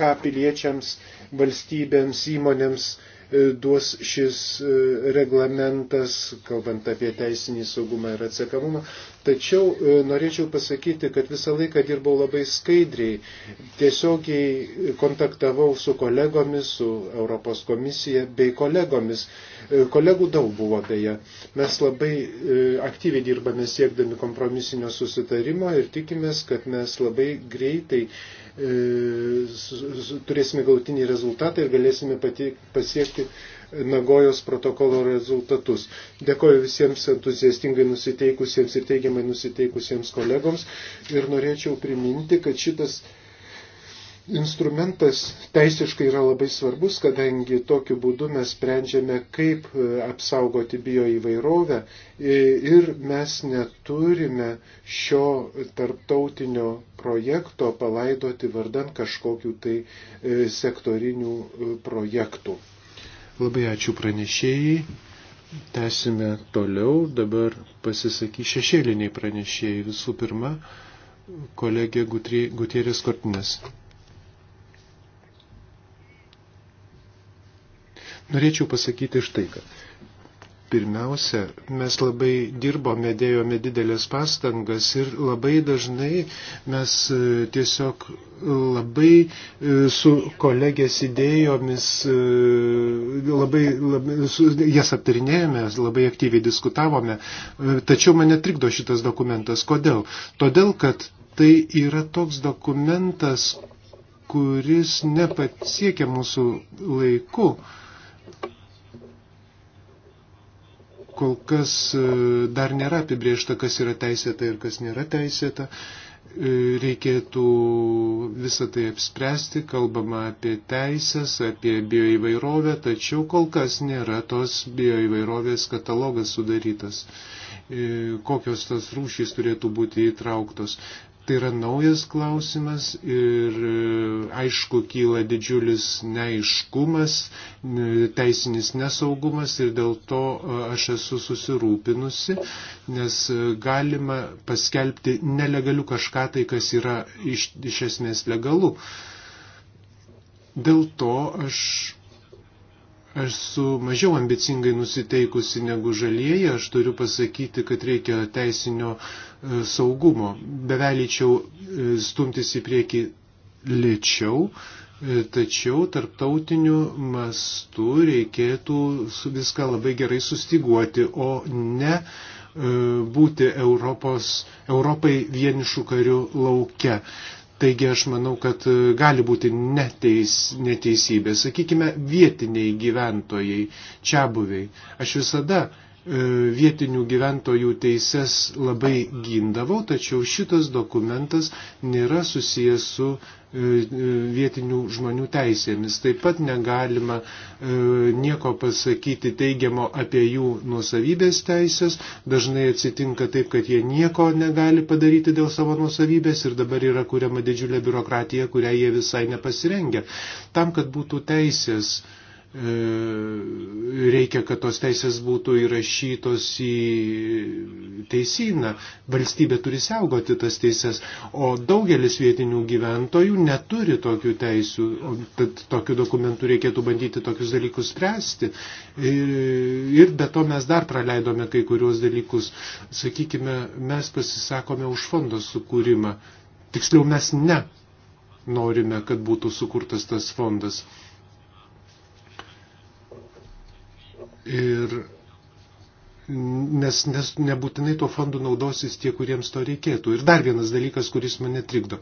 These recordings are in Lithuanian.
ką piliečiams, valstybėms, įmonėms E, duos šis e, reglamentas, kalbant apie teisinį saugumą ir atsekamumą. Tačiau e, norėčiau pasakyti, kad visą laiką dirbau labai skaidriai, tiesiogiai kontaktavau su kolegomis, su Europos komisija bei kolegomis. Kolegų daug buvo beje. Mes labai aktyviai dirbame siekdami kompromisinio susitarimo ir tikimės, kad mes labai greitai turėsime gautinį rezultatą ir galėsime pati, pasiek, pabrėžti Nagojos protokolo rezultatus. Dėkoju visiems entuziastingai nusiteikusiems ir teigiamai nusiteikusiems kolegoms ir norėčiau priminti, kad šitas instrumentas teisiškai yra labai svarbus, kadangi tokiu būdu mes sprendžiame, kaip e, apsaugoti bio įvairovę e, ir mes neturime šio tarptautinio projekto palaidoti vardan kažkokių tai e, sektorinių projektų. Labai ačiū pranešėjai. Tęsime toliau. Dabar pasisakys šešėliniai pranešėjai. Visų pirma, kolegė Gutierės Kortinės. Norėčiau pasakyti štai, kad Pirmiausia, mes labai dirbome, dėjome didelės pastangas ir labai dažnai mes e, tiesiog labai e, su kolegės idėjomis, e, labai, labai su, jas aptarinėjome, labai aktyviai diskutavome. Tačiau mane trikdo šitas dokumentas. Kodėl? Todėl, kad tai yra toks dokumentas, kuris nepasiekia mūsų laiku kol kas e, dar nėra apibriešta, kas yra teisėta ir kas nėra teisėta. E, reikėtų visą tai apspręsti, kalbama apie teisės, apie bioįvairovę, tačiau kol kas nėra tos bioįvairovės katalogas sudarytas, e, kokios tas rūšys turėtų būti įtrauktos. Tai yra naujas klausimas ir e, aišku kyla didžiulis neaiškumas, teisinis nesaugumas ir dėl to e, aš esu susirūpinusi, nes e, galima paskelbti nelegaliu kažką tai, kas yra iš, iš esmės legalu. Dėl to aš esu mažiau ambicingai nusiteikusi negu žalieji, aš turiu pasakyti, kad reikia teisinio E, saugumo. Bevelyčiau e, stumtis į priekį lėčiau, e, tačiau tarptautiniu mastu reikėtų viską labai gerai sustiguoti, o ne būti Europos, Europai vienišų karių laukia. Taigi aš manau, kad gali būti neteis, neteisybė, sakykime, vietiniai gyventojai, čia buviai. Aš visada E, vietinių gyventojų teises labai gindavau, tačiau šitas dokumentas nėra susijęs su e, e, vietinių žmonių teisėmis. Taip pat negalima nieko pasakyti teigiamo apie jų nuosavybės teisės. Dažnai atsitinka taip, kad jie nieko negali padaryti dėl savo nuosavybės ir dabar yra kuriama didžiulė biurokratija, kurią jie visai nepasirengia. Tam, kad būtų teisės E, reikia, kad tos teisės būtų įrašytos į teisyną. Valstybė turi saugoti tas teisės, o daugelis vietinių gyventojų neturi tokių teisių. Tad tokiu dokumentu reikėtų bandyti tokius dalykus spręsti. Ir, e, ir be to mes dar praleidome kai kurios dalykus. Sakykime, mes pasisakome už fondo sukūrimą. Tiksliau, mes ne norime, kad būtų sukurtas tas fondas. Ir nes, nes nebūtinai tuo fondu naudosis tie, kuriems to reikėtų. Ir dar vienas dalykas, kuris mane trikdo.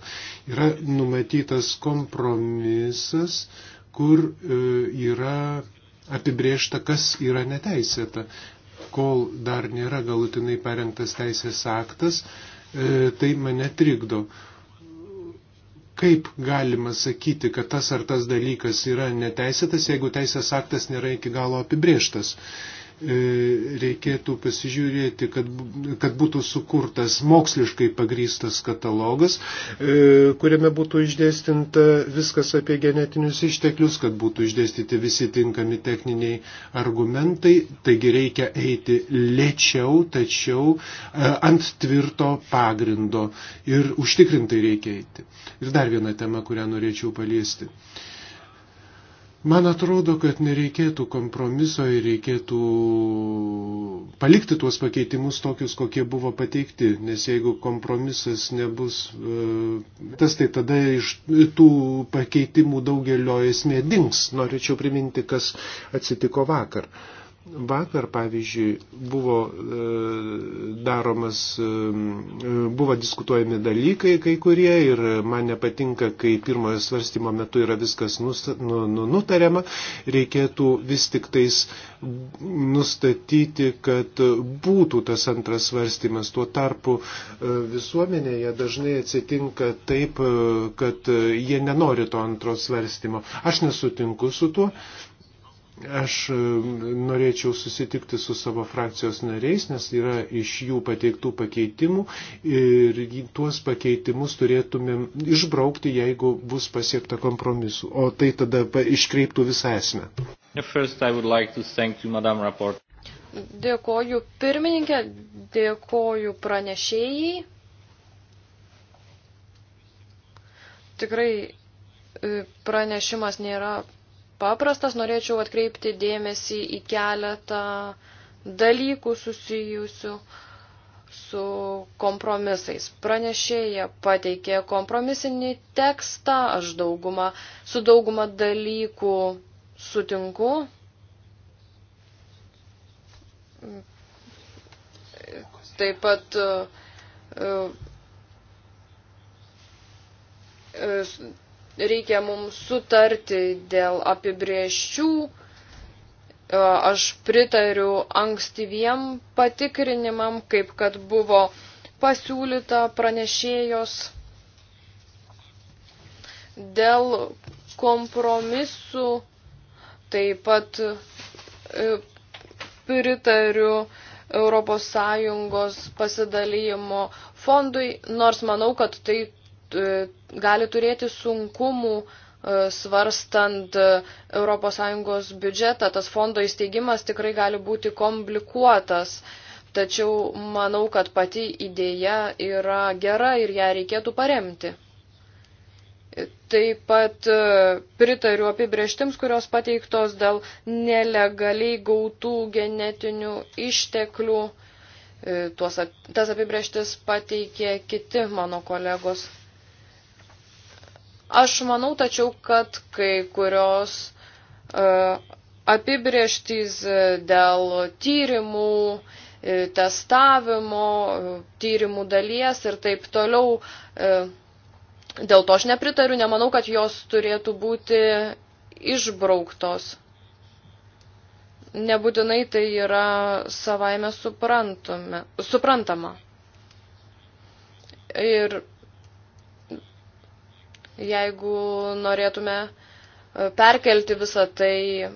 Yra numatytas kompromisas, kur e, yra apibriešta, kas yra neteisėta. Kol dar nėra galutinai parengtas teisės aktas, e, tai mane trikdo. E, Kaip galima sakyti, kad tas ar tas dalykas yra neteisėtas, jeigu teisės aktas nėra iki galo apibrieštas? E, reikėtų pasižiūrėti, kad, kad būtų sukurtas moksliškai pagrystas katalogas, e, kuriame būtų išdėstinta viskas apie genetinius išteklius, kad būtų išdėstyti visi tinkami techniniai argumentai. Taigi reikia eiti lėčiau, tačiau e, ant tvirto pagrindo ir užtikrintai reikia eiti. Ir dar viena tema, kurią norėčiau paliesti. Uh, Man atrodo, kad nereikėtų kompromiso ir reikėtų palikti tuos pakeitimus tokius, kokie buvo pateikti, nes jeigu kompromisas nebus e, tas, tai tada iš tų pakeitimų daugelio esmė dings. Norėčiau priminti, kas atsitiko vakar. Uh, Vakar, pavyzdžiui, buvo e, daromas, e, buvo diskutuojami dalykai kai kurie ir man nepatinka, kai pirmojo svarstymo metu yra viskas nu, nu, nutariama. Reikėtų vis tik tais nustatyti, kad būtų tas antras svarstymas. Tuo tarpu e, visuomenėje dažnai atsitinka taip, kad jie nenori to antro svarstymo. Aš nesutinku su tuo Aš e, norėčiau susitikti su savo frakcijos nariais, nes yra iš jų pateiktų pakeitimų ir tuos pakeitimus turėtumėm išbraukti, jeigu bus pasiekta kompromisu. O tai tada iškreiptų visą esmę. Like dėkoju pirmininkė, dėkoju pranešėjai. Tikrai e, pranešimas nėra paprastas, norėčiau atkreipti dėmesį į keletą dalykų susijusių su kompromisais. Pranešėja pateikė kompromisinį tekstą, aš daugumą, su daugumą dalykų sutinku. Taip pat e, e, reikia mums sutarti dėl apibrieščių. E, aš pritariu ankstyviem patikrinimam, kaip kad buvo pasiūlyta pranešėjos dėl kompromisų. Taip pat e, pritariu Europos Sąjungos pasidalymo fondui, nors manau, kad tai E, gali turėti sunkumų e, svarstant ES biudžetą. Tas fondo įsteigimas tikrai gali būti komplikuotas, tačiau manau, kad pati idėja yra gera ir ją reikėtų paremti. Taip pat e, pritariu apibrieštims, kurios pateiktos dėl nelegaliai gautų genetinių išteklių. Tuos, tas apibrieštis pateikė kiti mano kolegos. Aš manau tačiau, kad kai kurios e, apibrieštys e, dėl tyrimų, e, testavimo, tyrimų dalies ir taip toliau. Dėl to aš nepritariu, nemanau, kad jos turėtų būti išbrauktos. Nebūtinai tai yra savaime suprantama. Ir jeigu norėtume e, perkelti visą tai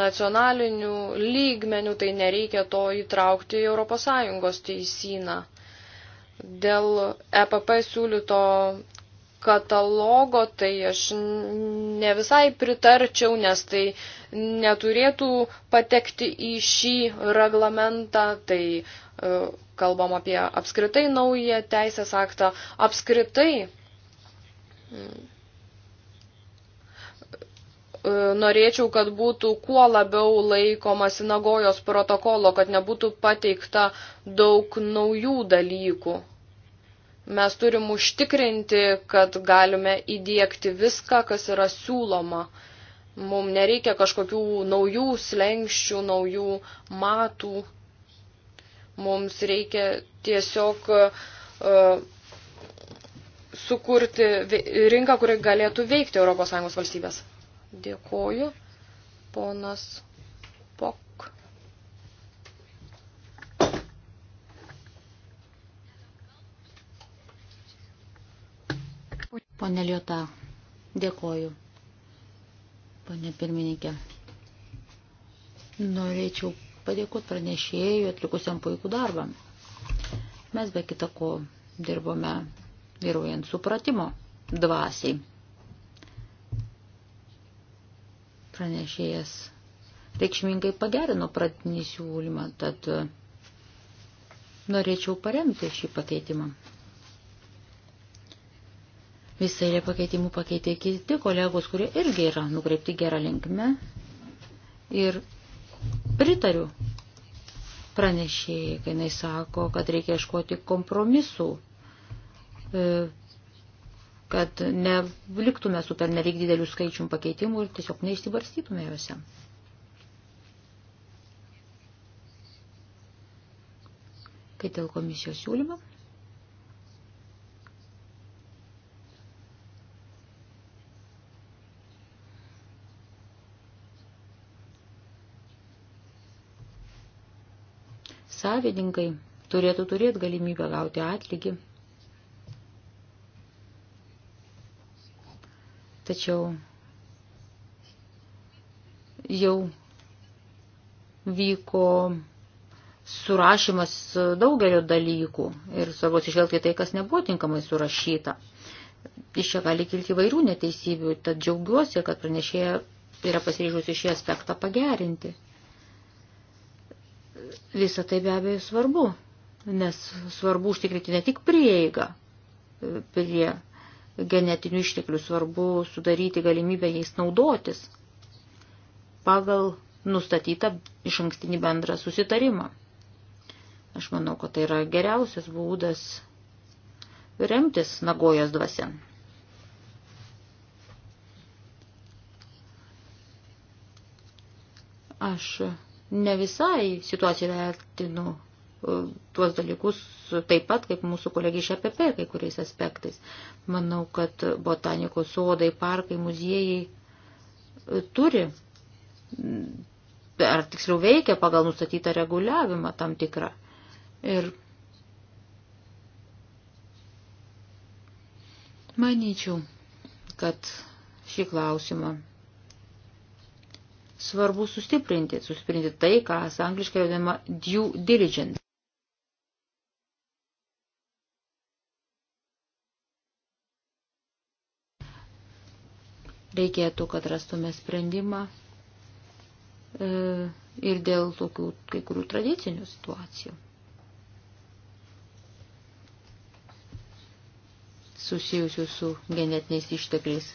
nacionalinių lygmenių, tai nereikia to įtraukti į ES teisyną. Dėl EPP siūlyto katalogo, tai aš ne visai pritarčiau, nes tai neturėtų patekti į šį reglamentą, tai e, kalbam apie apskritai naują teisės aktą, apskritai norėčiau, kad būtų kuo labiau laikoma sinagojos protokolo, kad nebūtų pateikta daug naujų dalykų. Mes turim užtikrinti, kad galime įdėkti viską, kas yra siūloma. Mums nereikia kažkokių naujų slengščių, naujų matų. Mums reikia tiesiog uh, sukurti rinką, kuri galėtų veikti ES valstybės. Dėkoju, ponas Pok. Pone Liota, dėkoju, pone pirmininkė. Norėčiau padėkoti pranešėjui atlikusiam puikų darbą. Mes be kita ko dirbome vyraujant supratimo dvasiai. Pranešėjas reikšmingai pagerino pradinį siūlymą, tad norėčiau paremti šį pakeitimą. Visai yra pakeitimų pakeitė kiti kolegos, kurie irgi yra nukreipti gerą linkmę. Ir pritariu pranešėjai, kai jis sako, kad reikia iškoti kompromisų E, kad neliktume su per nelik didelių skaičių pakeitimų ir tiesiog neišsibarstytume juose. Kai dėl komisijos siūlymo. Savininkai turėtų turėti galimybę gauti atlygį tačiau jau vyko surašymas daugelio dalykų ir svarbu atsižvelgti tai, kas nebuvo tinkamai surašyta. Iš čia gali kilti vairių neteisybių, tad džiaugiuosi, kad pranešėja yra pasiryžusi šį aspektą pagerinti. Visą tai be abejo svarbu, nes svarbu užtikrinti ne tik prieigą prie genetinių išteklių, svarbu sudaryti galimybę jais naudotis pagal nustatytą iš ankstinį bendrą susitarimą. Aš manau, kad tai yra geriausias būdas remtis Nagojos dvasia. Aš ne visai situaciją vertinu tuos dalykus taip pat, kaip mūsų kolegė iš APP kai kuriais aspektais. Manau, kad botanikos sodai, parkai, muziejai e, turi, ar tiksliau veikia pagal nustatytą reguliavimą tam tikrą. Ir manyčiau, kad šį klausimą svarbu sustiprinti, sustiprinti tai, kas angliškai vadinama due diligence. reikėtų, kad rastume sprendimą e, ir dėl tokių kai kurių tradicinių situacijų. susijusių su genetiniais ištekliais.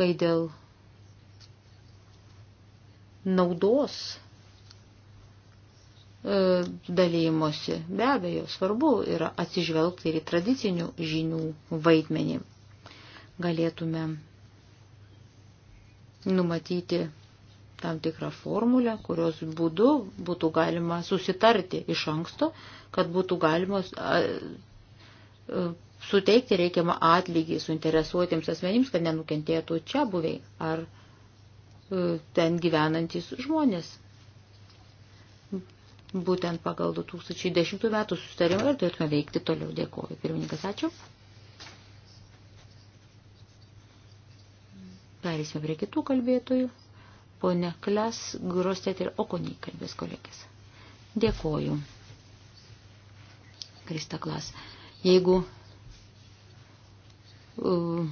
Kai dėl naudos E, dalymosi. Be abejo, svarbu yra atsižvelgti ir į tradicinių žinių vaidmenį. Galėtume numatyti tam tikrą formulę, kurios būdu būtų galima susitarti iš anksto, kad būtų galima e, suteikti reikiamą atlygį suinteresuotiems asmenims, kad nenukentėtų čia buviai ar e, ten gyvenantis žmonės būtent pagal 2010 metų sustarimą ir turėtume veikti toliau. Dėkoju. Pirmininkas, ačiū. Perėsime prie kitų kalbėtojų. Pone Kles, Grostet ir Okoniai kalbės kolegės. Dėkoju. Krista Klas. Jeigu uh,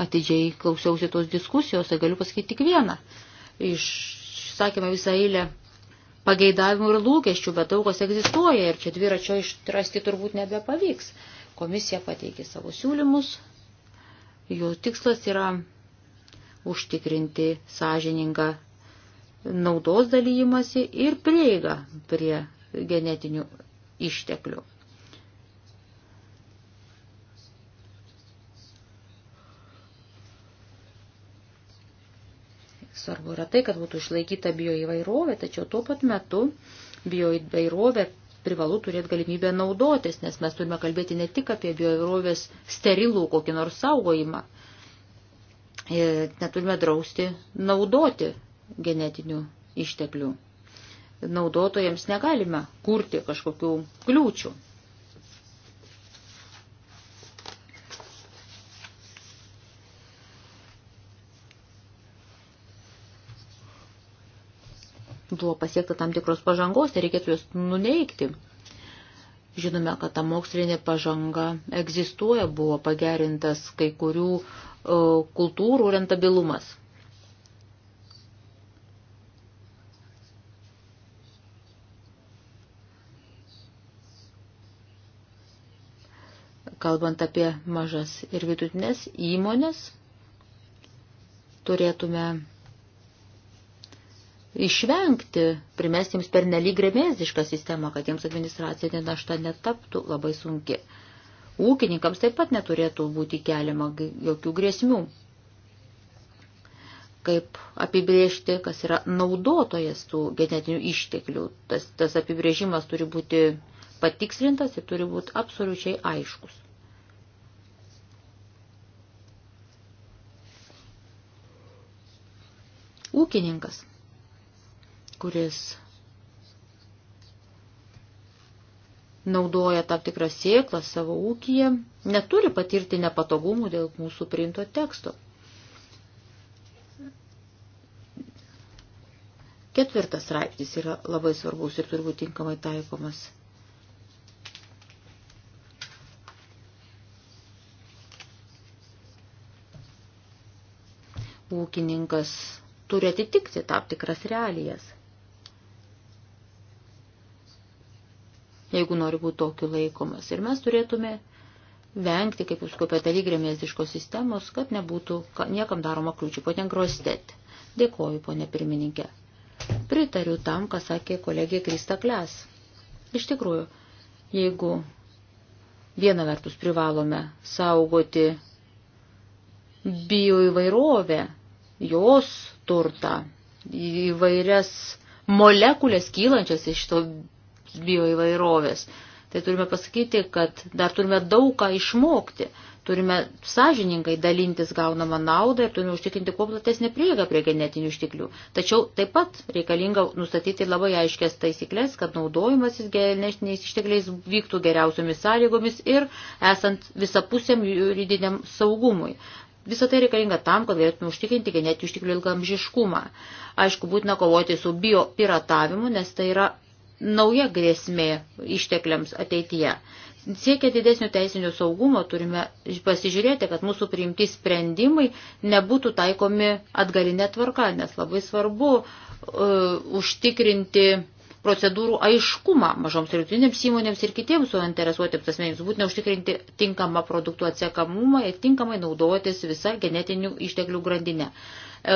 atidžiai klausiausi tos diskusijos, tai galiu pasakyti tik vieną. Išsakėme visą eilę pageidavimų ir lūkesčių, bet daug kas egzistuoja ir čia dviračio išrasti turbūt nebepavyks. Komisija pateikė savo siūlymus, jų tikslas yra užtikrinti sąžiningą naudos dalyjimasi ir prieigą prie genetinių išteklių. Svarbu yra tai, kad būtų išlaikyta bioįvairovė, tačiau tuo pat metu bioįvairovė privalu turėti galimybę naudotis, nes mes turime kalbėti ne tik apie bioįvairovės sterilų kokį nors saugojimą. Ir e, neturime drausti naudoti genetinių išteklių. Naudotojams negalime kurti kažkokių kliūčių. buvo pasiekta tam tikros pažangos, tai reikėtų jos nuneikti. Žinome, kad ta mokslinė pažanga egzistuoja, buvo pagerintas kai kurių e, kultūrų rentabilumas. Kalbant apie mažas ir vidutinės įmonės, turėtume išvengti, primesti jiems per nelygrėmėzišką sistemą, kad jiems administracinė našta netaptų labai sunki. Ūkininkams taip pat neturėtų būti keliama jokių grėsmių. Kaip apibriežti, kas yra naudotojas tų genetinių išteklių. Tas, tas apibrėžimas turi būti patikslintas ir turi būti absoliučiai aiškus. Ūkininkas kuris naudoja tam tikrą sėklą savo ūkiją, neturi patirti nepatogumų dėl mūsų priimto teksto. Ketvirtas straipsnis yra labai svarbus ir turbūt tinkamai taikomas. Ūkininkas turi atitikti tam tikras realijas. jeigu nori būti tokiu laikomas. Ir mes turėtume vengti, kaip jūs kopėte, lygrėmėsdiškos sistemos, kad nebūtų niekam daroma kliūčių. Ponė Grostet, dėkoju, ponė pirmininkė. Pritariu tam, ką sakė kolegė Krista Kles. Iš tikrųjų, jeigu viena vertus privalome saugoti bioįvairovę, jos turtą, įvairias molekulės kylančias iš to bioįvairovės. Tai turime pasakyti, kad dar turime daug ką išmokti, turime sąžiningai dalintis gaunamą naudą ir turime užtikrinti kuo platesnį prieigą prie genetinių ištiklių. Tačiau taip pat reikalinga nustatyti labai aiškias taisyklės, kad naudojimasis genetiniais ištikliais vyktų geriausiomis sąlygomis ir esant visapusiam juridiniam saugumui. Visą tai reikalinga tam, kad galėtume užtikrinti genetinių ištiklių ilgamžiškumą. Aišku, būtina kovoti su biopiratavimu, nes tai yra nauja grėsmė ištekliams ateityje. Siekia didesnio teisinio saugumo turime pasižiūrėti, kad mūsų priimti sprendimai nebūtų taikomi atgalinė tvarka, nes labai svarbu uh, užtikrinti procedūrų aiškumą mažoms ir vidutinėms įmonėms ir kitiems suinteresuotėms asmenims, būtina užtikrinti tinkamą produktų atsekamumą ir tinkamai naudotis visą genetinių išteklių grandinę.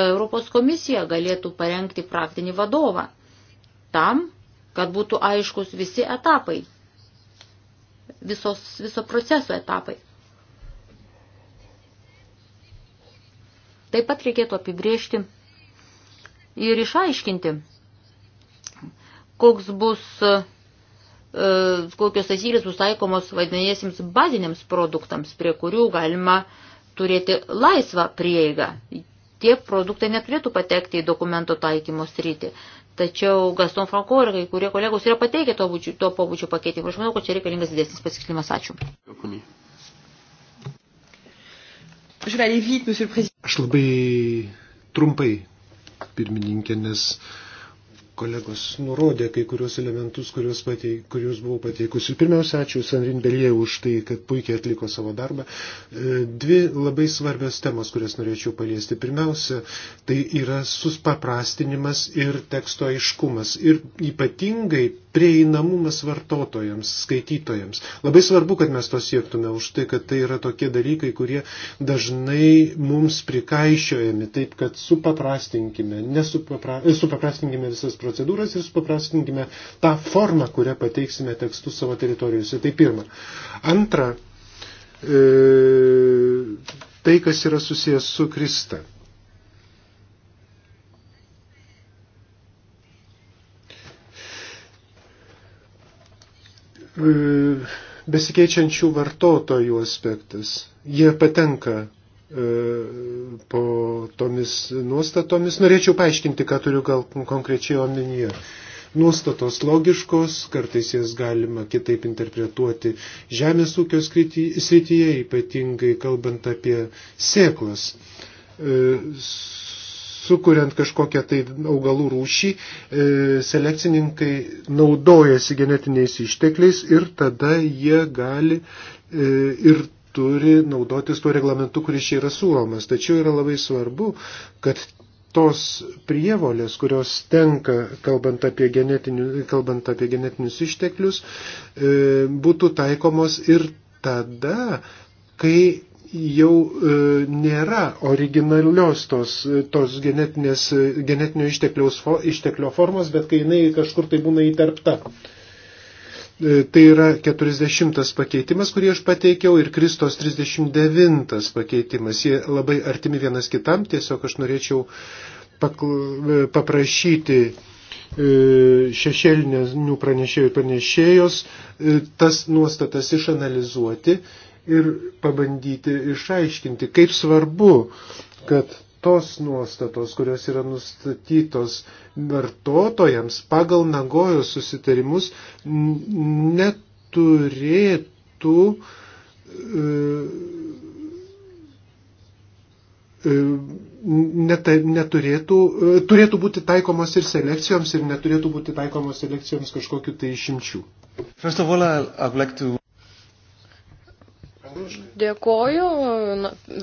Europos komisija galėtų parengti praktinį vadovą tam, kad būtų aiškus visi etapai, visos, viso proceso etapai. Taip pat reikėtų apibriežti ir išaiškinti, koks bus, e, kokios taisyklės bus taikomos vadinėsiams baziniams produktams, prie kurių galima turėti laisvą prieigą. Tie produktai neturėtų patekti į dokumento taikymo sritį. Tačiau Gaston Franco ir kai kurie kolegos yra pateikę to, būdžių, to pobūdžio pakeitimą. Aš manau, kad čia reikalingas didesnis pasiklimas. Ačiū. Aš labai trumpai, pirmininkė, nes uh, kolegos nurodė kai kurios elementus, kuriuos, pateik, kuriuos buvau pateikusi. Pirmiausia, ačiū Sanrin Belie už tai, kad puikiai atliko savo darbą. E, dvi labai svarbios temos, kurias norėčiau paliesti. Pirmiausia, tai yra suspaprastinimas ir teksto aiškumas. Ir ypatingai prieinamumas vartotojams, skaitytojams. Labai svarbu, kad mes to siektume už tai, kad tai yra tokie dalykai, kurie dažnai mums prikaišiojami, taip kad supaprastinkime, nesupapra... E, supaprastinkime visas procedūras ir supaprastinkime tą formą, kurią pateiksime tekstus savo teritorijose. Tai pirma. Antra, e, tai, kas yra susijęs su Krista. E, besikeičiančių vartotojų aspektas. Jie patenka e, po tomis nuostatomis. Norėčiau paaiškinti, ką turiu gal konkrečiai omenyje. Nuostatos logiškos, kartais jas galima kitaip interpretuoti žemės ūkio srityje, ypatingai kalbant apie sėklas. E, sukuriant kažkokią tai augalų rūšį, e, selekcininkai naudojasi genetiniais ištekliais ir tada jie gali e, ir turi naudotis tuo reglamentu, kuris čia yra siūlomas. Tačiau yra labai svarbu, kad tos prievolės, kurios tenka, kalbant apie, genetinių, kalbant apie genetinius išteklius, e, būtų taikomos ir tada, kai jau e, nėra originalios tos, e, tos e, genetinio išteklio formos, bet kai jinai kažkur tai būna įterpta. E, tai yra 40 pakeitimas, kurį aš pateikiau, ir Kristos 39 pakeitimas. Jie labai artimi vienas kitam, tiesiog aš norėčiau pakl... E, paprašyti šešėlinių pranešėjų ir pranešėjos tas nuostatas išanalizuoti ir pabandyti išaiškinti, kaip svarbu, kad tos nuostatos, kurios yra nustatytos vartotojams pagal Nagojos susitarimus, neturėtų e, e, net, neturėtų, e, turėtų būti taikomos ir selekcijoms ir neturėtų būti taikomos selekcijoms kažkokiu tai išimčių. First of all, I'd like to Dėkoju.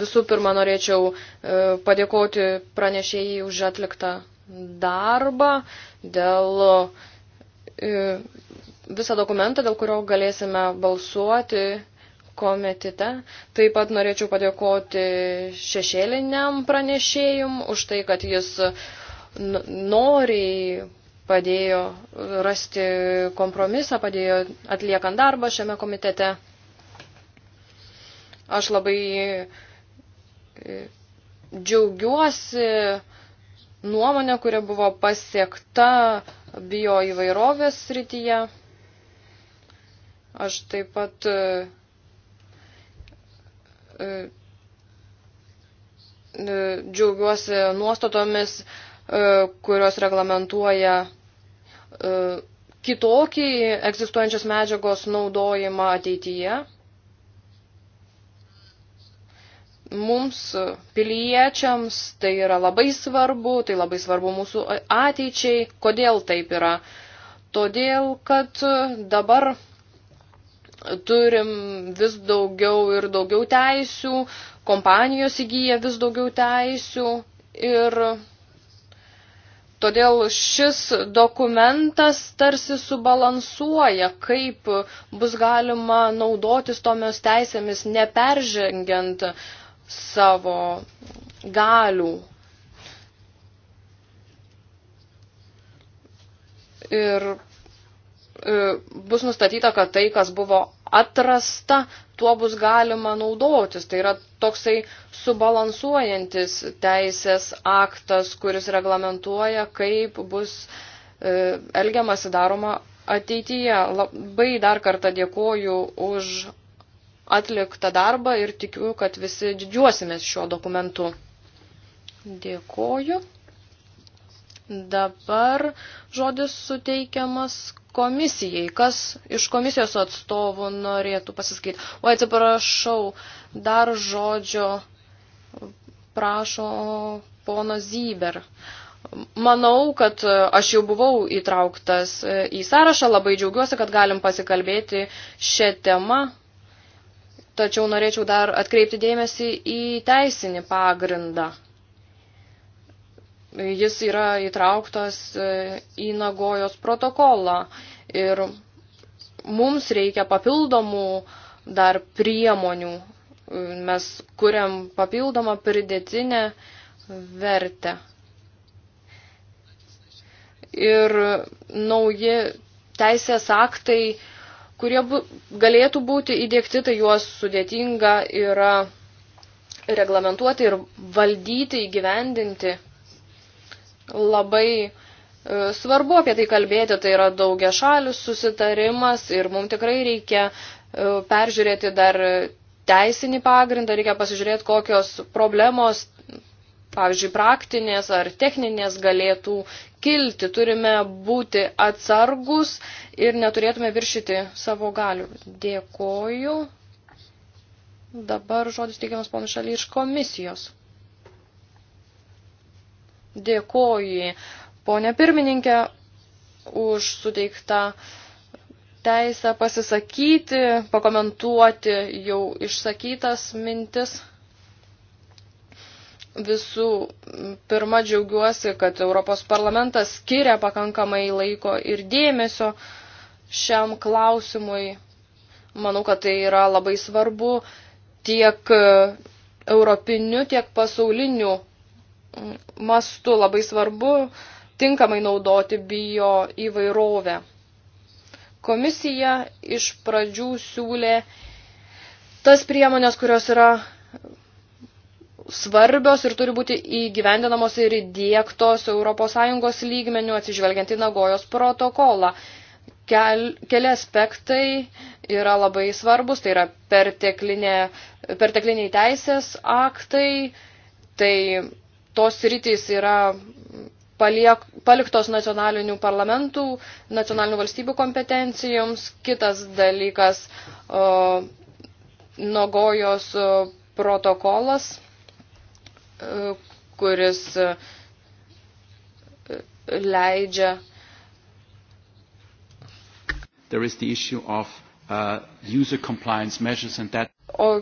Visų pirma, norėčiau e, padėkoti pranešėjai už atliktą darbą dėl e, visą dokumentą, dėl kurio galėsime balsuoti komitete. Taip pat norėčiau padėkoti šešėliniam pranešėjum už tai, kad jis noriai padėjo rasti kompromisą, padėjo atliekant darbą šiame komitete. Aš labai e, džiaugiuosi nuomonę, kuria buvo pasiekta bio įvairovės srityje. Aš taip pat e, e, džiaugiuosi nuostatomis, kurios reglamentuoja kitokį egzistuojančios medžiagos naudojimą ateityje. mums piliečiams tai yra labai svarbu, tai labai svarbu mūsų ateičiai. Kodėl taip yra? Todėl, kad dabar turim vis daugiau ir daugiau teisių, kompanijos įgyja vis daugiau teisių ir Todėl šis dokumentas tarsi subalansuoja, kaip bus galima naudotis tomis teisėmis, neperžengiant savo galių. Ir e, bus nustatyta, kad tai, kas buvo atrasta, tuo bus galima naudotis. Tai yra toksai subalansuojantis teisės aktas, kuris reglamentuoja, kaip bus e, elgiamasi daroma ateityje. Labai dar kartą dėkoju už atliktą darbą ir tikiu, kad visi didžiuosimės šiuo dokumentu. Dėkoju. Dabar žodis suteikiamas komisijai. Kas iš komisijos atstovų norėtų pasiskaityti? O atsiprašau, dar žodžio prašo pono Zyber. Manau, kad aš jau buvau įtrauktas į sąrašą, labai džiaugiuosi, kad galim pasikalbėti šią temą. Tačiau norėčiau dar atkreipti dėmesį į teisinį pagrindą. Jis yra įtrauktas e, į Nagojos protokolą ir mums reikia papildomų dar priemonių. E, mes kuriam papildomą pridėtinę vertę. Ir nauji teisės aktai kurie bu, galėtų būti įdėkti, tai juos sudėtinga yra reglamentuoti ir valdyti, įgyvendinti. Labai e, svarbu apie tai kalbėti, tai yra daugia šalius susitarimas ir mums tikrai reikia e, peržiūrėti dar teisinį pagrindą, reikia pasižiūrėti, kokios problemos pavyzdžiui, praktinės ar techninės galėtų kilti. Turime būti atsargus ir neturėtume viršyti savo galių. Dėkoju. Dabar žodis teikiamas ponui šaliai iš komisijos. Dėkoju, ponė pirmininkė, už suteiktą teisę pasisakyti, pakomentuoti jau išsakytas mintis. Visų pirma, džiaugiuosi, kad Europos parlamentas skiria pakankamai laiko ir dėmesio šiam klausimui. Manau, kad tai yra labai svarbu tiek e, europiniu, tiek pasauliniu mastu. Labai svarbu tinkamai naudoti bio įvairovę. Komisija iš pradžių siūlė tas priemonės, kurios yra svarbios ir turi būti įgyvendinamos ir įdėktos ES lygmenių atsižvelgiant į Nagojos protokolą. Kel, keli aspektai yra labai svarbus, tai yra pertekliniai teisės aktai, tai tos rytis yra paliek, paliktos nacionalinių parlamentų, nacionalinių valstybių kompetencijoms. Kitas dalykas, o, Nogojos protokolas kuris e, leidžia. There is the issue of uh, user compliance measures and that. O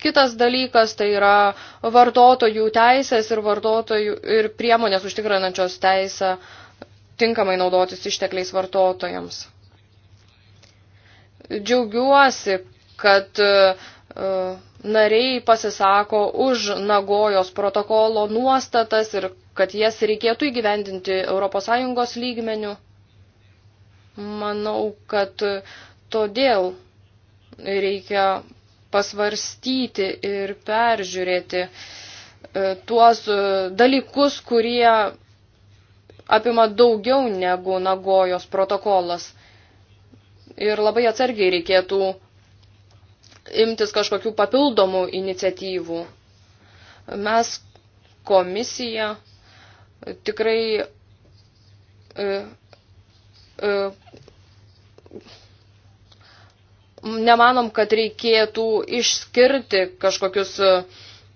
Kitas dalykas tai yra vartotojų teisės ir vartotojų ir priemonės užtikrinančios teisę tinkamai naudotis ištekliais vartotojams. Džiaugiuosi, kad uh, nariai pasisako už Nagojos protokolo nuostatas ir kad jas reikėtų įgyvendinti ES lygmenių. Manau, kad todėl reikia pasvarstyti ir peržiūrėti e, tuos e, dalykus, kurie apima daugiau negu Nagojos protokolas. Ir labai atsargiai reikėtų imtis kažkokių papildomų iniciatyvų. Mes komisija tikrai e, e, nemanom, kad reikėtų išskirti kažkokius, e,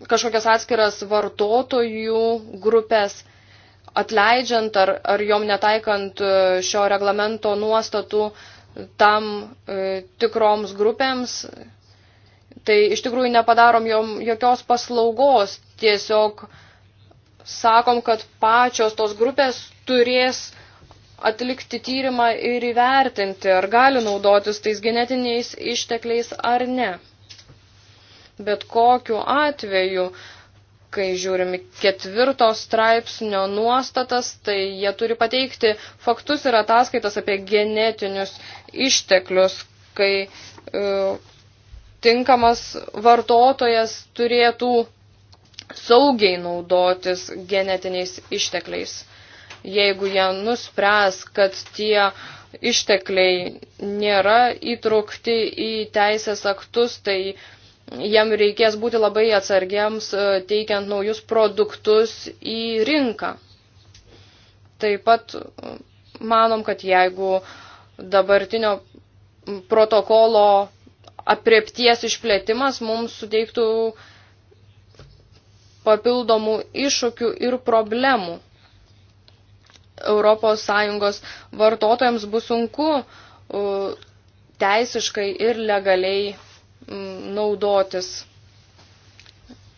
kažkokias atskiras vartotojų grupės, atleidžiant ar, ar jom netaikant e, šio reglamento nuostatų tam e, tikroms grupėms tai iš tikrųjų nepadarom jom jokios paslaugos, tiesiog sakom, kad pačios tos grupės turės atlikti tyrimą ir įvertinti, ar gali naudotis tais genetiniais ištekliais ar ne. Bet kokiu atveju, kai žiūrimi ketvirto straipsnio nuostatas, tai jie turi pateikti faktus ir ataskaitas apie genetinius išteklius, kai uh, tinkamas vartotojas turėtų saugiai naudotis genetiniais ištekliais. Jeigu jie nuspręs, kad tie ištekliai nėra įtraukti į teisės aktus, tai jam reikės būti labai atsargiams e, teikiant naujus produktus į rinką. Taip pat e, manom, kad jeigu dabartinio protokolo apriepties išplėtimas mums suteiktų papildomų iššūkių ir problemų. ES vartotojams bus sunku teisiškai ir legaliai naudotis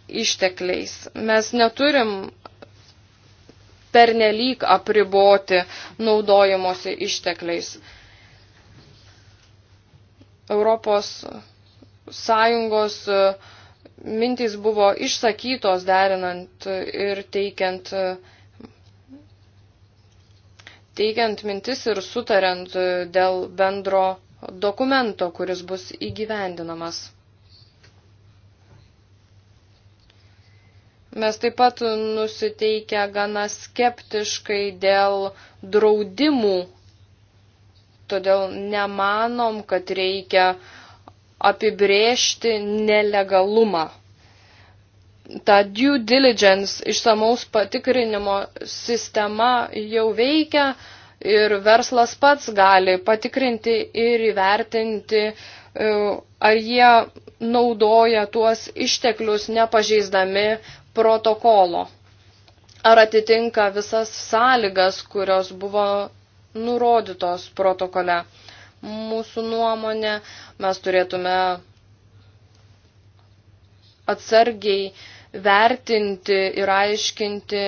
ištekliais. Mes neturim pernelyg apriboti naudojimosi ištekliais. Europos Sąjungos e, mintys buvo išsakytos derinant ir teikiant, teikiant mintis ir sutariant dėl bendro dokumento, kuris bus įgyvendinamas. Mes taip pat nusiteikę gana skeptiškai dėl draudimų Todėl nemanom, kad reikia apibrėžti nelegalumą. Ta due diligence išsamaus patikrinimo sistema jau veikia ir verslas pats gali patikrinti ir įvertinti, e, ar jie naudoja tuos išteklius nepažeisdami protokolo. Ar atitinka visas sąlygas, kurios buvo nurodytos protokole. Mūsų nuomonė, mes turėtume atsargiai vertinti ir aiškinti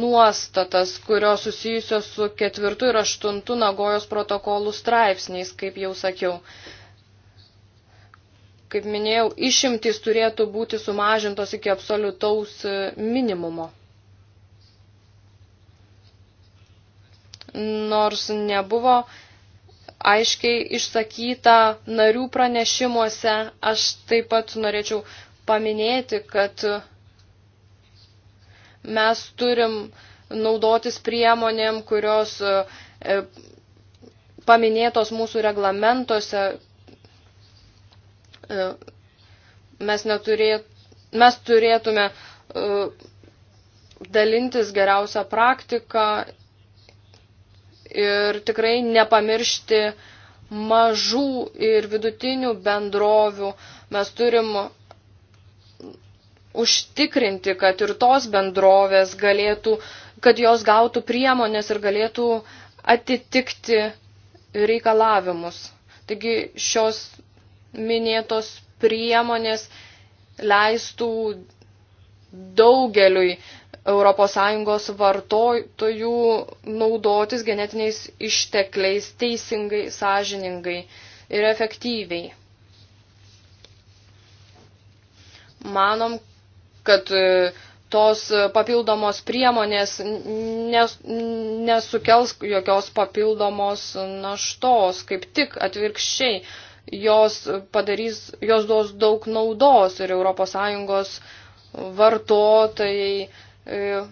nuostatas, kurios susijusios su ketvirtu ir aštuntu Nagojos protokolų straipsniais, kaip jau sakiau. Kaip minėjau, išimtys turėtų būti sumažintos iki absoliutaus minimumo. nors nebuvo aiškiai išsakyta narių pranešimuose. Aš taip pat norėčiau paminėti, kad mes turim naudotis priemonėm, kurios e, paminėtos mūsų reglamentuose. E, mes, neturėt, mes turėtume e, dalintis geriausią praktiką ir tikrai nepamiršti mažų ir vidutinių bendrovių. Mes turim užtikrinti, kad ir tos bendrovės galėtų, kad jos gautų priemonės ir galėtų atitikti reikalavimus. Taigi šios minėtos priemonės leistų daugeliui ES vartotojų naudotis genetiniais ištekliais teisingai, sąžiningai ir efektyviai. Manom, kad e, tos papildomos priemonės nes, nesukels jokios papildomos naštos, kaip tik atvirkščiai jos padarys, jos duos daug naudos ir ES vartotojai e,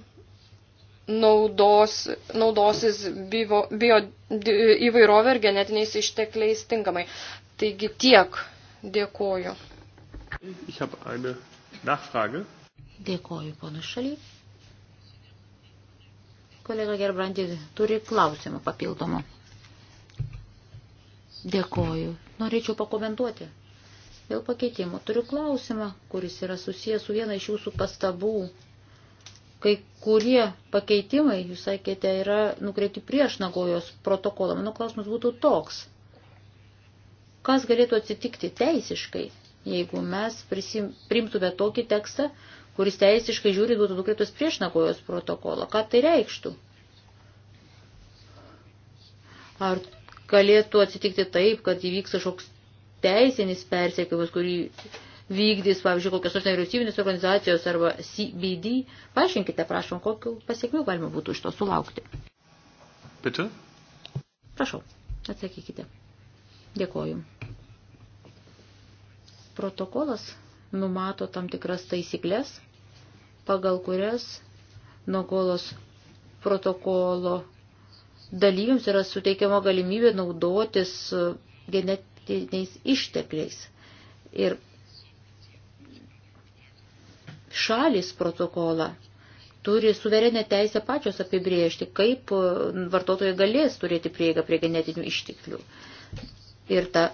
naudos, naudosis bio, bio įvairovė ir genetiniais ištekliais tinkamai. Taigi tiek. Dėkoju. Ich habe eine Nachfrage. Dėkoju, ponu Šaly. Kolega Gerbrandi turi klausimą papildomą. Dėkoju. Norėčiau pakomentuoti dėl pakeitimų. Turiu klausimą, kuris yra susijęs su viena iš jūsų pastabų. Kai kurie pakeitimai, jūs sakėte, yra nukreipti prieš Nagojos protokolą. Mano klausimas būtų toks. Kas galėtų atsitikti teisiškai, jeigu mes prisim, primtume tokį tekstą, kuris teisiškai žiūri būtų nukreiptas prieš Nagojos protokolą? Ką tai reikštų? Ar galėtų atsitikti taip, kad įvyks kažkoks teisinis persiekimas, kurį vykdys, pavyzdžiui, kokios nors nevyriausybinės organizacijos arba CBD. Paaiškinkite, prašom, kokiu pasiekmių galima būtų iš to sulaukti. Bitte? Prašau, atsakykite. Dėkoju. Protokolas numato tam tikras taisyklės, pagal kurias Nogolos protokolo dalyviams yra suteikiama galimybė naudotis e, genet gamtiniais ištekliais. Ir šalis protokolą turi suverenę teisę pačios apibriežti, kaip e, vartotojai galės turėti prieigą prie genetinių išteklių. Ir ta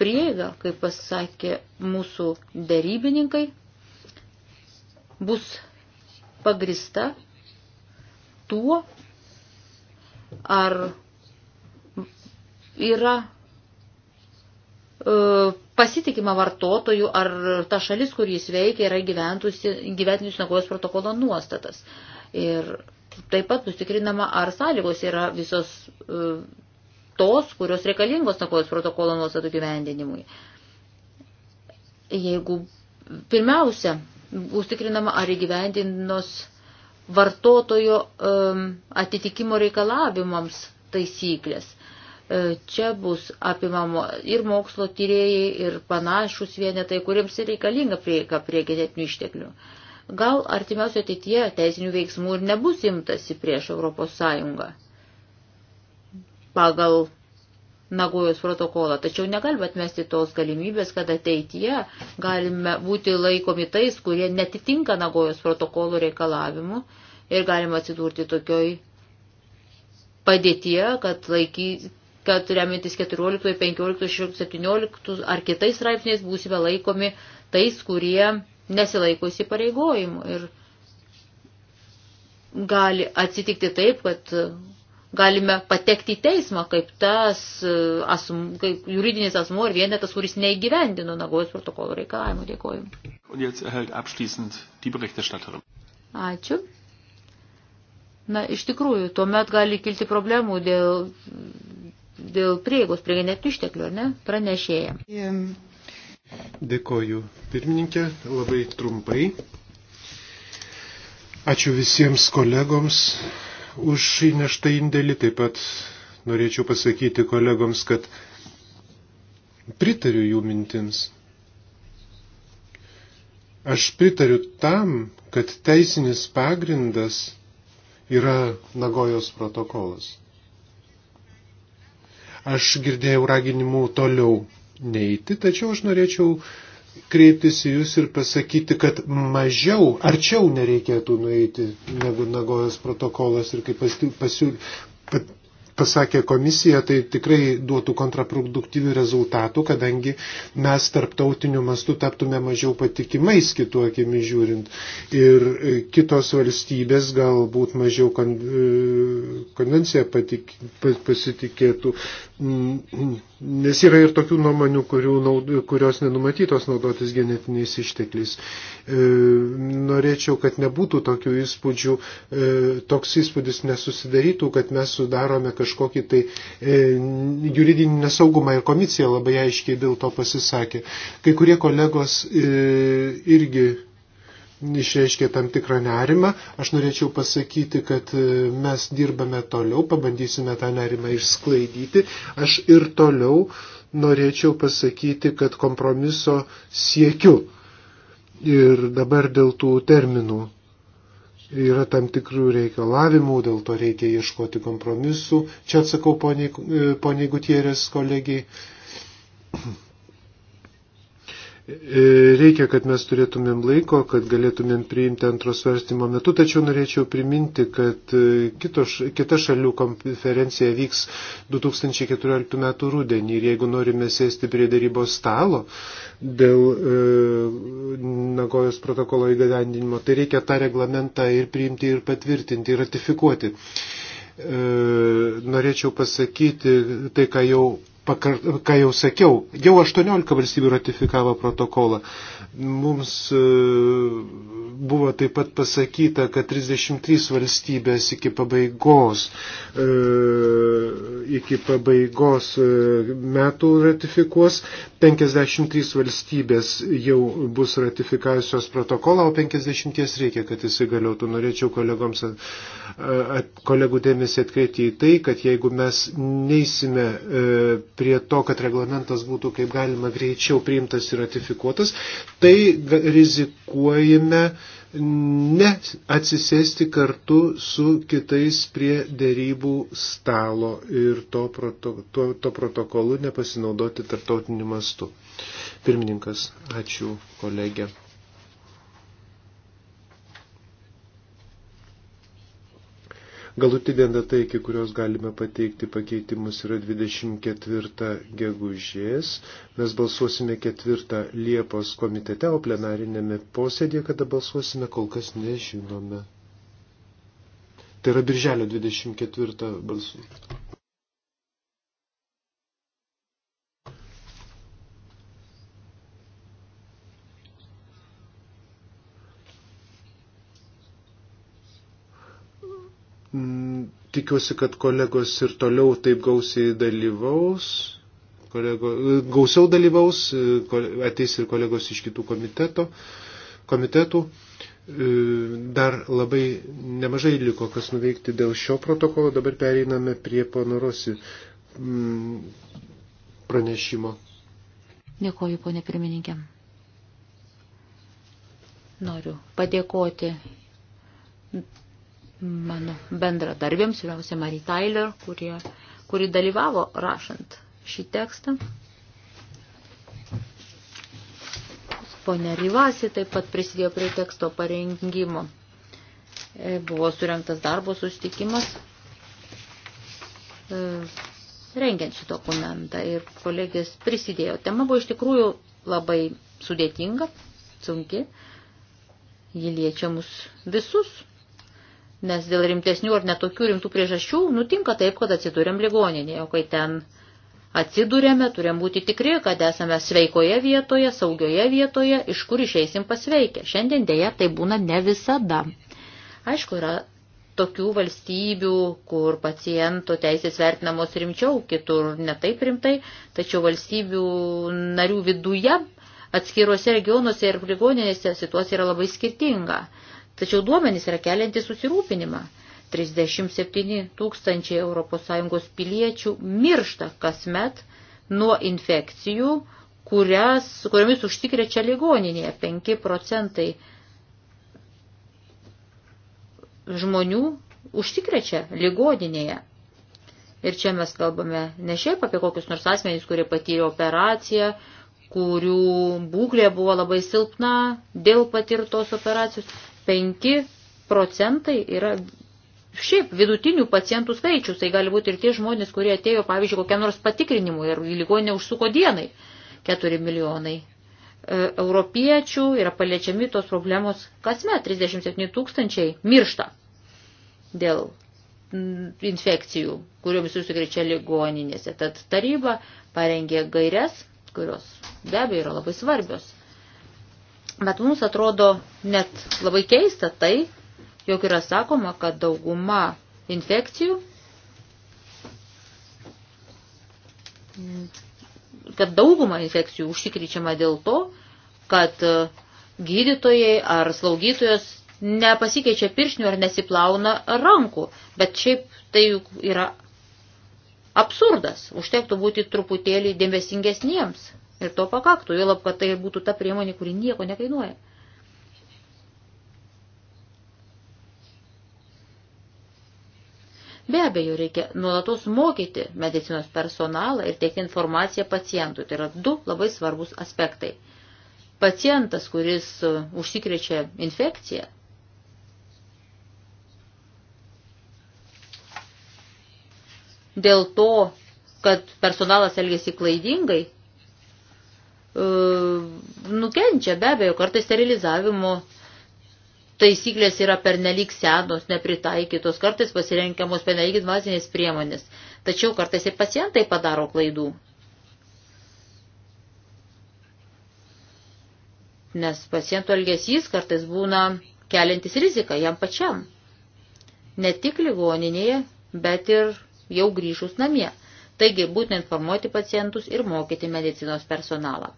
prieiga, kaip pasakė mūsų darybininkai, bus pagrista tuo, ar yra E, pasitikima vartotojų, ar ta šalis, kur jis veikia, yra gyventinius Nagojos protokolo nuostatas. Ir taip pat nusikrinama, ar sąlygos yra visos e, tos, kurios reikalingos Nagojos protokolo nuostatų gyvendinimui. Jeigu pirmiausia, bus tikrinama, ar įgyvendinos vartotojo um, atitikimo reikalavimams taisyklės. E, čia bus apimamo ir mokslo tyrėjai, ir panašus vienetai, kuriems reikalinga prieika prie genetinių išteklių. Gal artimiausio ateityje teisinių veiksmų ir nebus imtasi prieš Europos Sąjungą pagal Nagojos protokolą. Tačiau negalime atmesti tos galimybės, kad ateityje galime būti laikomi tais, kurie netitinka Nagojos protokolo reikalavimu ir galime atsidurti tokioj padėtyje, kad laiky, kad remintis 14, 15, 17 ar kitais straipsniais būsime laikomi tais, kurie nesilaiko įsipareigojimų. Ir gali atsitikti taip, kad galime patekti į teismą kaip tas e, asm, kaip juridinis asmuo ir vienetas, kuris neįgyvendino Nagojos protokolo reikalavimų. Dėkoju. Ačiū. Na, iš tikrųjų, tuomet gali kilti problemų dėl dėl prieigos prie genetinių išteklių, ar ne, pranešėja. Dėkoju, pirmininkė, labai trumpai. Ačiū visiems kolegoms už įneštą indėlį, taip pat norėčiau pasakyti kolegoms, kad pritariu jų mintims. Aš pritariu tam, kad teisinis pagrindas yra Nagojos protokolas. Aš girdėjau raginimų toliau neiti, tačiau aš norėčiau kreiptis į Jūs ir pasakyti, kad mažiau, arčiau nereikėtų nueiti negu Nagojos protokolas ir kaip pasiūl, pat, pasakė komisija, tai tikrai duotų kontraproduktyvių rezultatų, kadangi mes tarptautiniu mastu taptume mažiau patikimais kitų akimi žiūrint. Ir e, kitos valstybės galbūt mažiau e, konvenciją patik, pasitikėtų. Mm, mm. Nes yra ir tokių nuomonių, naud, kurios nenumatytos naudotis genetiniais ištekliais. E, norėčiau, kad nebūtų tokių įspūdžių, e, toks įspūdis nesusidarytų, kad mes sudarome kažkokį tai e, juridinį nesaugumą ir komisija labai aiškiai dėl to pasisakė. Kai kurie kolegos e, irgi išreiškė tam tikrą nerimą. Aš norėčiau pasakyti, kad e, mes dirbame toliau, pabandysime tą nerimą išsklaidyti. Aš ir toliau norėčiau pasakyti, kad kompromiso siekiu. Ir dabar dėl tų terminų yra tam tikrų reikalavimų, dėl to reikia ieškoti kompromisų. Čia atsakau poniai e, Gutierės kolegijai. E, reikia, kad mes turėtumėm laiko, kad galėtumėm priimti antro svarstymo metu, tačiau norėčiau priminti, kad e, kitos, kita šalių konferencija vyks 2014 m. rudenį ir jeigu norime sėsti prie darybos stalo dėl e, Nagojos protokolo įgyvendinimo, tai reikia tą reglamentą ir priimti, ir patvirtinti, ir ratifikuoti. E, norėčiau pasakyti tai, ką jau pakart, ką jau sakiau, jau 18 valstybių ratifikavo protokolą. Mums e, buvo taip pat pasakyta, kad 33 valstybės iki pabaigos, e, iki pabaigos e, metų ratifikuos, 53 valstybės jau bus ratifikavusios protokolą, o 50 reikia, kad jisai galėtų. Norėčiau kolegoms, kolegų dėmesį atkreipti į tai, kad jeigu mes neįsime prie to, kad reglamentas būtų kaip galima greičiau priimtas ir ratifikuotas, tai rizikuojame ne atsisėsti kartu su kitais prie dėrybų stalo ir to, proto, to, to protokolu nepasinaudoti tarptautiniu mastu. Pirmininkas, ačiū kolegė. Galutinė data, iki kurios galime pateikti pakeitimus, yra 24 gegužės. Mes balsuosime 4 Liepos komitete, o plenarinėme posėdėje, kada balsuosime, kol kas nežinome. Tai yra birželio 24 balsų. Mm, tikiuosi, kad kolegos ir toliau taip gausiai dalyvaus, kolego, gausiau dalyvaus, ateis ir kolegos iš kitų komiteto, komitetų. E, dar labai nemažai liko, kas nuveikti dėl šio protokolo. Dabar pereiname prie ponorosi mm, pranešimo. Dėkoju, ponė pirmininkė. Noriu padėkoti mano bendradarbėms, vyriausia Marie Tyler, kurie, kuri dalyvavo rašant šį tekstą. Pone Rivasi taip pat prisidėjo prie teksto parengimo. E, buvo surinktas darbo sustikimas e, rengiant šį dokumentą ir kolegės prisidėjo. Tema buvo iš tikrųjų labai sudėtinga, sunki. Ji liečia mus visus, nes dėl rimtesnių ar netokių rimtų priežasčių nutinka taip, kad atsidūrėm ligoninėje, o kai ten atsidūrėme, turėm būti tikri, kad esame sveikoje vietoje, saugioje vietoje, iš kur išeisim pasveikę. Šiandien dėja tai būna ne visada. Aišku, yra tokių valstybių, kur paciento teisės vertinamos rimčiau, kitur netaip rimtai, tačiau valstybių narių viduje atskiruose regionuose ir ligoninėse situacija yra labai skirtinga. Tačiau duomenys yra keliantis susirūpinimą. 37 tūkstančiai ES piliečių miršta kasmet nuo infekcijų, kurias, kuriomis užtikrečia ligoninėje 5 procentai žmonių užtikrečia ligoninėje. Ir čia mes kalbame ne šiaip apie kokius nors asmenys, kurie patyrė operaciją, kurių būklė buvo labai silpna dėl patirtos operacijos. 5 procentai yra šiaip vidutinių pacientų skaičius. Tai gali būti ir tie žmonės, kurie atėjo, pavyzdžiui, kokiam nors patikrinimui ir ligonė užsuko dienai 4 milijonai. E, europiečių yra paliečiami tos problemos kasmet 37 tūkstančiai miršta dėl infekcijų, kuriomis susikrečia ligoninėse. Tad taryba parengė gairias, kurios be abejo yra labai svarbios Bet mums atrodo net labai keista tai, jog yra sakoma, kad dauguma infekcijų, kad dauguma infekcijų užsikryčiama dėl to, kad e, gydytojai ar slaugytojos nepasikeičia piršnių ar nesiplauna rankų. Bet šiaip tai yra absurdas. Užtektų būti truputėlį dėmesingesniems. Ir to pakaktų, jo lab, kad tai būtų ta priemonė, kuri nieko nekainuoja. Be abejo, reikia nuolatos mokyti medicinos personalą ir teikti informaciją pacientui. Tai yra du labai svarbus aspektai. Pacientas, kuris e, užsikrečia infekciją, dėl to, kad personalas elgesi klaidingai, E, nukenčia be abejo, kartais sterilizavimo taisyklės yra pernelyg senos, nepritaikytos, kartais pasirenkiamos pernelyg invazinės priemonės. Tačiau kartais ir pacientai padaro klaidų. Nes paciento elgesys kartais būna keliantis riziką jam pačiam. Ne tik ligoninėje, bet ir jau grįžus namie. Taigi būtina informuoti pacientus ir mokyti medicinos personalą.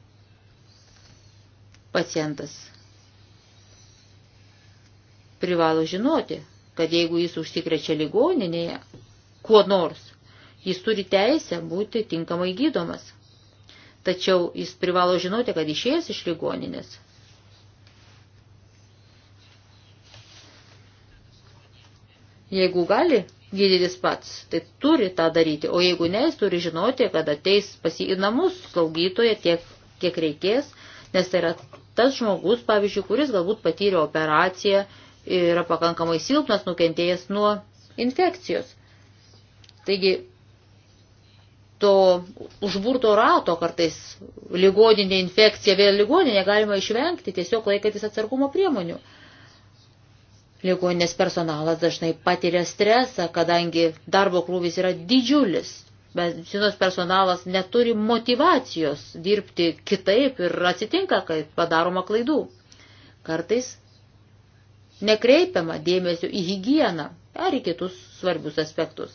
Pacientas privalo žinoti, kad jeigu jis užsikrečia ligoninėje, kuo nors, jis turi teisę būti tinkamai gydomas. Tačiau jis privalo žinoti, kad išėjęs iš ligoninės. Jeigu gali gydytis pats, tai turi tą daryti, o jeigu ne, jis turi žinoti, kad ateis pas į namus slaugytoje tiek, kiek reikės, nes tai yra tas žmogus, pavyzdžiui, kuris galbūt patyrė operaciją ir yra pakankamai silpnas, nukentėjęs nuo infekcijos. Taigi, to užburto rato kartais ligoninė infekcija, vėl ligoninė galima išvengti tiesiog laikantis atsargumo priemonių. Ligoninės personalas dažnai patiria stresą, kadangi darbo krūvis yra didžiulis medicinos personalas neturi motivacijos dirbti kitaip ir atsitinka, kai padaroma klaidų. Kartais nekreipiama dėmesio į higieną ar į kitus svarbius aspektus.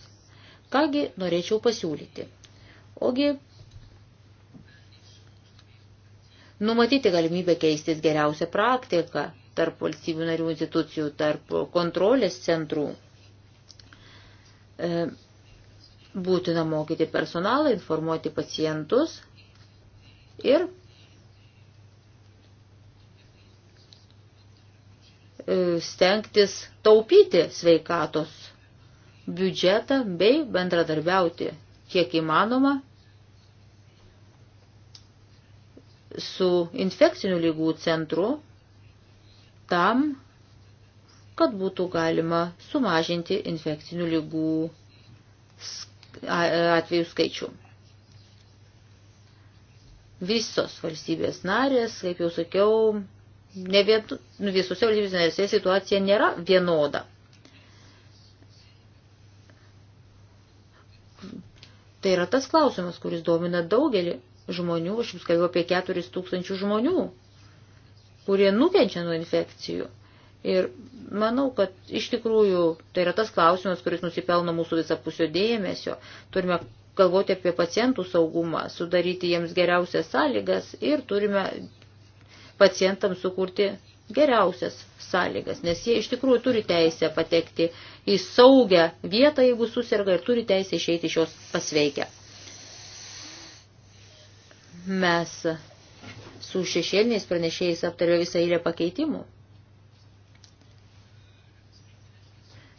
Kągi norėčiau pasiūlyti? Ogi numatyti galimybę keistis geriausią praktiką tarp valstybių narių institucijų, tarp kontrolės centrų. E, Būtina mokyti personalą, informuoti pacientus ir e, stengtis taupyti sveikatos biudžetą bei bendradarbiauti kiek įmanoma su infekcinių lygų centru tam, kad būtų galima sumažinti infekcinių lygų skaičių atvejų skaičių. Visos valstybės narės, kaip jau sakiau, ne vietu, nu, visose valstybės narėse situacija nėra vienoda. Tai yra tas klausimas, kuris domina daugelį žmonių, aš jums kalbėjau apie 4000 žmonių, kurie nukenčia nuo infekcijų. Ir manau, kad iš tikrųjų tai yra tas klausimas, kuris nusipelno mūsų visapusio dėmesio. Turime galvoti apie pacientų saugumą, sudaryti jiems geriausias sąlygas ir turime pacientams sukurti geriausias sąlygas, nes jie iš tikrųjų turi teisę patekti į saugę vietą, jeigu susirga ir turi teisę išeiti iš jos pasveikę. Mes su šešėliniais pranešėjais aptarėme visą eilę pakeitimų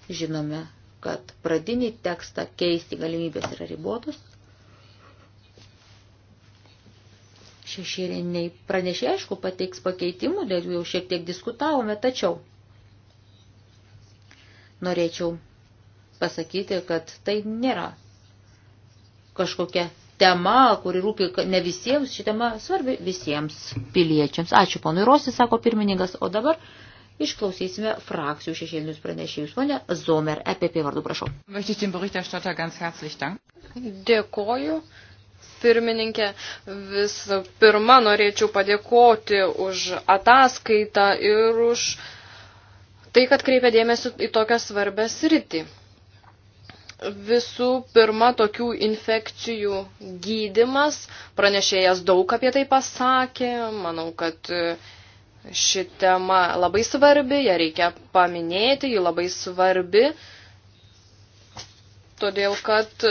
Žinome, kad pradinį tekstą keisti galimybės yra ribotos. Šešėriniai pranešė, aišku, pateiks pakeitimų, dėl jų jau šiek tiek diskutavome, tačiau norėčiau pasakyti, kad tai nėra kažkokia tema, kuri rūpi ne visiems, ši tema svarbi visiems piliečiams. Ačiū ponui Rosi, sako pirmininkas, o dabar išklausysime frakcijų šešėlinius pranešėjus. Pone Zomer, EPP vardu, prašau. Dėkoju. Pirmininkė, vis pirma norėčiau padėkoti už ataskaitą ir už tai, kad kreipia dėmesį į tokią svarbę sritį. Visų pirma, tokių infekcijų gydimas, pranešėjas daug apie tai pasakė, manau, kad ši tema labai svarbi, ją reikia paminėti, ji labai svarbi, todėl kad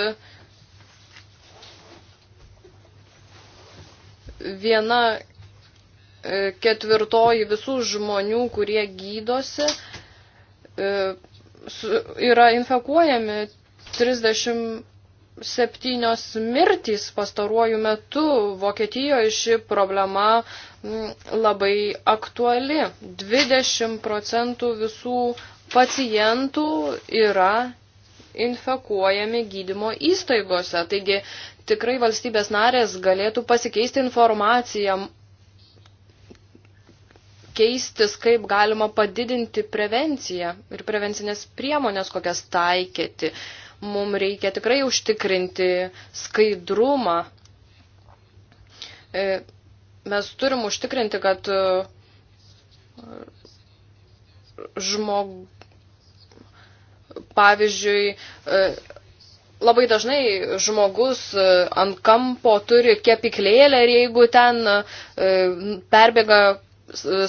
viena e, ketvirtoji visų žmonių, kurie gydosi, e, yra infekuojami 30 septynios mirtys pastaruoju metu Vokietijoje ši problema mm, labai aktuali. 20 procentų visų pacientų yra infekuojami gydymo įstaigose. Taigi tikrai valstybės narės galėtų pasikeisti informaciją, keistis, kaip galima padidinti prevenciją ir prevencinės priemonės, kokias taikyti. Uh, Mums reikia tikrai užtikrinti skaidrumą. E, mes turim užtikrinti, kad e, žmog... pavyzdžiui, e, labai dažnai žmogus ant kampo turi kepiklėlę ir jeigu ten perbėga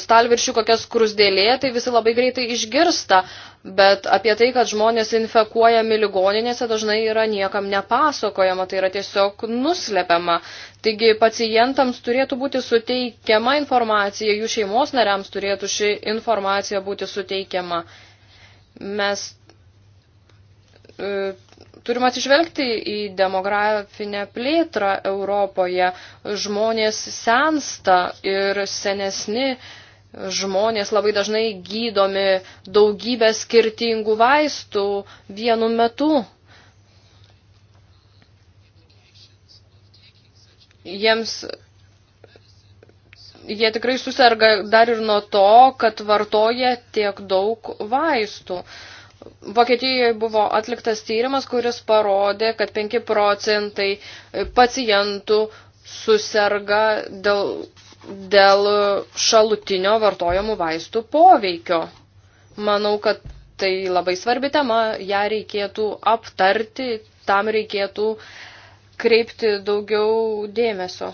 stalviršių kokias krusdėlė, tai visi labai greitai išgirsta Bet apie tai, kad žmonės infekuojami ligoninėse dažnai yra niekam nepasakojama, tai yra tiesiog nuslepiama. Taigi pacientams turėtų būti suteikiama informacija, jų šeimos nariams turėtų ši informacija būti suteikiama. Mes e, turime atsižvelgti į demografinę plėtrą Europoje. Žmonės sensta ir senesni. E, žmonės labai dažnai gydomi daugybę skirtingų vaistų vienu metu. Jiems jie tikrai susirga dar ir nuo to, kad vartoja tiek daug vaistų. Vokietijoje buvo atliktas tyrimas, kuris parodė, kad 5 procentai pacientų susirga dėl dėl šalutinio vartojamų vaistų poveikio. Manau, kad tai labai svarbi tema, ją reikėtų aptarti, tam reikėtų kreipti daugiau dėmesio.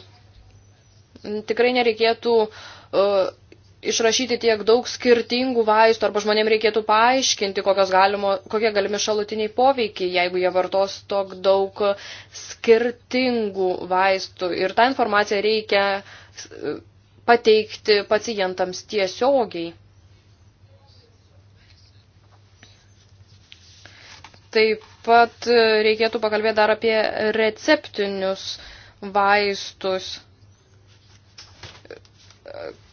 Tikrai nereikėtų uh, išrašyti tiek daug skirtingų vaistų, arba žmonėm reikėtų paaiškinti, galimo, kokie galimi šalutiniai poveikiai, jeigu jie vartos tok daug skirtingų vaistų. Ir tą informaciją reikia uh, pateikti pacientams tiesiogiai. Taip pat reikėtų pakalbėti dar apie receptinius vaistus.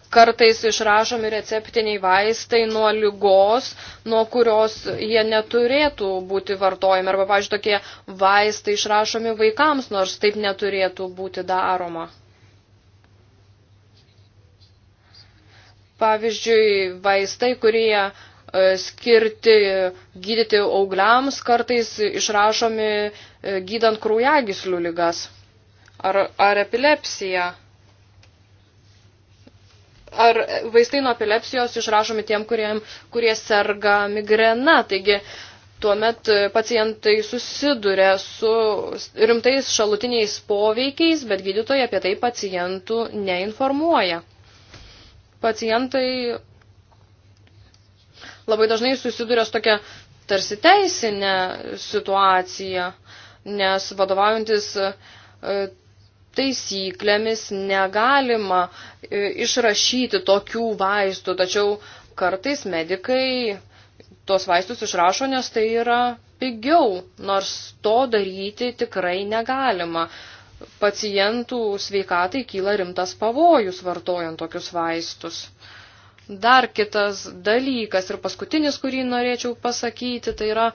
Kartais išrašomi receptiniai vaistai nuo lygos, nuo kurios jie neturėtų būti vartojami. Arba, pavyzdžiui, tokie vaistai išrašomi vaikams, nors taip neturėtų būti daroma. Pavyzdžiui, vaistai, kurie e, skirti gydyti augliams, kartais išrašomi e, gydant kraujagyslių lygas ar, ar epilepsiją. Ar vaistai nuo epilepsijos išrašomi tiem, kuriem, kurie serga migrena. Taigi, tuomet e, pacientai susiduria su rimtais šalutiniais poveikiais, bet gydytojai apie tai pacientų neinformuoja pacientai labai dažnai susiduria su tokia tarsi teisinė situacija, nes vadovaujantis e, taisyklėmis negalima e, išrašyti tokių vaistų, tačiau kartais medikai tuos vaistus išrašo, nes tai yra pigiau, nors to daryti tikrai negalima pacientų sveikatai kyla rimtas pavojus vartojant tokius vaistus. Dar kitas dalykas ir paskutinis, kurį norėčiau pasakyti, tai yra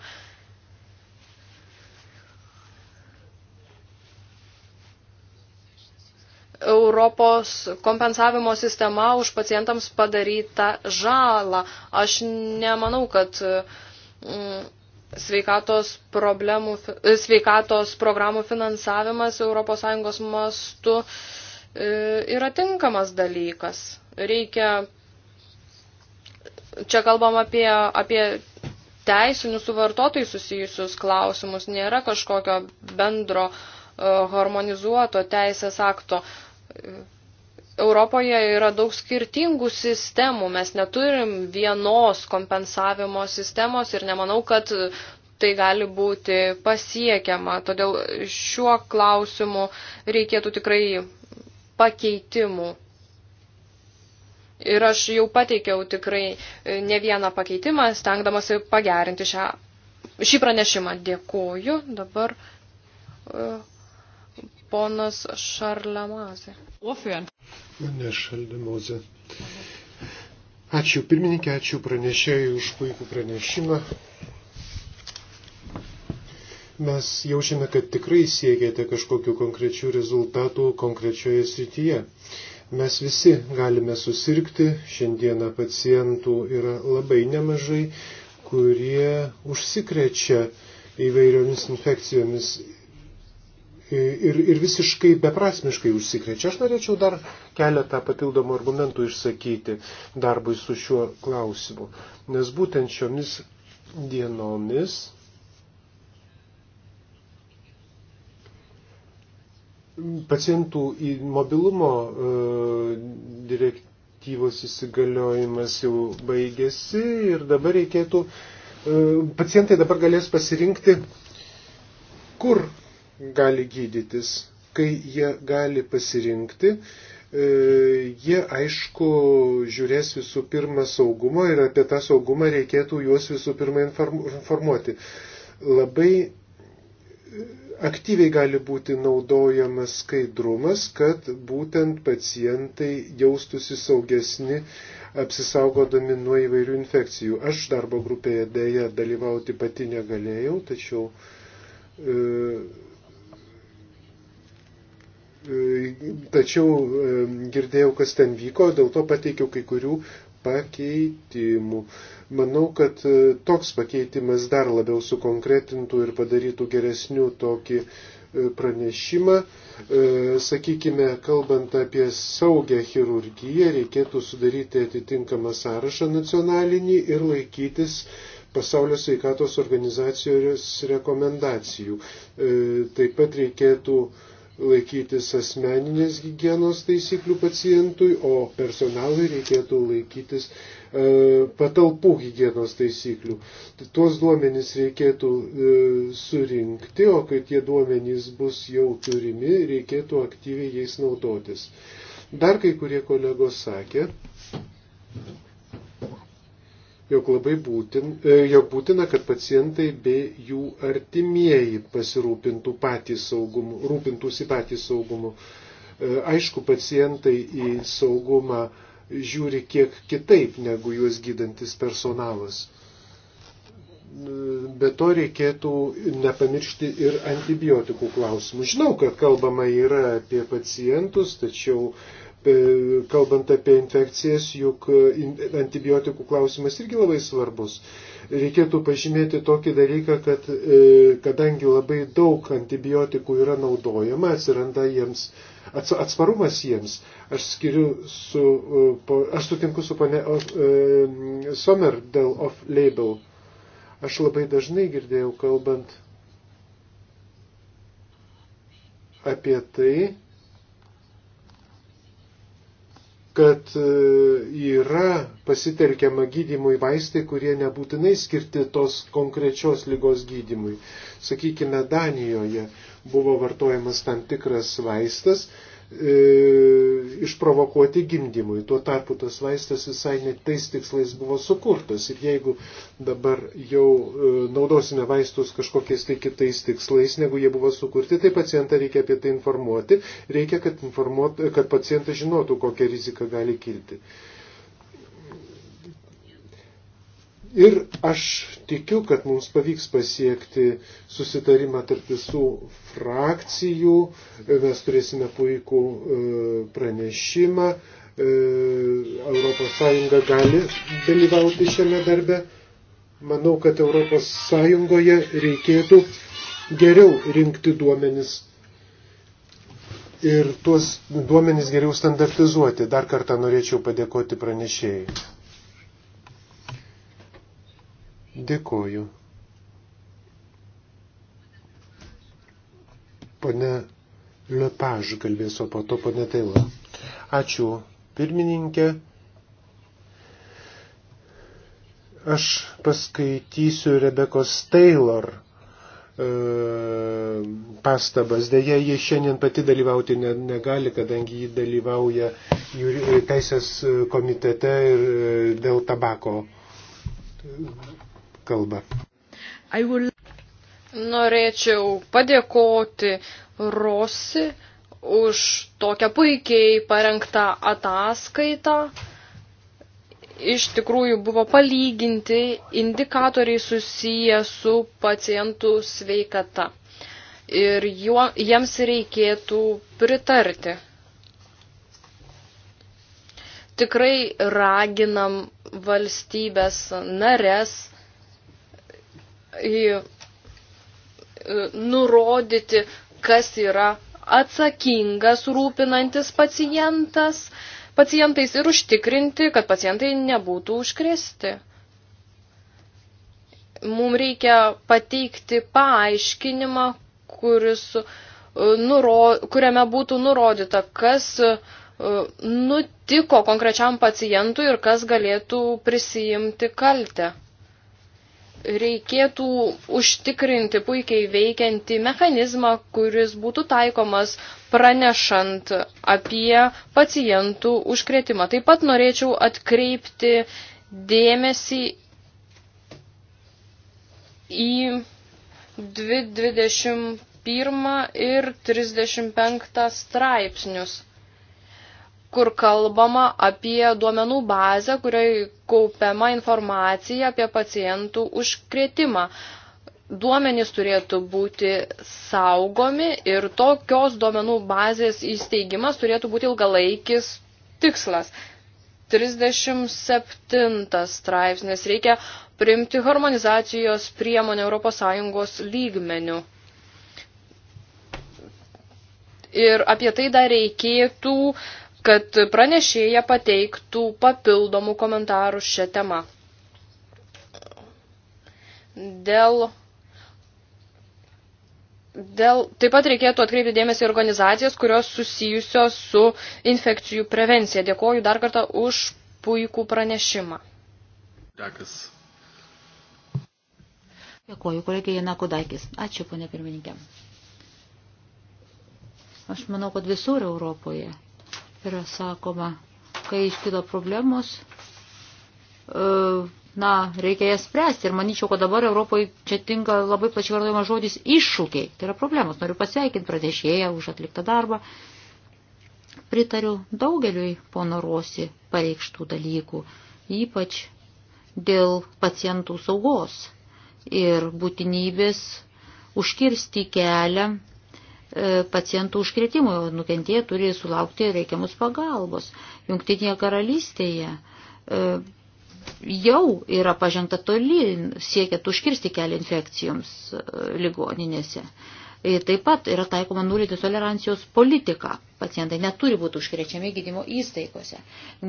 Europos kompensavimo sistema už pacientams padarytą žalą. Aš nemanau, kad mm, sveikatos, problemų, e, sveikatos programų finansavimas ES mastu e, yra tinkamas dalykas. Reikia, čia kalbam apie, apie teisinius su vartotojai susijusius klausimus, nėra kažkokio bendro e, harmonizuoto teisės akto. Europoje yra daug skirtingų sistemų, mes neturim vienos kompensavimo sistemos ir nemanau, kad tai gali būti pasiekiama. Todėl šiuo klausimu reikėtų tikrai pakeitimų. Ir aš jau pateikiau tikrai ne vieną pakeitimą, stengdamasi pagerinti šią, šį pranešimą. Dėkuoju. Dabar e, ponas Šarlamazė. Mane Šaldemozė. Ačiū pirmininkė, ačiū pranešėjai už puikų pranešimą. Mes jaučiame, kad tikrai siekėte kažkokiu konkrečiu rezultatu konkrečioje srityje. Mes visi galime susirgti, šiandieną pacientų yra labai nemažai, kurie užsikrečia įvairiomis infekcijomis ir, ir visiškai beprasmiškai užsikrečia. Aš norėčiau dar keletą papildomų argumentų išsakyti darbui su šiuo klausimu, nes būtent šiomis dienomis pacientų mobilumo e, direktyvos įsigaliojimas jau baigėsi ir dabar reikėtų, e, pacientai dabar galės pasirinkti, kur gali gydytis, kai jie gali pasirinkti, e, jie aišku žiūrės visų pirma saugumo ir apie tą saugumą reikėtų juos visų pirma informuoti. Labai e, aktyviai gali būti naudojamas skaidrumas, kad būtent pacientai jaustųsi saugesni apsisaugodami nuo įvairių infekcijų. Aš darbo grupėje dėja dalyvauti pati negalėjau, tačiau e, E, tačiau e, girdėjau, kas ten vyko, dėl to pateikiau kai kurių pakeitimų. Manau, kad e, toks pakeitimas dar labiau sukonkretintų ir padarytų geresnių tokį pranešimą. Sakykime, kalbant apie saugę chirurgiją, reikėtų sudaryti atitinkamą sąrašą nacionalinį ir laikytis pasaulio sveikatos organizacijos rekomendacijų. Taip pat reikėtų uh, laikytis asmeninės hygienos taisyklių pacientui, o personalui reikėtų laikytis e, patalpų hygienos taisyklių. Tuos duomenys reikėtų e, surinkti, o kai tie duomenys bus jau turimi, reikėtų aktyviai jais naudotis. Dar kai kurie kolegos sakė, jog labai būtin, e, jog būtina, kad pacientai bei jų artimieji pasirūpintų patys saugumu, rūpintųsi patys saugumu. E, aišku, pacientai į saugumą žiūri kiek kitaip negu juos gydantis personalas. E, be to reikėtų nepamiršti ir antibiotikų klausimų. Žinau, kad kalbama yra apie pacientus, tačiau uh, E, kalbant apie infekcijas, juk e, antibiotikų klausimas irgi labai svarbus. Reikėtų pažymėti tokį dalyką, kad e, kadangi labai daug antibiotikų yra naudojama, atsiranda jiems atsparumas jiems. Aš, su, aš sutinku su pane Sommer dėl off-label. Aš labai dažnai girdėjau kalbant apie tai, kad e, yra pasitelkiama gydimui vaistai, kurie nebūtinai skirti tos konkrečios lygos gydimui. Sakykime, Danijoje buvo vartojamas tam tikras vaistas, E, išprovokuoti gimdymui. Tuo tarpu tas vaistas visai net tais tikslais buvo sukurtas. Ir jeigu dabar jau e, naudosime vaistus kažkokiais tai kitais tikslais, negu jie buvo sukurti, tai pacientą reikia apie tai informuoti. Reikia, kad, informuot, kad pacientas žinotų, kokia rizika gali kilti. E, Ir aš tikiu, kad mums pavyks pasiekti susitarimą tarp visų frakcijų, mes turėsime puikų e, pranešimą, ES gali dalyvauti šiame darbe. Manau, kad ES reikėtų geriau rinkti duomenis ir tuos duomenis geriau standartizuoti. Dar kartą norėčiau padėkoti pranešėjai. Dėkoju. Pane Lepaž kalbės, o po to pane Taila. Ačiū, pirmininkė. Aš paskaitysiu Rebekos Taylor e, pastabas. Deja, jie šiandien pati dalyvauti negali, kadangi jį dalyvauja e, teisės e, komitete ir dėl tabako kalbą. Will... Norėčiau padėkoti Rosi už tokią puikiai parengtą ataskaitą. Iš tikrųjų buvo palyginti indikatoriai susiję su pacientų sveikata. Ir juo, jiems reikėtų pritarti tikrai raginam valstybės nares E, nurodyti, kas yra atsakingas rūpinantis pacientas, pacientais ir užtikrinti, kad pacientai nebūtų užkrėsti. Mums reikia pateikti paaiškinimą, kuris, e, nuro, kuriame būtų nurodyta, kas e, nutiko konkrečiam pacientui ir kas galėtų prisijimti kaltę reikėtų užtikrinti puikiai veikiantį mechanizmą, kuris būtų taikomas pranešant apie pacientų užkretimą. Taip pat norėčiau atkreipti dėmesį į 221 ir 35 straipsnius kur kalbama apie duomenų bazę, kurioje kaupiama informacija apie pacientų užkrėtimą. Duomenys turėtų būti saugomi ir tokios duomenų bazės įsteigimas turėtų būti ilgalaikis tikslas. 37 straipsnis reikia priimti harmonizacijos priemonę ES lygmenių. Ir apie tai dar reikėtų uh, kad pranešėja pateiktų papildomų komentarų šią temą. Dėl, dėl, taip pat reikėtų atkreipti dėmesį organizacijas, kurios susijusios su infekcijų prevencija. Dėkoju dar kartą už puikų pranešimą. Dakas. Dėkuoju, kolegė Jena Kudakis. Ačiū, ponė pirmininkė. Aš manau, kad visur Europoje yra sakoma, kai iškyla problemos, e, na, reikia jas spręsti. Ir manyčiau, kad dabar Europoje čia tinka labai plačiai vartojamas žodis iššūkiai. Tai yra problemos. Noriu pasveikinti pranešėją už atliktą darbą. Pritariu daugeliui pono Rosi pareikštų dalykų, ypač dėl pacientų saugos ir būtinybės užkirsti kelią E, pacientų užkretimų, nukentėję turi sulaukti reikiamus pagalbos. Jungtinėje karalystėje e, jau yra pažengta toli, siekiant užkirsti kelią infekcijoms e, ligoninėse. Taip pat yra taikoma nulinės tolerancijos politika pacientai neturi būti užkrečiami gydimo įstaigose.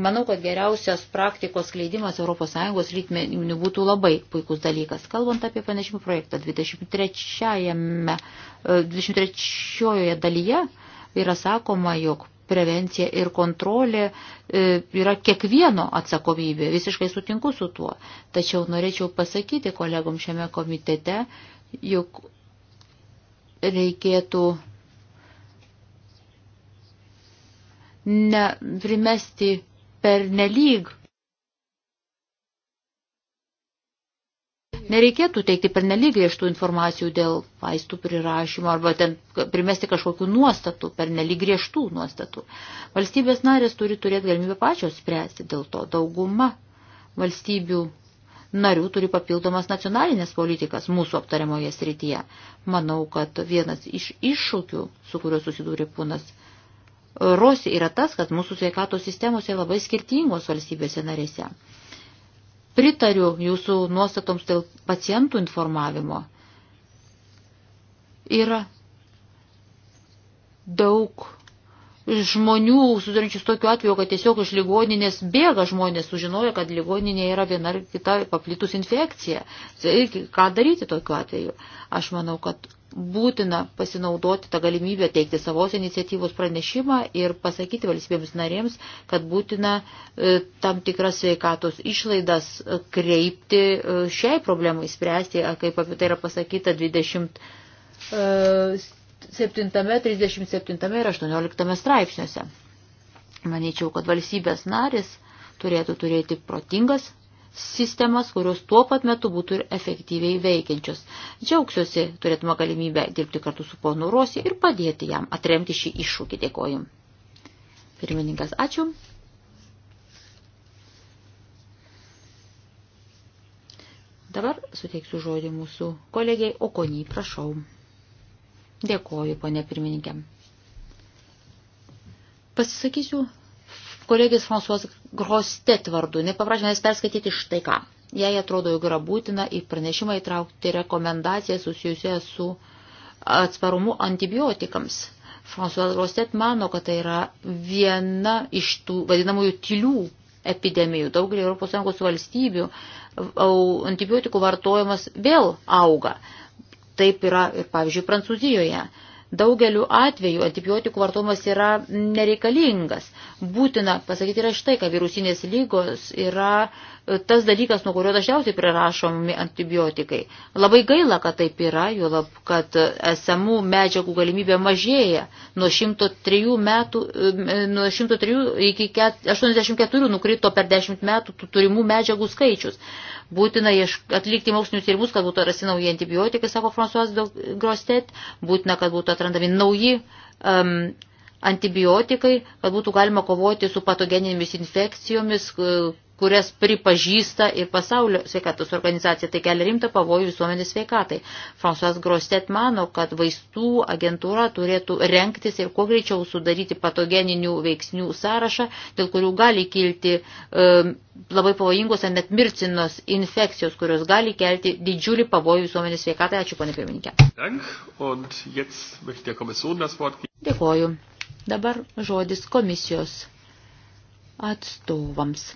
Manau, kad geriausios praktikos kleidimas ES lygmenių būtų labai puikus dalykas. Kalbant apie pranešimų projektą 23, 23 e, dalyje yra sakoma, jog prevencija ir kontrolė e, yra kiekvieno atsakomybė. Visiškai sutinku su tuo. Tačiau norėčiau pasakyti kolegom šiame komitete, juk reikėtų neprimesti per nelyg. Nereikėtų teikti per nelyg griežtų informacijų dėl vaistų prirašymo arba ten primesti kažkokių nuostatų, per nelyg griežtų nuostatų. Valstybės narės turi turėti galimybę pačios spręsti, dėl to dauguma valstybių narių turi papildomas nacionalinės politikas mūsų aptariamoje srityje. Manau, kad vienas iš iššūkių, su kuriuo susidūrė ponas Rosi yra tas, kad mūsų sveikatos sistemos yra labai skirtingos valstybėse narėse. Pritariu jūsų nuostatoms dėl pacientų informavimo. Yra daug žmonių sudarančius tokiu atveju, kad tiesiog iš ligoninės bėga žmonės, sužinoja, kad ligoninė yra viena ar kita paplitus infekcija. Tai ir ką daryti tokiu atveju? Aš manau, kad būtina pasinaudoti tą galimybę teikti savos iniciatyvos pranešimą ir pasakyti valstybėms narėms, kad būtina e, tam tikras sveikatos išlaidas e, kreipti e, šiai problemai spręsti, kaip apie tai yra pasakyta 20. E, 7, 37 ir 18 straipsniuose. Manyčiau, kad valstybės narės turėtų turėti protingas sistemas, kurios tuo pat metu būtų ir efektyviai veikiančios. Džiaugsiuosi, turėtume galimybę dirbti kartu su ponu Rosi ir padėti jam atremti šį iššūkį. Dėkoju. Pirmininkas, ačiū. Dabar suteiksiu žodį mūsų kolegiai Okonį, prašau. Dėkoju, ponė pirmininkė. Pasisakysiu kolegės Fransuos Grostet vardu. Nepaprašė manęs perskaityti štai ką. Jei atrodo, jog yra būtina į pranešimą įtraukti rekomendaciją susijusią su atsparumu antibiotikams. Fransuas Grostet mano, kad tai yra viena iš tų vadinamųjų tylių epidemijų. Daugelį ES valstybių antibiotikų vartojimas vėl auga. Taip yra ir, pavyzdžiui, Prancūzijoje. Daugeliu atveju antibiotikų vartojimas yra nereikalingas. Būtina pasakyti yra štai, kad virusinės lygos yra uh, tas dalykas, nuo kurio dažniausiai prirašomi antibiotikai. Labai gaila, kad taip yra, jo lab, kad esamų medžiagų galimybė mažėja. Nuo 103, metų, e, nuo 103 iki 84 nukrito per 10 metų tų turimų medžiagų skaičius. Būtina atlikti mokslinius tyrimus, kad būtų rasti nauji antibiotikai, sako François Grostet, būtina, kad būtų atrandami nauji um, antibiotikai, kad būtų galima kovoti su patogeninėmis infekcijomis, kurias pripažįsta ir pasaulio sveikatos organizacija, tai kelia rimtą pavojų visuomenės sveikatai. François Grostet mano, kad vaistų agentūra turėtų renktis ir kuo greičiau sudaryti patogeninių veiksnių sąrašą, dėl kurių gali kilti e, labai pavojingos ar net mirtinos infekcijos, kurios gali kelti didžiulį pavojų visuomenės sveikatai. Ačiū, ponė pirmininkė. Dėkoju. Dabar žodis komisijos atstovams.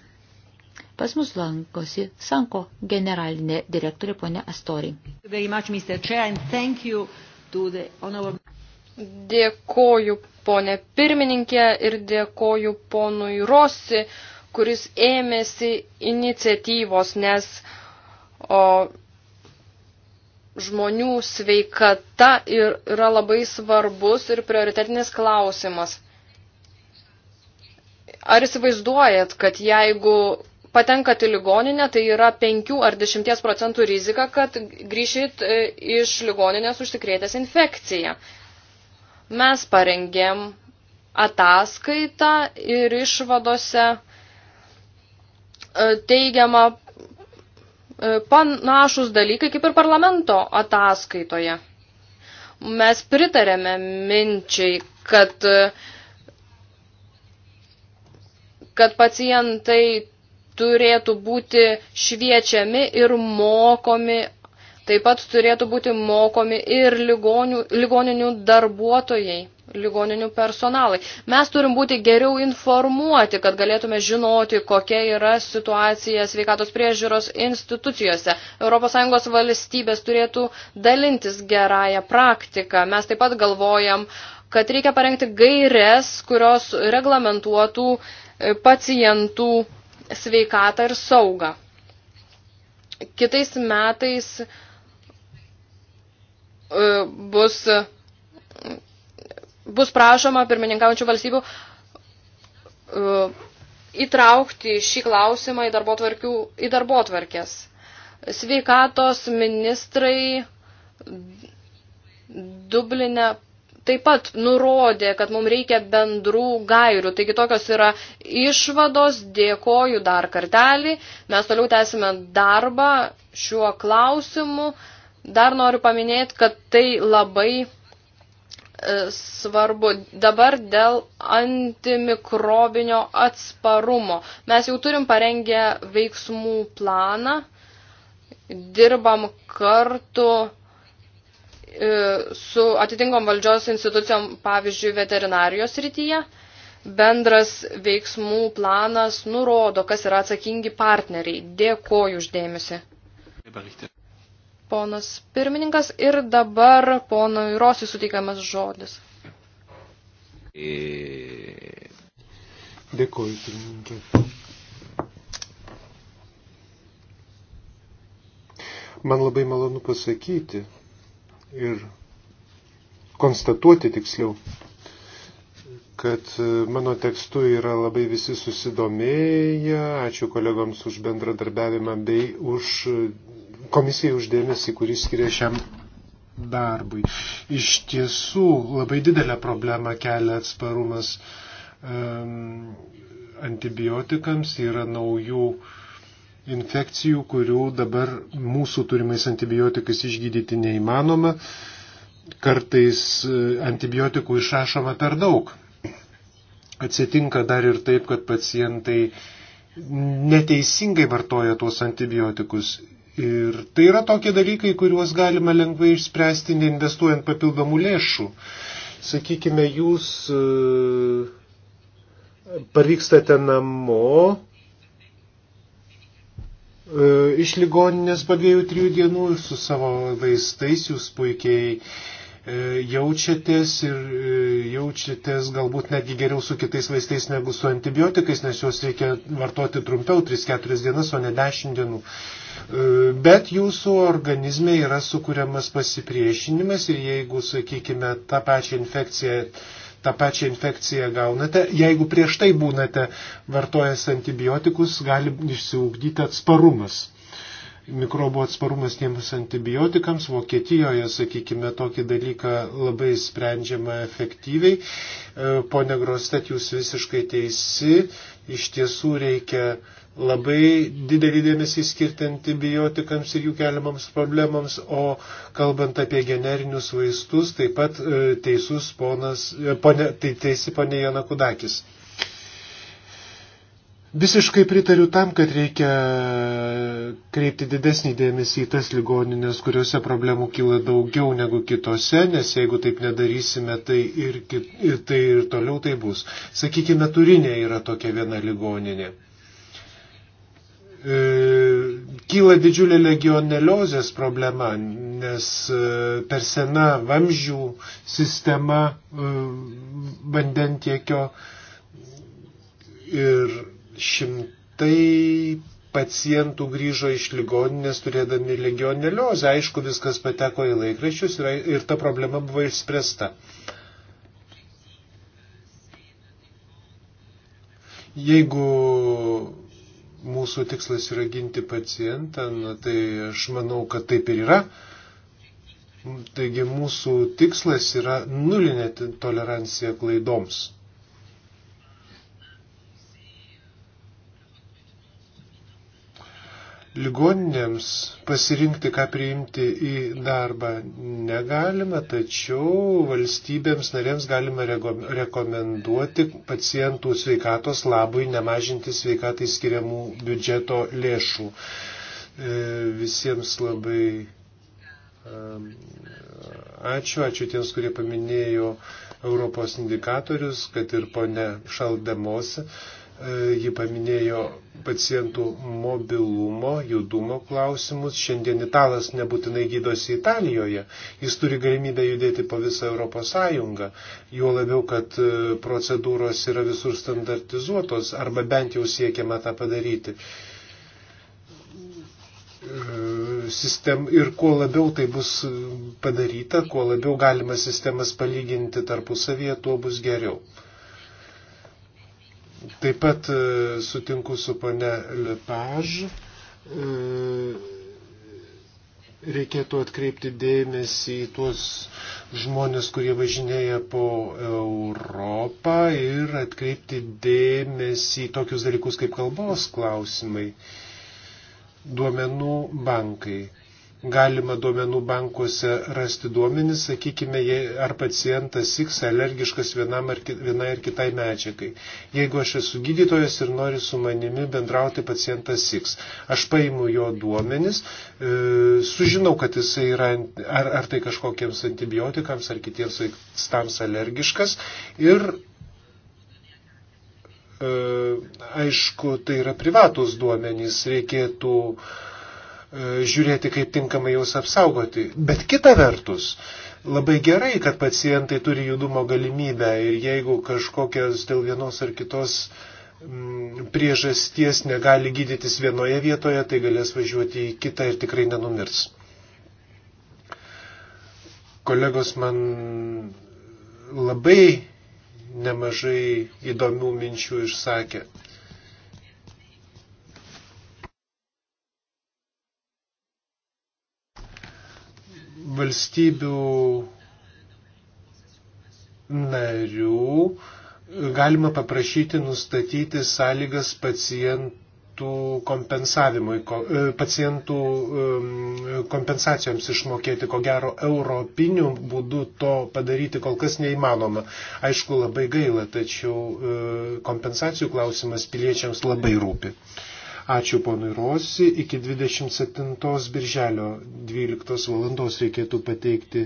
Pas mus lankosi Sanko generalinė direktorė ponė Astori. Dėkoju ponė pirmininkė ir dėkoju ponui Rossi, kuris ėmėsi iniciatyvos, nes o, žmonių sveikata ir, yra labai svarbus ir prioritetinis klausimas. Ar įsivaizduojat, kad jeigu patenkat į ligoninę, tai yra 5 ar 10 procentų rizika, kad grįšit e, iš ligoninės užsikrėtęs infekciją. Mes parengėm ataskaitą ir išvadose e, teigiama e, panašus dalykai kaip ir parlamento ataskaitoje. Mes pritarėme minčiai, kad, kad pacientai turėtų būti šviečiami ir mokomi, taip pat turėtų būti mokomi ir ligonių, ligoninių darbuotojai, ligoninių personalai. Mes turim būti geriau informuoti, kad galėtume žinoti, kokia yra situacija sveikatos priežiūros institucijose. ES valstybės turėtų dalintis gerąją praktiką. Mes taip pat galvojam, kad reikia parengti gaires, kurios reglamentuotų pacientų sveikatą ir saugą. Kitais metais e, bus, bus prašoma pirmininkaujančių valstybių e, įtraukti šį klausimą į darbotvarkių, į darbotvarkės. Sveikatos ministrai Dublinę taip pat nurodė, kad mums reikia bendrų gairių. Taigi tokios yra išvados, dėkoju dar kartelį. Mes toliau tęsime darbą šiuo klausimu. Dar noriu paminėti, kad tai labai e, svarbu dabar dėl antimikrobinio atsparumo. Mes jau turim parengę veiksmų planą, dirbam kartu E, su atitinkom valdžios institucijom, pavyzdžiui, veterinarijos rytyje. Bendras veiksmų planas nurodo, kas yra atsakingi partneriai. Dėkoju uždėmesi. Ponas pirmininkas ir dabar ponui Rosi suteikiamas žodis. Dėkoju, pirmininkė. Man labai malonu pasakyti, ir konstatuoti tiksliau, kad e, mano tekstu yra labai visi susidomėję. Ačiū kolegoms už bendradarbiavimą bei už e, komisijai uždėmesį, kurį skiria šiam darbui. Iš tiesų labai didelę problemą kelia atsparumas um, antibiotikams, yra naujų uh, infekcijų, kurių dabar mūsų turimais antibiotikais išgydyti neįmanoma. Kartais e, antibiotikų išrašoma per daug. Atsitinka dar ir taip, kad pacientai neteisingai vartoja tuos antibiotikus. Ir tai yra tokie dalykai, kuriuos galima lengvai išspręsti, neinvestuojant papildomų lėšų. Sakykime, jūs e, parvykstate namo, E, iš ligoninės po dviejų, trijų dienų su savo vaistais jūs puikiai e, jaučiatės ir e, jaučiatės galbūt netgi geriau su kitais vaistais negu su antibiotikais, nes juos reikia vartoti trumpiau, 3-4 dienas, o ne 10 dienų. Bet jūsų organizme yra sukūriamas pasipriešinimas ir jeigu, sakykime, tą pačią infekciją tą pačią infekciją gaunate. Jeigu prieš tai būnate vartojęs antibiotikus, gali išsiugdyti atsparumas. Mikrobų atsparumas tiems antibiotikams. Vokietijoje, sakykime, tokį dalyką labai sprendžiama efektyviai. E, pone Grostet, jūs visiškai teisi. Iš tiesų reikia uh, labai didelį dėmesį skirti antibiotikams ir jų keliamams problemams, o kalbant apie generinius vaistus, taip pat e, teisus ponas, e, ponė, tai teisi ponė Jana Kudakis. Visiškai pritariu tam, kad reikia kreipti didesnį dėmesį į tas ligoninės, kuriuose problemų kyla daugiau negu kitose, nes jeigu taip nedarysime, tai ir, kit, ir, tai ir toliau tai bus. Sakykime, turinė yra tokia viena ligoninė. E, kyla didžiulė legioneliozės problema, nes e, per sena vamzdžių sistema e, vandentiekio ir šimtai pacientų grįžo iš ligoninės turėdami legioneliozę. Aišku, viskas pateko į laikraščius ir, ir ta problema buvo išspręsta. Jeigu mūsų tikslas yra ginti pacientą, na, tai aš manau, kad taip ir yra. Taigi mūsų tikslas yra nulinė tolerancija klaidoms. ligoninėms pasirinkti, ką priimti į darbą negalime, tačiau valstybėms narėms galime rekomenduoti pacientų sveikatos labui nemažinti sveikatai skiriamų biudžeto lėšų. E, visiems labai ačiū, ačiū tiems, kurie paminėjo Europos indikatorius, kad ir pone Šaldemosi E, ji paminėjo pacientų mobilumo, judumo klausimus. Šiandien italas nebūtinai gydosi Italijoje. Jis turi galimybę judėti po visą Europos Sąjungą. Juo labiau, kad e, procedūros yra visur standartizuotos arba bent jau siekiama tą padaryti e, sistem, ir kuo labiau tai bus padaryta, kuo labiau galima sistemas palyginti tarpusavyje, tuo bus geriau. Taip pat e, sutinku su pane Lepaž. E, reikėtų atkreipti dėmesį į tuos žmonės, kurie važinėja po Europą ir atkreipti dėmesį į tokius dalykus kaip kalbos klausimai, duomenų bankai galima duomenų bankuose rasti duomenis, sakykime, ar pacientas X alergiškas ar, vienai ar kitai medžiagai. Jeigu aš esu gydytojas ir nori su manimi bendrauti pacientas X, aš paimu jo duomenis, e, sužinau, kad jis yra ar, ar tai kažkokiems antibiotikams ar kitiems vaistams alergiškas ir e, aišku, tai yra privatus duomenys, reikėtų e, E, žiūrėti, kaip tinkamai juos apsaugoti. Bet kita vertus, labai gerai, kad pacientai turi judumo galimybę ir jeigu kažkokios dėl vienos ar kitos mm, priežasties negali gydytis vienoje vietoje, tai galės važiuoti į kitą ir tikrai nenumirs. Kolegos man labai nemažai įdomių minčių išsakė. valstybių narių galima paprašyti nustatyti sąlygas pacientų kompensavimui, e, pacientų kompensacijoms išmokėti. Ko gero, europiniu būdu to padaryti kol kas neįmanoma. Aišku, labai gaila, tačiau e, kompensacijų klausimas piliečiams labai rūpi. Ačiū ponui Rosi. Iki 27 birželio 12 valandos reikėtų pateikti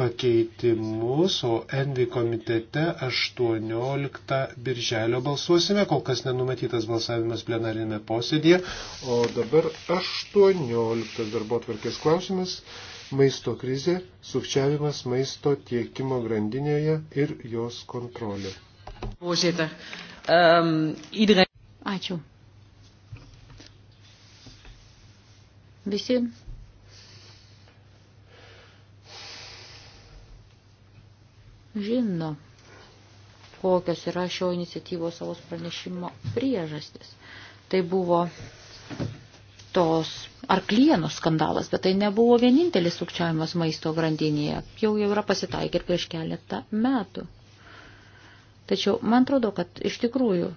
pakeitimus, o Envi komitete 18 birželio balsuosime, kol kas nenumatytas balsavimas plenarinė posėdėje, o dabar 18 darbo tvarkės klausimas - maisto krizė, sukčiavimas maisto tiekimo grandinėje ir jos kontrolė. Ehm, Ačiū. Visi. Žino, kokios yra šio iniciatyvos savos pranešimo priežastis. Tai buvo tos arklienos skandalas, bet tai nebuvo vienintelis sukčiavimas maisto grandinėje. Jau jau yra pasitaikę ir prieš keletą metų. Tačiau man atrodo, kad iš tikrųjų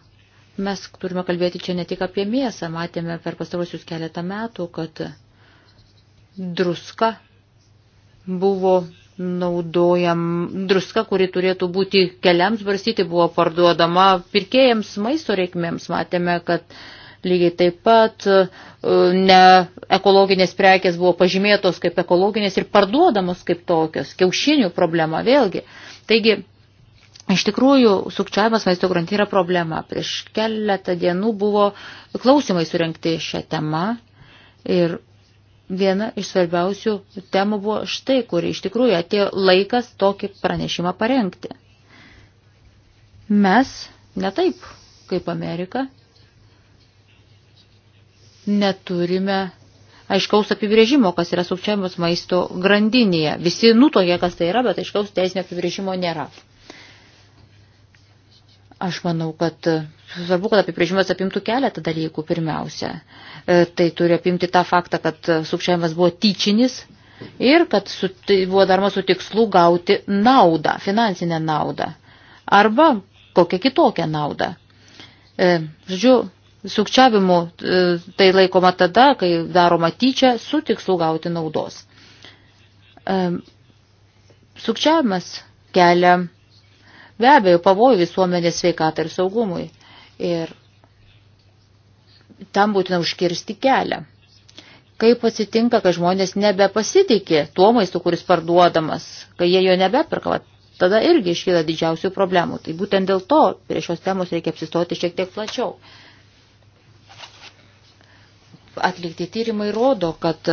Mes turime kalbėti čia ne tik apie mėsą, matėme per pastarosius keletą metų, kad druska buvo naudojam, druska, kuri turėtų būti keliams barstyti, buvo parduodama pirkėjams maisto reikmėms. Matėme, kad lygiai taip pat e, ne ekologinės prekės buvo pažymėtos kaip ekologinės ir parduodamos kaip tokios. Kiaušinių problema vėlgi. Taigi, Iš tikrųjų, sukčiavimas maisto grantį yra problema. Prieš keletą dienų buvo klausimai surenkti šią temą ir viena iš svarbiausių temų buvo štai, kur iš tikrųjų atėjo laikas tokį pranešimą parengti. Mes netaip kaip Amerika neturime aiškaus apibrėžimo, kas yra sukčiavimas maisto grandinėje. Visi nutokia, kas tai yra, bet aiškaus teisinio apibrėžimo nėra. Aš manau, kad svarbu, kad apibrėžimas apimtų keletą dalykų pirmiausia. E, tai turi apimti tą faktą, kad sukčiavimas buvo tyčinis ir kad su, tai buvo daroma su tikslu gauti naudą, finansinę naudą arba kokią kitokią naudą. E, žodžiu, sukčiavimu e, tai laikoma tada, kai daroma tyčia su tikslu gauti naudos. E, sukčiavimas kelia be abejo pavojų visuomenės sveikatai ir saugumui. Ir tam būtina užkirsti kelią. Kaip atsitinka, kai žmonės nebepasitikė tuo maistu, kuris parduodamas, kai jie jo nebeperka, tada irgi iškyla didžiausių problemų. Tai būtent dėl to prie šios temos reikia apsistoti šiek tiek plačiau. Atlikti tyrimai rodo, kad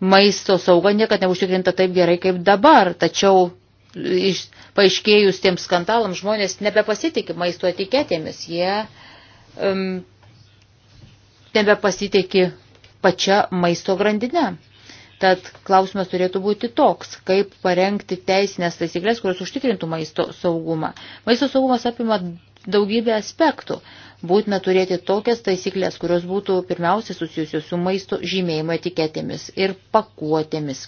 maisto sauga niekada neužtikrinta taip gerai kaip dabar, tačiau iš, paaiškėjus tiems skandalams žmonės nebepasitikė maisto etiketėmis, jie um, nebepasitikė pačia maisto grandinė. Tad klausimas turėtų būti toks, kaip parengti teisinės taisyklės, kurios užtikrintų maisto saugumą. Maisto saugumas apima daugybę aspektų. Būtina turėti tokias taisyklės, kurios būtų pirmiausiai susijusios su maisto žymėjimo etiketėmis ir pakuotėmis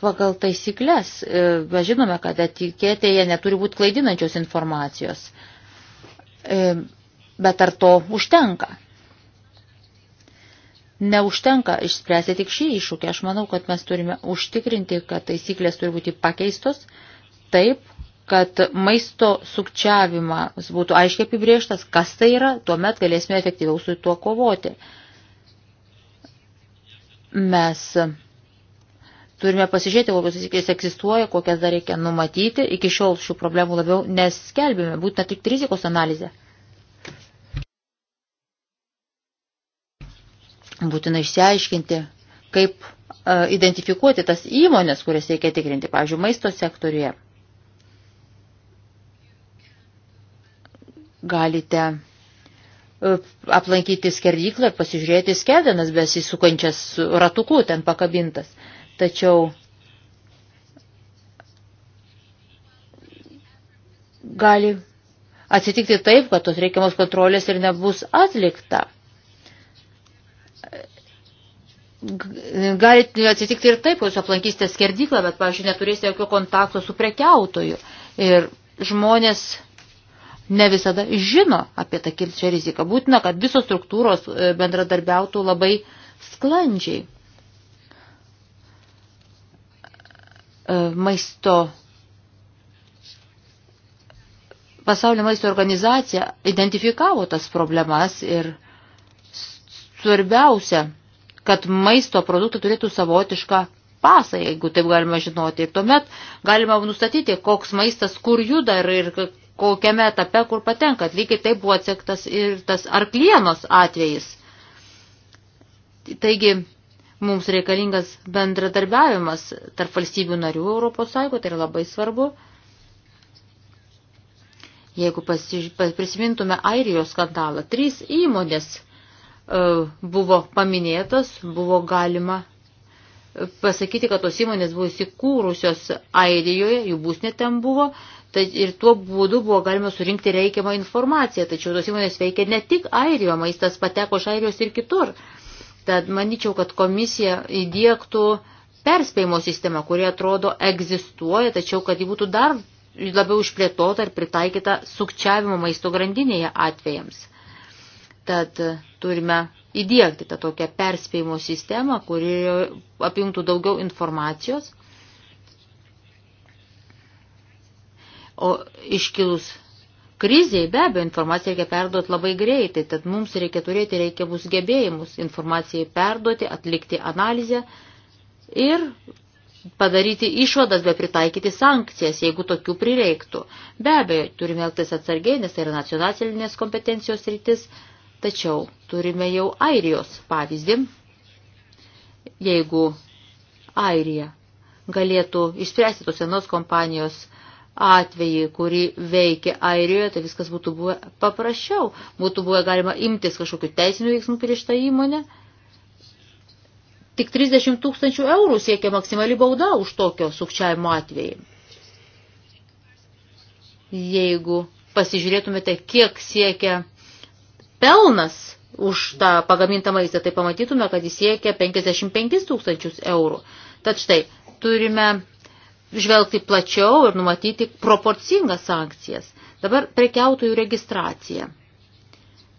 pagal taisyklės, e, mes žinome, kad etiketėje neturi būti klaidinančios informacijos. E, bet ar to užtenka? Neužtenka išspręsti tik šį iššūkį. Aš manau, kad mes turime užtikrinti, kad taisyklės turi būti pakeistos taip, kad maisto sukčiavimas būtų aiškiai apibrieštas, kas tai yra, tuomet galėsime efektyviau su tuo kovoti. Mes Turime pasižiūrėti, kokios taisyklės egzistuoja, kokias dar reikia numatyti. Iki šiol šių problemų labiau neskelbėme, būtent tik rizikos analizė. Būtina išsiaiškinti, kaip e, identifikuoti tas įmonės, kurias reikia tikrinti, pavyzdžiui, maisto sektoriuje. Galite e, aplankyti skerdyklą ir pasižiūrėti skerdenas besisukančias ratuku ten pakabintas. E, Tačiau gali atsitikti taip, kad tos reikiamos kontrolės ir nebus atlikta. Gali atsitikti ir taip, kad jūs aplankysite skerdyklą, bet, pavyzdžiui, neturėsite jokio kontakto su prekiautoju. Ir žmonės ne visada žino apie tą kilčią riziką. Būtina, kad visos struktūros e, bendradarbiautų labai sklandžiai. E, maisto Pasaulio maisto organizacija identifikavo tas problemas ir svarbiausia, kad maisto produktai turėtų savotišką pasą, jeigu taip galima žinoti. Ir tuomet galima nustatyti, koks maistas kur juda ir, ir kokiame etape kur patenka. Lygiai taip buvo atsektas ir tas arklienos atvejis. Taigi, Mums reikalingas bendradarbiavimas tarp valstybių narių Europos Sąjungo, tai yra labai svarbu. Jeigu pasiž... prisimintume Airijos skandalą, trys įmonės e, buvo paminėtos, buvo galima e, pasakyti, kad tos įmonės buvo įsikūrusios Airijoje, jų būsnė ten buvo, tai ir tuo būdu buvo galima surinkti reikiamą informaciją, tačiau tos įmonės veikia ne tik Airijoje, maistas pateko iš Airijos ir kitur. Tad manyčiau, kad komisija įdėktų perspėjimo sistemą, kuri atrodo egzistuoja, tačiau kad ji būtų dar labiau išplėtota ir pritaikyta sukčiavimo maisto grandinėje atvejams. Tad turime įdėkti tą tokią perspėjimo sistemą, kuri apimtų daugiau informacijos. O iškilus Kriziai be abejo informaciją reikia perduoti labai greitai, tad mums reikia turėti reikiamus gebėjimus informacijai perduoti, atlikti analizę ir padaryti išvadas, bet pritaikyti sankcijas, jeigu tokių prireiktų. Be abejo, turime elgtis atsargiai, nes tai yra nacionalinės kompetencijos rytis, tačiau turime jau Airijos pavyzdį. Jeigu Airija galėtų išspręsti tos senos kompanijos atvejį, kurį veikia Airijoje, tai viskas būtų buvę paprasčiau. Būtų buvę galima imtis kažkokių teisinių veiksmų prieš tą įmonę. Tik 30 tūkstančių eurų siekia maksimali bauda už tokio sukčiavimo atvejį. Jeigu pasižiūrėtumėte, kiek siekia pelnas už tą pagamintą maistą, tai pamatytume, kad jis siekia 55 tūkstančius eurų. Tad štai, turime žvelgti plačiau ir numatyti proporcingas sankcijas. Dabar prekiautojų registracija,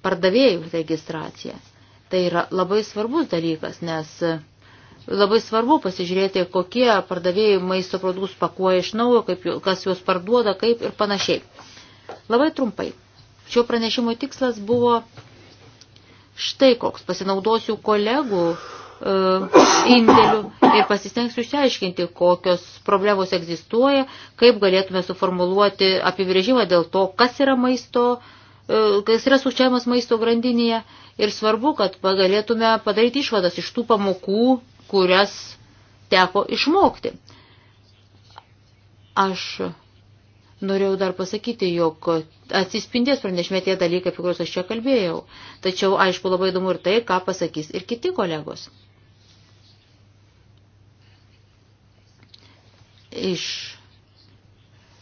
pardavėjų registracija. Tai yra labai svarbus dalykas, nes labai svarbu pasižiūrėti, kokie pardavėjai maisto produktus pakuoja iš naujo, kaip, kas juos parduoda, kaip ir panašiai. Labai trumpai. Šio pranešimo tikslas buvo štai koks. Pasinaudosiu kolegų E, indėlių ir pasistengsiu išsiaiškinti, kokios problemos egzistuoja, kaip galėtume suformuluoti apibrėžimą dėl to, kas yra maisto, e, kas yra sukčiavimas maisto grandinėje ir svarbu, kad galėtume padaryti išvadas iš tų pamokų, kurias teko išmokti. Aš norėjau dar pasakyti, jog atsispindės pranešime tie dalykai, apie kuriuos aš čia kalbėjau. Tačiau, aišku, labai įdomu ir tai, ką pasakys ir kiti kolegos. iš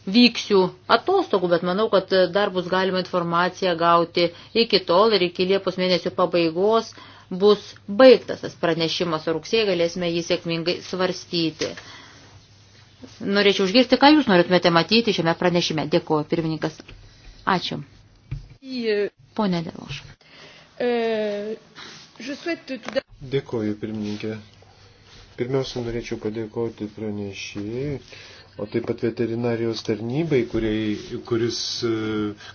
vyksiu atostogų, bet manau, kad dar bus galima informaciją gauti iki tol ir iki Liepos mėnesio pabaigos bus baigtas tas pranešimas, o rugsėje galėsime jį sėkmingai svarstyti. Norėčiau užgirsti, ką jūs norėtumėte matyti šiame pranešime. Dėkuoju, pirmininkas. Ačiū. Pone Deloš. Dėkuoju, pirmininkė. Pirmiausia, norėčiau padėkoti pranešėjai, o taip pat veterinarijos tarnybai, kuriai, kuris, e,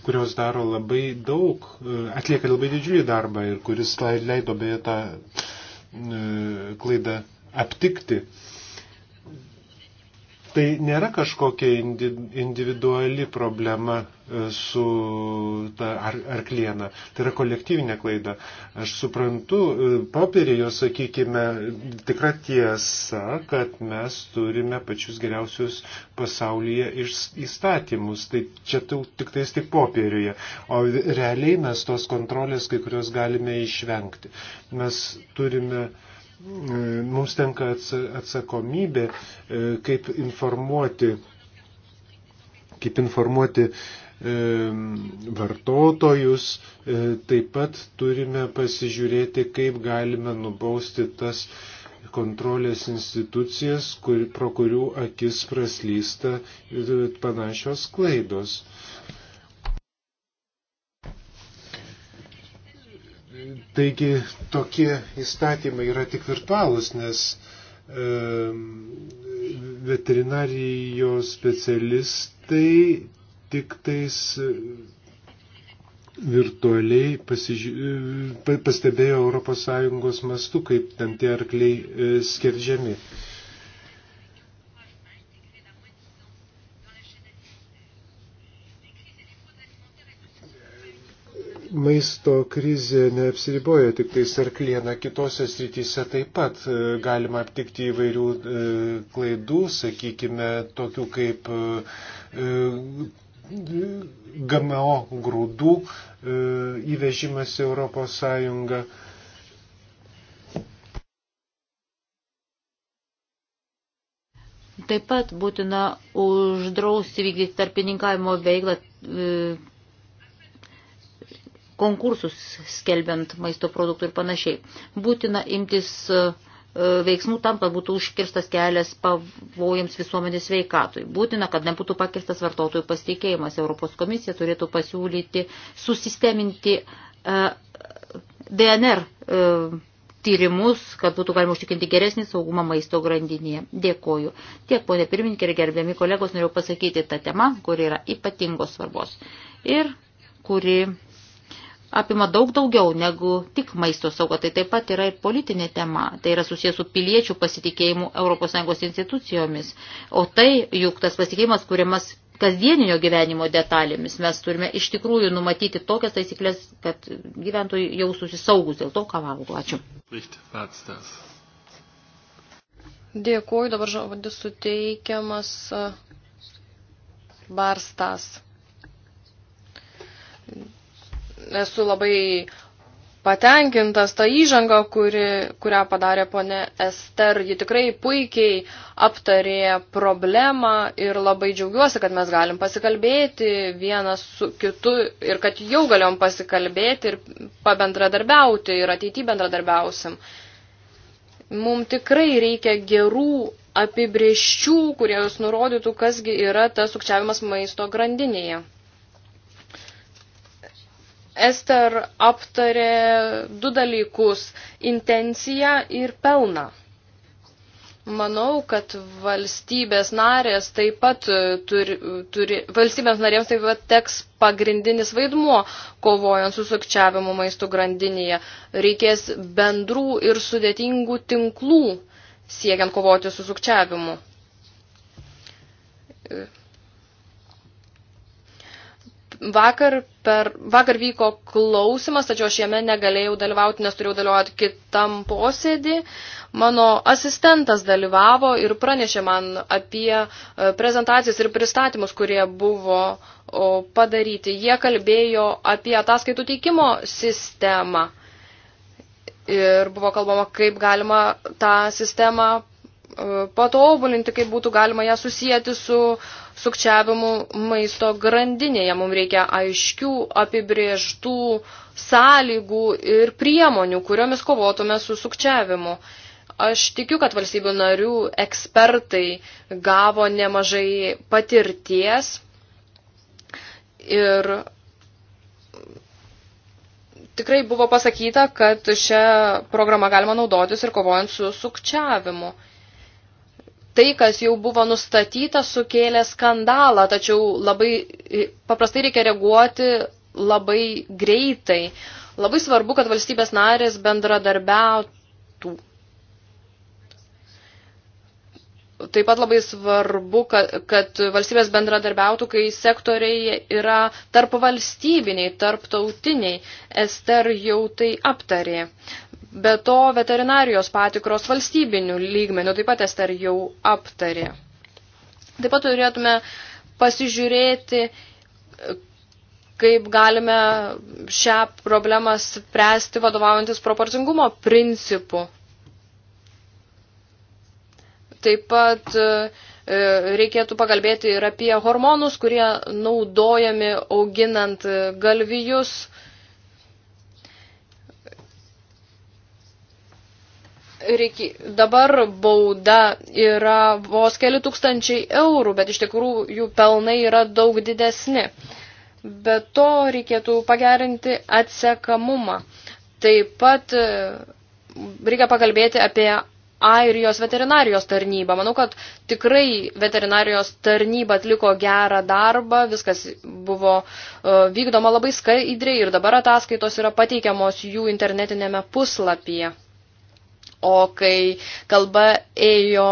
kurios daro labai daug, e, atlieka labai didžiulį darbą ir kuris leido beje tą e, klaidą aptikti. Uh, Tai nėra kažkokia individuali problema e, su ta ar, arkliena. Tai yra kolektyvinė klaida. Aš suprantu, e, popierėje, sakykime, tikra tiesa, kad mes turime pačius geriausius pasaulyje įstatymus. Tai čia tik tais tik popierėje. O realiai mes tos kontrolės kai kurios galime išvengti. Mes turime uh, E, mums tenka atsakomybė, e, kaip informuoti, kaip informuoti e, vartotojus, taip pat turime pasižiūrėti, kaip galime nubausti tas kontrolės institucijas, kur, pro kurių akis praslysta panašios klaidos. E, Taigi tokie įstatymai yra tik virtualūs, nes e, veterinarijos specialistai tik tais e, virtualiai pasiži... E, pastebėjo ES mastu, kaip ten tie arkliai e, skerdžiami. E, maisto krizė neapsiriboja tik tais arklieną, kitose srityse taip pat e, galima aptikti įvairių e, klaidų, sakykime, tokių kaip e, GMO grūdų įvežimas į Europos Sąjungą. Taip pat būtina uždrausti vykdyti tarpininkavimo veiklą konkursus skelbiant maisto produktų ir panašiai. Būtina imtis e, e, veiksmų tam, kad būtų užkirstas kelias pavojams visuomenės veikatui. Būtina, kad nebūtų pakirstas vartotojų pasitikėjimas. Europos komisija turėtų pasiūlyti susisteminti e, DNR tyrimus, kad būtų galima užtikrinti geresnį saugumą maisto grandinėje. Dėkoju. Tiek, ponė pirmininkė ir gerbiami kolegos, norėjau pasakyti tą temą, kuri yra ypatingos svarbos ir kuri apima daug daugiau negu tik maisto sauga. Tai taip pat yra ir politinė tema. Tai yra susijęs su piliečių pasitikėjimu ES institucijomis. O tai juk tas pasitikėjimas kuriamas kasdieninio gyvenimo detalėmis. Mes turime iš tikrųjų numatyti tokias taisyklės, kad gyventojai jaustųsi saugus dėl to, ką valgo. Ačiū. Dėkuoju, dabar žodis suteikiamas e, barstas esu labai patenkintas tą įžangą, kuri, kurią padarė ponė Ester. Ji tikrai puikiai aptarė problemą ir labai džiaugiuosi, kad mes galim pasikalbėti vienas su kitu ir kad jau galėjom pasikalbėti ir pabendradarbiauti ir ateity bendradarbiausim. Mums tikrai reikia gerų apibrieščių, kurie jūs nurodytų, kasgi yra tas sukčiavimas maisto grandinėje. Ester aptarė du dalykus – intenciją ir pelną. Manau, kad valstybės narės taip pat turi, turi, valstybėms narėms taip pat teks pagrindinis vaidmuo, kovojant su sukčiavimu maistų grandinėje. Reikės bendrų ir sudėtingų tinklų, siekiant kovoti su sukčiavimu. Vakar, per, vakar vyko klausimas, tačiau aš jame negalėjau dalyvauti, nes turėjau dalyvauti kitam posėdį. Mano asistentas dalyvavo ir pranešė man apie e, prezentacijas ir pristatymus, kurie buvo padaryti. Jie kalbėjo apie ataskaitų teikimo sistemą. Ir buvo kalbama, kaip galima tą sistemą e, patobulinti, kaip būtų galima ją susijęti su uh, sukčiavimu maisto grandinėje. Mums reikia aiškių, apibriežtų sąlygų ir priemonių, kuriomis kovotume su sukčiavimu. Aš tikiu, kad valstybių narių ekspertai gavo nemažai patirties ir tikrai buvo pasakyta, kad šią programą galima naudotis ir kovojant su sukčiavimu tai, kas jau buvo nustatyta, sukėlė skandalą, tačiau labai paprastai reikia reaguoti labai greitai. Labai svarbu, kad valstybės narės bendradarbiautų. Taip pat labai svarbu, kad, kad valstybės bendradarbiautų, kai sektoriai yra tarp valstybiniai, tarptautiniai. Ester jau tai aptarė. Be to, veterinarijos patikros valstybinių lygmenių taip pat Ester jau aptarė. Taip pat turėtume pasižiūrėti, kaip galime šią problemą spręsti vadovaujantis proporcingumo principu. Taip pat e, reikėtų pakalbėti ir apie hormonus, kurie naudojami auginant galvijus, reikia, dabar bauda yra vos keli tūkstančiai eurų, bet iš tikrųjų jų pelnai yra daug didesni. Be to reikėtų pagerinti atsekamumą. Taip pat e, reikia pakalbėti apie Airijos veterinarijos tarnybą. Manau, kad tikrai veterinarijos tarnyba atliko gerą darbą, viskas buvo e, vykdoma labai skaidriai ir dabar ataskaitos yra pateikiamos jų internetinėme puslapyje. O kai kalba ėjo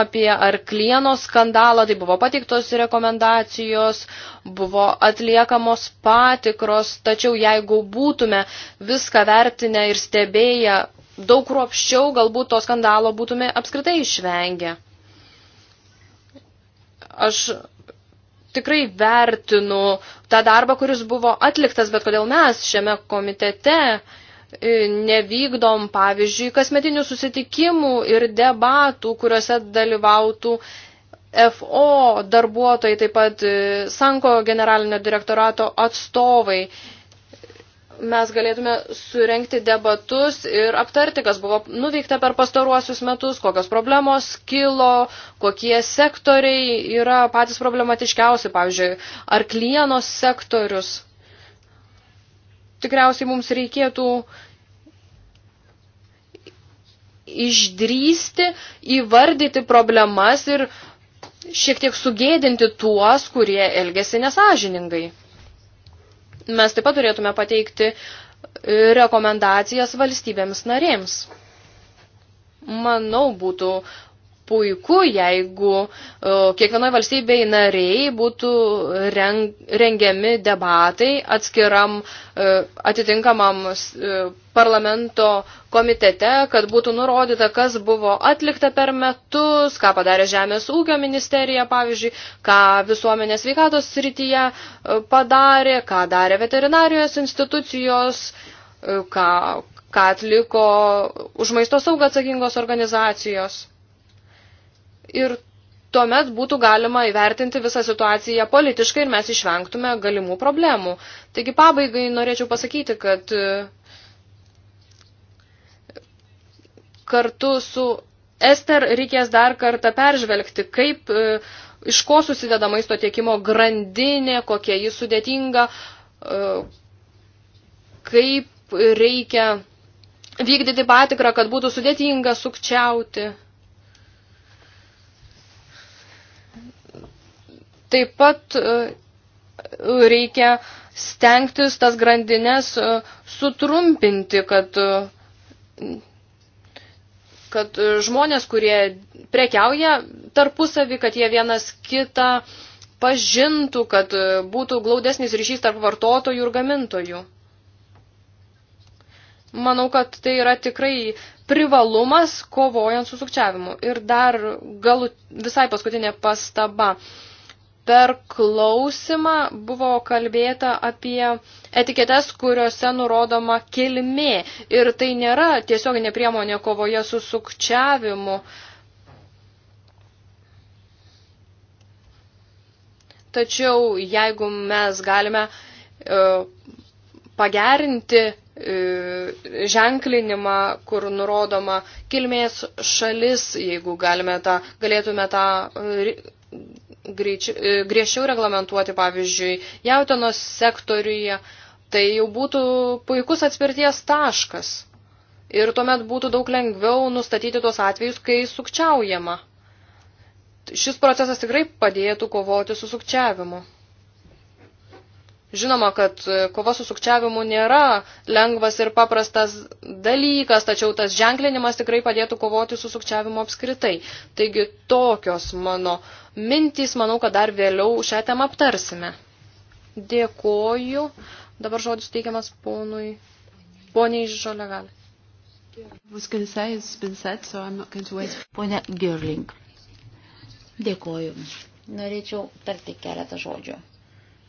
apie arklieno skandalą, tai buvo patiktos rekomendacijos, buvo atliekamos patikros, tačiau jeigu būtume viską vertinę ir stebėję daug kruopščiau, galbūt to skandalo būtume apskritai išvengę. Aš tikrai vertinu tą darbą, kuris buvo atliktas, bet kodėl mes šiame komitete uh, E, nevykdom, pavyzdžiui, kasmetinių susitikimų ir debatų, kuriuose dalyvautų FO darbuotojai, taip pat e, Sanko generalinio direktorato atstovai. Mes galėtume surenkti debatus ir aptarti, kas buvo nuveikta per pastaruosius metus, kokios problemos kilo, kokie sektoriai yra patys problematiškiausi, pavyzdžiui, ar klienos sektorius tikriausiai mums reikėtų išdrysti, įvardyti problemas ir šiek tiek sugėdinti tuos, kurie elgesi nesažiningai. Mes taip pat turėtume pateikti e, rekomendacijas valstybėms narėms. Manau, būtų puiku, jeigu e, kiekvienoje valstybėje nariai būtų rengiami debatai atskiram e, atitinkamam e, parlamento komitete, kad būtų nurodyta, kas buvo atlikta per metus, ką padarė Žemės ūkio ministerija, pavyzdžiui, ką visuomenės sveikatos srityje padarė, ką darė veterinarijos institucijos, ką, ką atliko už maisto saugą atsakingos organizacijos ir tuomet būtų galima įvertinti visą situaciją politiškai ir mes išvengtume galimų problemų. Taigi pabaigai norėčiau pasakyti, kad e, kartu su Ester reikės dar kartą peržvelgti, kaip, e, iš ko susideda maisto tiekimo grandinė, kokia ji sudėtinga, e, kaip reikia vykdyti patikrą, kad būtų sudėtinga sukčiauti. Taip pat e, reikia stengtis tas grandinės e, sutrumpinti, kad, e, kad žmonės, kurie prekiauja tarpusavį, kad jie vienas kitą pažintų, kad būtų glaudesnis ryšys tarp vartotojų ir gamintojų. Manau, kad tai yra tikrai privalumas kovojant su sukčiavimu. Ir dar galu, visai paskutinė pastaba. Uh, per klausimą buvo kalbėta apie etiketes, kuriuose nurodoma kilmė. Ir tai nėra tiesioginė priemonė kovoje su sukčiavimu. Tačiau jeigu mes galime e, pagerinti e, ženklinimą, kur nurodoma kilmės šalis, jeigu galime tą, galėtume tą e, E, griežčiau reglamentuoti, pavyzdžiui, jautienos sektoriuje, tai jau būtų puikus atspirties taškas. Ir tuomet būtų daug lengviau nustatyti tuos atvejus, kai sukčiaujama. Šis procesas tikrai padėtų kovoti su sukčiavimu. Žinoma, kad e, kova su sukčiavimu nėra lengvas ir paprastas dalykas, tačiau tas ženklinimas tikrai padėtų kovoti su sukčiavimu apskritai. Taigi tokios mano mintys, manau, kad dar vėliau šią temą aptarsime. Dėkoju. Dabar žodis teikiamas ponui, poniai Žolegal. Pone Girling, dėkoju. Norėčiau tarti keletą žodžių.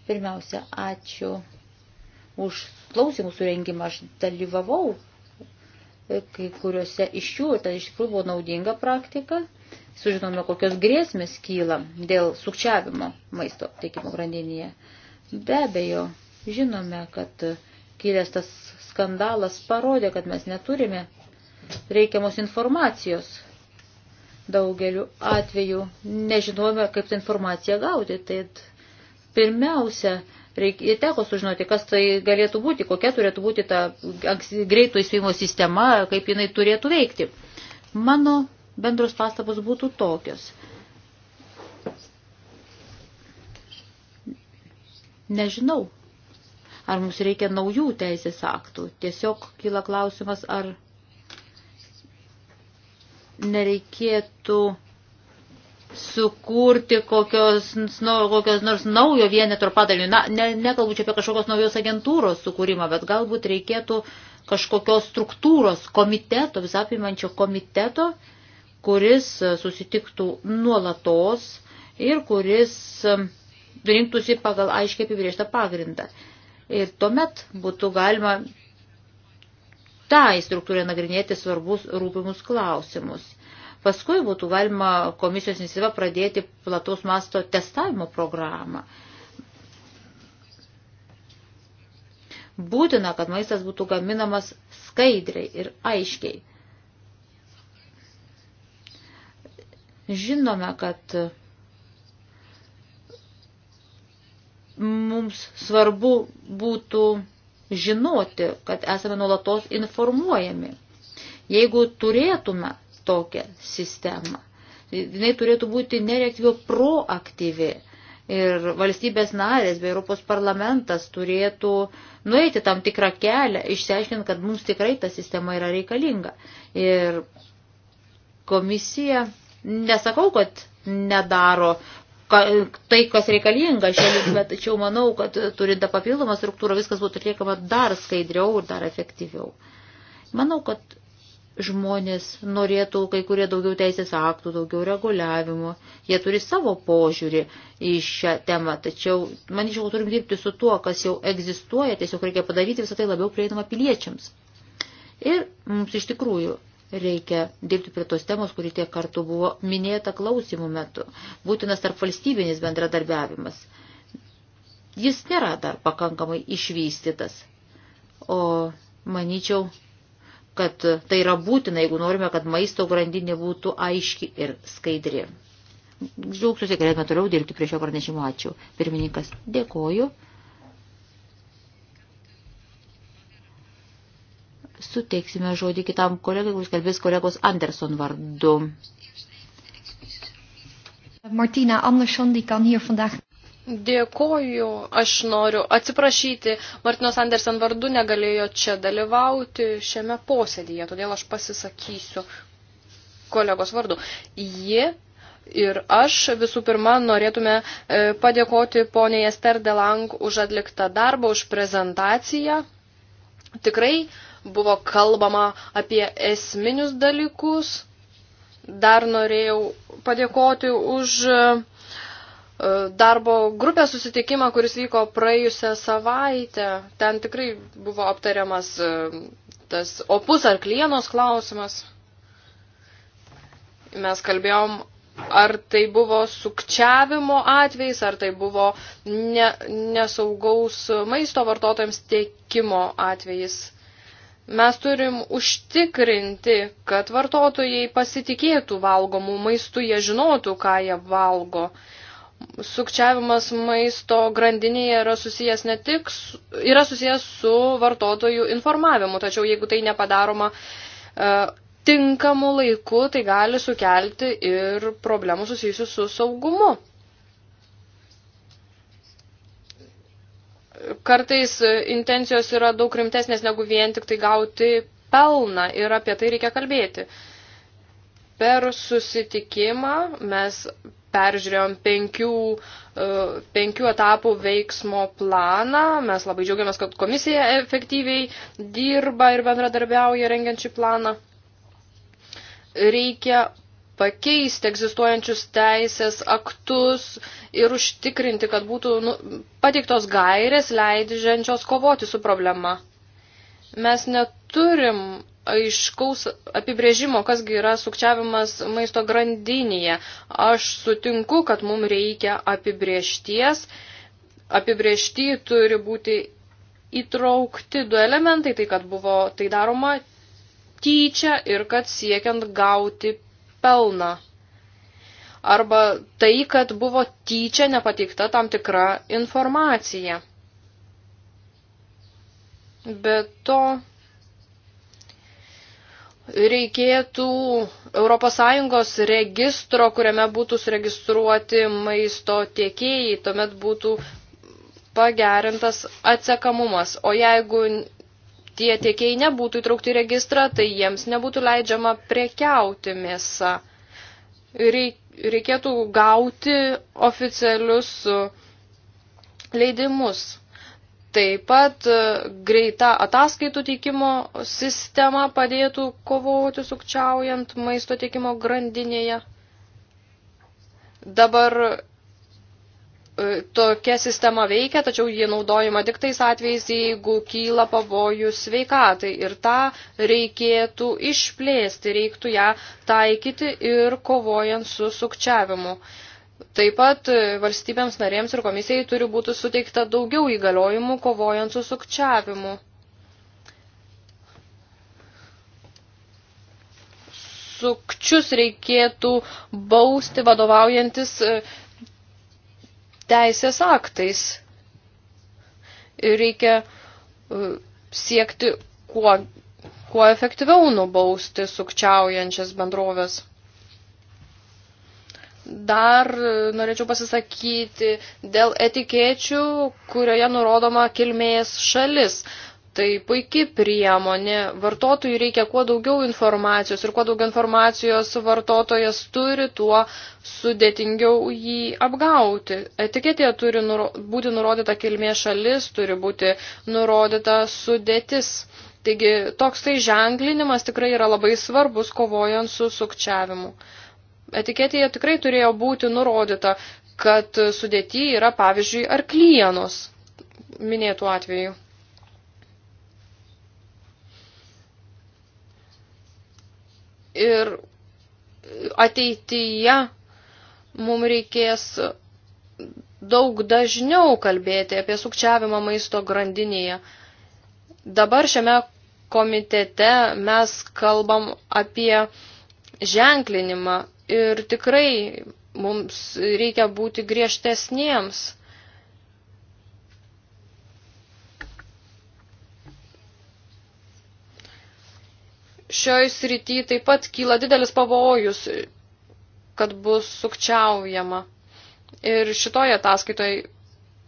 Pirmiausia, ačiū už klausimų surengimą. Aš dalyvavau kai kuriuose iš jų, tai iš tikrųjų buvo naudinga praktika. Sužinome, kokios grėsmės kyla dėl sukčiavimo maisto teikimo grandinėje. Be abejo, žinome, kad kilęs tas skandalas parodė, kad mes neturime reikiamos informacijos. Daugeliu atveju nežinome, kaip tą informaciją gauti. Tai Pirmiausia, reikia, teko sužinoti, kas tai galėtų būti, kokia turėtų būti ta greito įspėjimo sistema, kaip jinai turėtų veikti. Mano bendros pastabos būtų tokios. Nežinau, ar mums reikia naujų teisės aktų. Tiesiog kyla klausimas, ar nereikėtų sukurti kokios, nu, kokios nors naujo vieneto ar padalinio. Na, ne, nekalbu čia apie kažkokios naujos agentūros sukūrimą, bet galbūt reikėtų kažkokios struktūros, komiteto, visapimančio komiteto, kuris susitiktų nuolatos ir kuris um, rinktųsi pagal aiškiai apibrėžtą pagrindą. Ir tuomet būtų galima tą įstruktūrę nagrinėti svarbus rūpimus klausimus. Paskui būtų galima komisijos iniciatyvą pradėti plataus masto testavimo programą. Būtina, kad maistas būtų gaminamas skaidriai ir aiškiai. Žinome, kad mums svarbu būtų žinoti, kad esame nuolatos informuojami. Jeigu turėtume tokią sistemą. Jis turėtų būti nereaktyvi, proaktyvi. Ir valstybės narės bei Europos parlamentas turėtų nueiti tam tikrą kelią, išsiaiškinant, kad mums tikrai ta sistema yra reikalinga. Ir komisija, nesakau, kad nedaro ka, tai, kas reikalinga šiandien, bet tačiau manau, kad turint papildomą struktūrą viskas būtų atliekama dar skaidriau ir dar efektyviau. Manau, kad žmonės norėtų kai kurie daugiau teisės aktų, daugiau reguliavimo. Jie turi savo požiūrį į šią temą, tačiau, manyčiau, turim dirbti su tuo, kas jau egzistuoja, tiesiog reikia padaryti visą tai labiau prieinamą piliečiams. Ir mums iš tikrųjų reikia dirbti prie tos temos, kuri tiek kartų buvo minėta klausimų metu. Būtinas tarp valstybinis bendradarbiavimas. Jis nėra dar pakankamai išvystytas. O manyčiau, kad tai yra būtina, jeigu norime, kad maisto grandinė būtų aiški ir skaidri. Džiaugsiuosi, galėtume toliau dirbti prie šio pranešimo. Ačiū. Pirmininkas, dėkoju. Suteiksime žodį kitam kolegai, kuris kalbės kolegos Anderson vardu. Martina Andersson, die kan hier vandaag. Dėkoju, aš noriu atsiprašyti, Martinos Andersen vardu negalėjo čia dalyvauti šiame posėdėje, todėl aš pasisakysiu kolegos vardu. Ji ir aš visų pirma norėtume e, padėkoti poniai Ester Delang už atliktą darbą, už prezentaciją. Tikrai buvo kalbama apie esminius dalykus. Dar norėjau padėkoti už e, E, darbo grupės susitikimą, kuris vyko praėjusią savaitę. Ten tikrai buvo aptariamas e, tas opus ar klienos klausimas. Mes kalbėjom, ar tai buvo sukčiavimo atvejs, ar tai buvo ne, nesaugaus maisto vartotojams tiekimo atvejs. Mes turim užtikrinti, kad vartotojai pasitikėtų valgomų maistų, jie žinotų, ką jie valgo. Uh, sukčiavimas maisto grandinėje yra susijęs ne tik, su, yra susijęs su vartotojų informavimu, tačiau jeigu tai nepadaroma e, tinkamu laiku, tai gali sukelti ir problemų susijusių su saugumu. Kartais intencijos yra daug rimtesnės negu vien tik tai gauti pelną ir apie tai reikia kalbėti. Per susitikimą mes peržiūrėjom penkių, e, penkių etapų veiksmo planą. Mes labai džiaugiamės, kad komisija efektyviai dirba ir bendradarbiauja rengiant šį planą. Reikia pakeisti egzistuojančius teisės aktus ir užtikrinti, kad būtų nu, pateiktos gairės leidžiančios kovoti su problema. Mes neturim aiškaus apibrėžimo, kasgi yra sukčiavimas maisto grandinėje. Aš sutinku, kad mums reikia apibrėžties. Apibrėžti turi būti įtraukti du elementai, tai kad buvo tai daroma tyčia ir kad siekiant gauti pelną. Arba tai, kad buvo tyčia nepateikta tam tikra informacija. Be to, reikėtų ES registro, kuriame būtų suregistruoti maisto tiekėjai, tuomet būtų pagerintas atsekamumas. O jeigu tie tiekėjai nebūtų įtraukti į registrą, tai jiems nebūtų leidžiama prekiauti mėsą. Reikėtų gauti oficialius leidimus. Taip pat e, greita ataskaitų teikimo sistema padėtų kovoti sukčiaujant maisto teikimo grandinėje. Dabar e, tokia sistema veikia, tačiau jie naudojama tik tais atvejais, jeigu kyla pavojus sveikatai. Ir tą reikėtų išplėsti, reiktų ją taikyti ir kovojant su sukčiavimu. Uh, Taip pat e, valstybėms narėms ir komisijai turi būti suteikta daugiau įgaliojimų kovojant su sukčiavimu. Sukčius reikėtų bausti vadovaujantis e, teisės aktais. Reikia e, siekti kuo, kuo efektyviau nubausti sukčiaujančias bendrovės. Dar norėčiau pasisakyti dėl etikečių, kurioje nurodoma kilmės šalis. Tai puikiai priemonė. Vartotojui reikia kuo daugiau informacijos ir kuo daugiau informacijos vartotojas turi, tuo sudėtingiau jį apgauti. Etiketėje turi nuro, būti nurodyta kilmės šalis, turi būti nurodyta sudėtis. Taigi toks tai ženklinimas tikrai yra labai svarbus kovojant su sukčiavimu. Uh, etiketėje tikrai turėjo būti nurodyta, kad sudėti yra pavyzdžiui arklienos minėtų atveju. Ir ateityje mums reikės daug dažniau kalbėti apie sukčiavimą maisto grandinėje. Dabar šiame komitete mes kalbam apie ženklinimą ir tikrai mums reikia būti griežtesniems. Šioj srity taip pat kyla didelis pavojus, kad bus sukčiaujama. Ir šitoje ataskaitoje,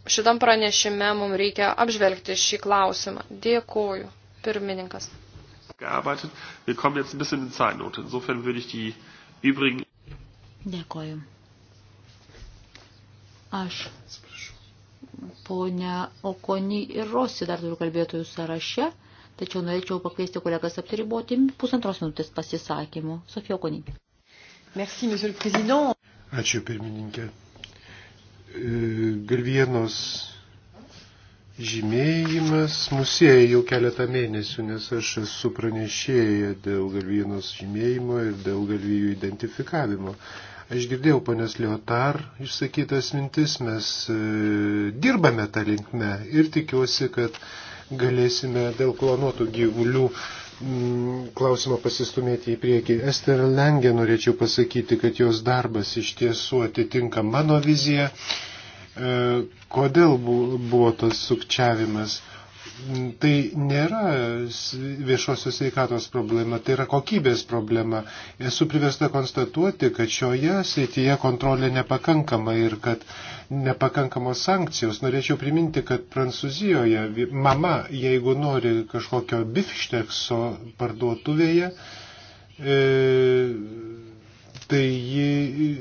šitam pranešime mums reikia apžvelgti šį klausimą. Dėkuoju, pirmininkas. Gearbeitet. Wir kommen jetzt ein bisschen in Zeitnot. Insofern würde ich die übrigen Dėkoju. Aš, ponia Okoni ir Rosi, dar turiu kalbėtojų sąraše, tačiau norėčiau pakviesti kolegas apsiriboti pusantros minutės pasisakymų. Sofija Okoni. Merci, monsieur le président. Ačiū, pirmininkė. E, galvienos žymėjimas musėja jau keletą mėnesių, nes aš esu pranešėję dėl galvienos žymėjimo ir dėl galvijų identifikavimo. Uh, Aš girdėjau ponios Leotar išsakytas mintis, mes e, dirbame tą linkmę ir tikiuosi, kad galėsime dėl klonuotų gyvulių mm, klausimą pasistumėti į priekį. Ester Lengė norėčiau pasakyti, kad jos darbas iš tiesų atitinka mano viziją. E, kodėl buvo tas sukčiavimas? Tai nėra viešosios sveikatos problema, tai yra kokybės problema. Esu priversta konstatuoti, kad šioje srityje kontrolė nepakankama ir kad nepakankamos sankcijos. Norėčiau priminti, kad Prancūzijoje mama, jeigu nori kažkokio bifštekso parduotuvėje, e, tai ji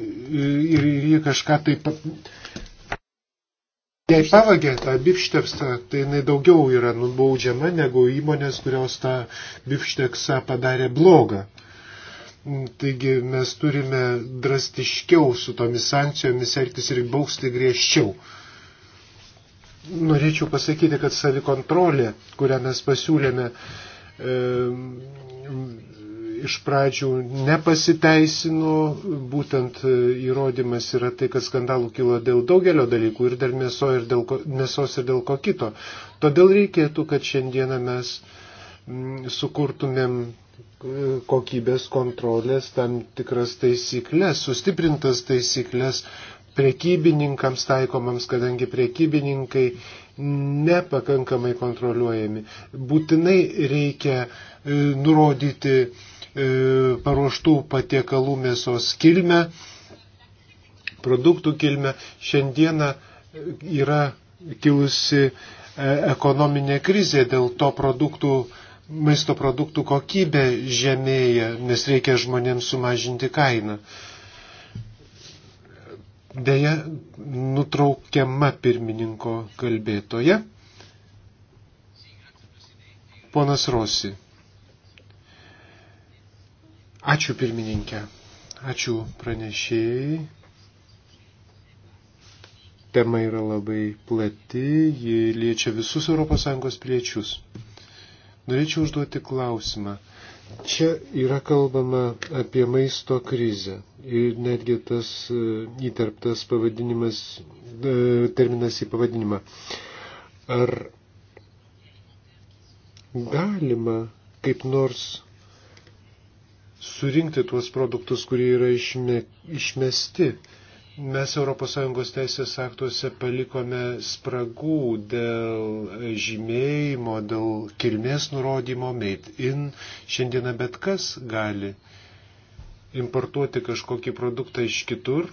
ir ji kažką taip Jei pavagė tą bifšteksą, tai jinai daugiau yra nubaudžiama negu įmonės, kurios tą bifšteksą padarė blogą. Mm, taigi mes turime drastiškiau su tomis sankcijomis elgtis ir bausti griežčiau. Norėčiau pasakyti, kad savikontrolė, kurią mes pasiūlėme, e, iš pradžių nepasiteisino, būtent e, įrodymas yra tai, kad skandalų kilo dėl daugelio dalykų ir dėl, mėso, ir dėl ko, mėsos ir dėl ko kito. Todėl reikėtų, kad šiandieną mes mm, sukurtumėm e, kokybės kontrolės tam tikras taisyklės, sustiprintas taisyklės priekybininkams taikomams, kadangi priekybininkai nepakankamai kontroliuojami. Būtinai reikia e, nurodyti E, paruoštų patiekalų mėsos kilmę, produktų kilmę. Šiandieną e, yra kilusi e, ekonominė krizė, dėl to produktų, maisto produktų kokybė žemėja, nes reikia žmonėms sumažinti kainą. Deja, nutraukiama pirmininko kalbėtoje. Ponas Rosi. Ačiū pirmininkė. Ačiū pranešėjai. Tema yra labai plati, ji liečia visus ES piliečius. Norėčiau užduoti klausimą. Čia yra kalbama apie maisto krizę ir netgi tas e, įterptas pavadinimas, e, terminas į pavadinimą. Ar galima kaip nors surinkti tuos produktus, kurie yra išme, išmesti. Mes ES teisės aktuose palikome spragų dėl žymėjimo, dėl kilmės nurodymo, made in. Šiandieną bet kas gali importuoti kažkokį produktą iš kitur.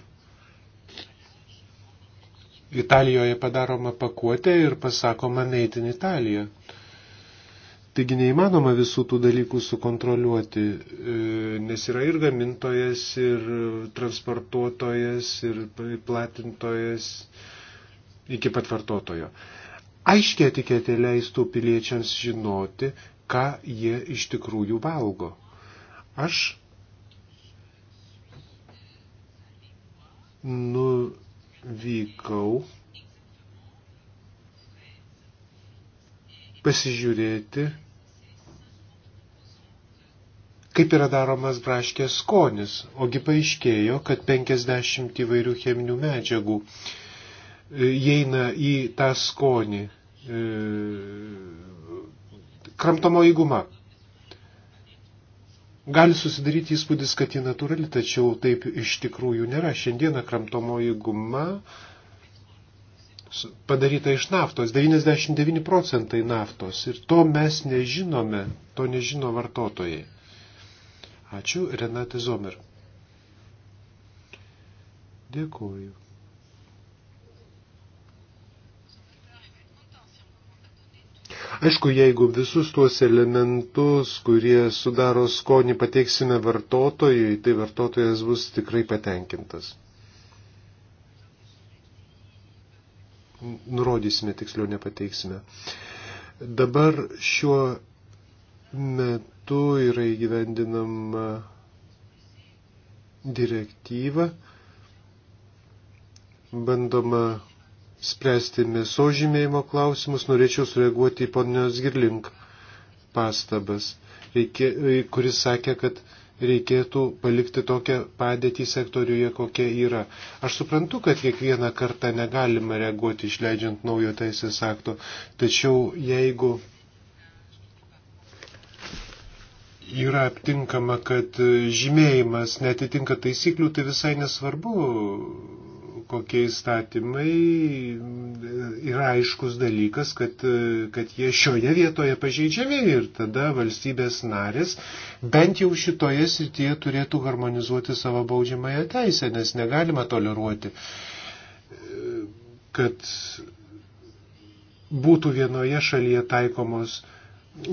Italijoje padaroma pakuotė ir pasakoma made in Italija. Taigi neįmanoma visų tų dalykų sukontroliuoti, e, nes yra ir gamintojas, ir transportuotojas, ir platintojas iki pat vartotojo. Aiškiai etiketė leistų piliečiams žinoti, ką jie iš tikrųjų valgo. Aš nuvykau pasižiūrėti, kaip yra daromas braškės skonis. Ogi paaiškėjo, kad 50 įvairių cheminių medžiagų e, įeina į tą skonį. E, kramtomoji guma. Gali susidaryti įspūdis, kad ji natūrali, tačiau taip iš tikrųjų nėra. Šiandieną kramtomoji guma padaryta iš naftos, 99 procentai naftos. Ir to mes nežinome, to nežino vartotojai. Ačiū, Renate Zomer. Dėkuoju. Aišku, jeigu visus tuos elementus, kurie sudaro skonį, pateiksime vartotojui, tai vartotojas bus tikrai patenkintas. nurodysime, tiksliau nepateiksime. Dabar šiuo metu yra įgyvendinama direktyva, bandoma spręsti mėso žymėjimo klausimus, norėčiau sureaguoti į ponios Girlink pastabas, reikia, kuris sakė, kad reikėtų palikti tokią padėtį sektoriuje, kokia yra. Aš suprantu, kad kiekvieną kartą negalima reaguoti išleidžiant naujo teisės akto, tačiau jeigu yra aptinkama, kad žymėjimas netitinka taisyklių, tai visai nesvarbu, kokie įstatymai e, yra aiškus dalykas, kad, e, kad jie šioje vietoje pažeidžiami ir tada valstybės narės bent jau šitoje srityje turėtų harmonizuoti savo baudžiamąją teisę, nes negalima toleruoti, e, kad būtų vienoje šalyje taikomos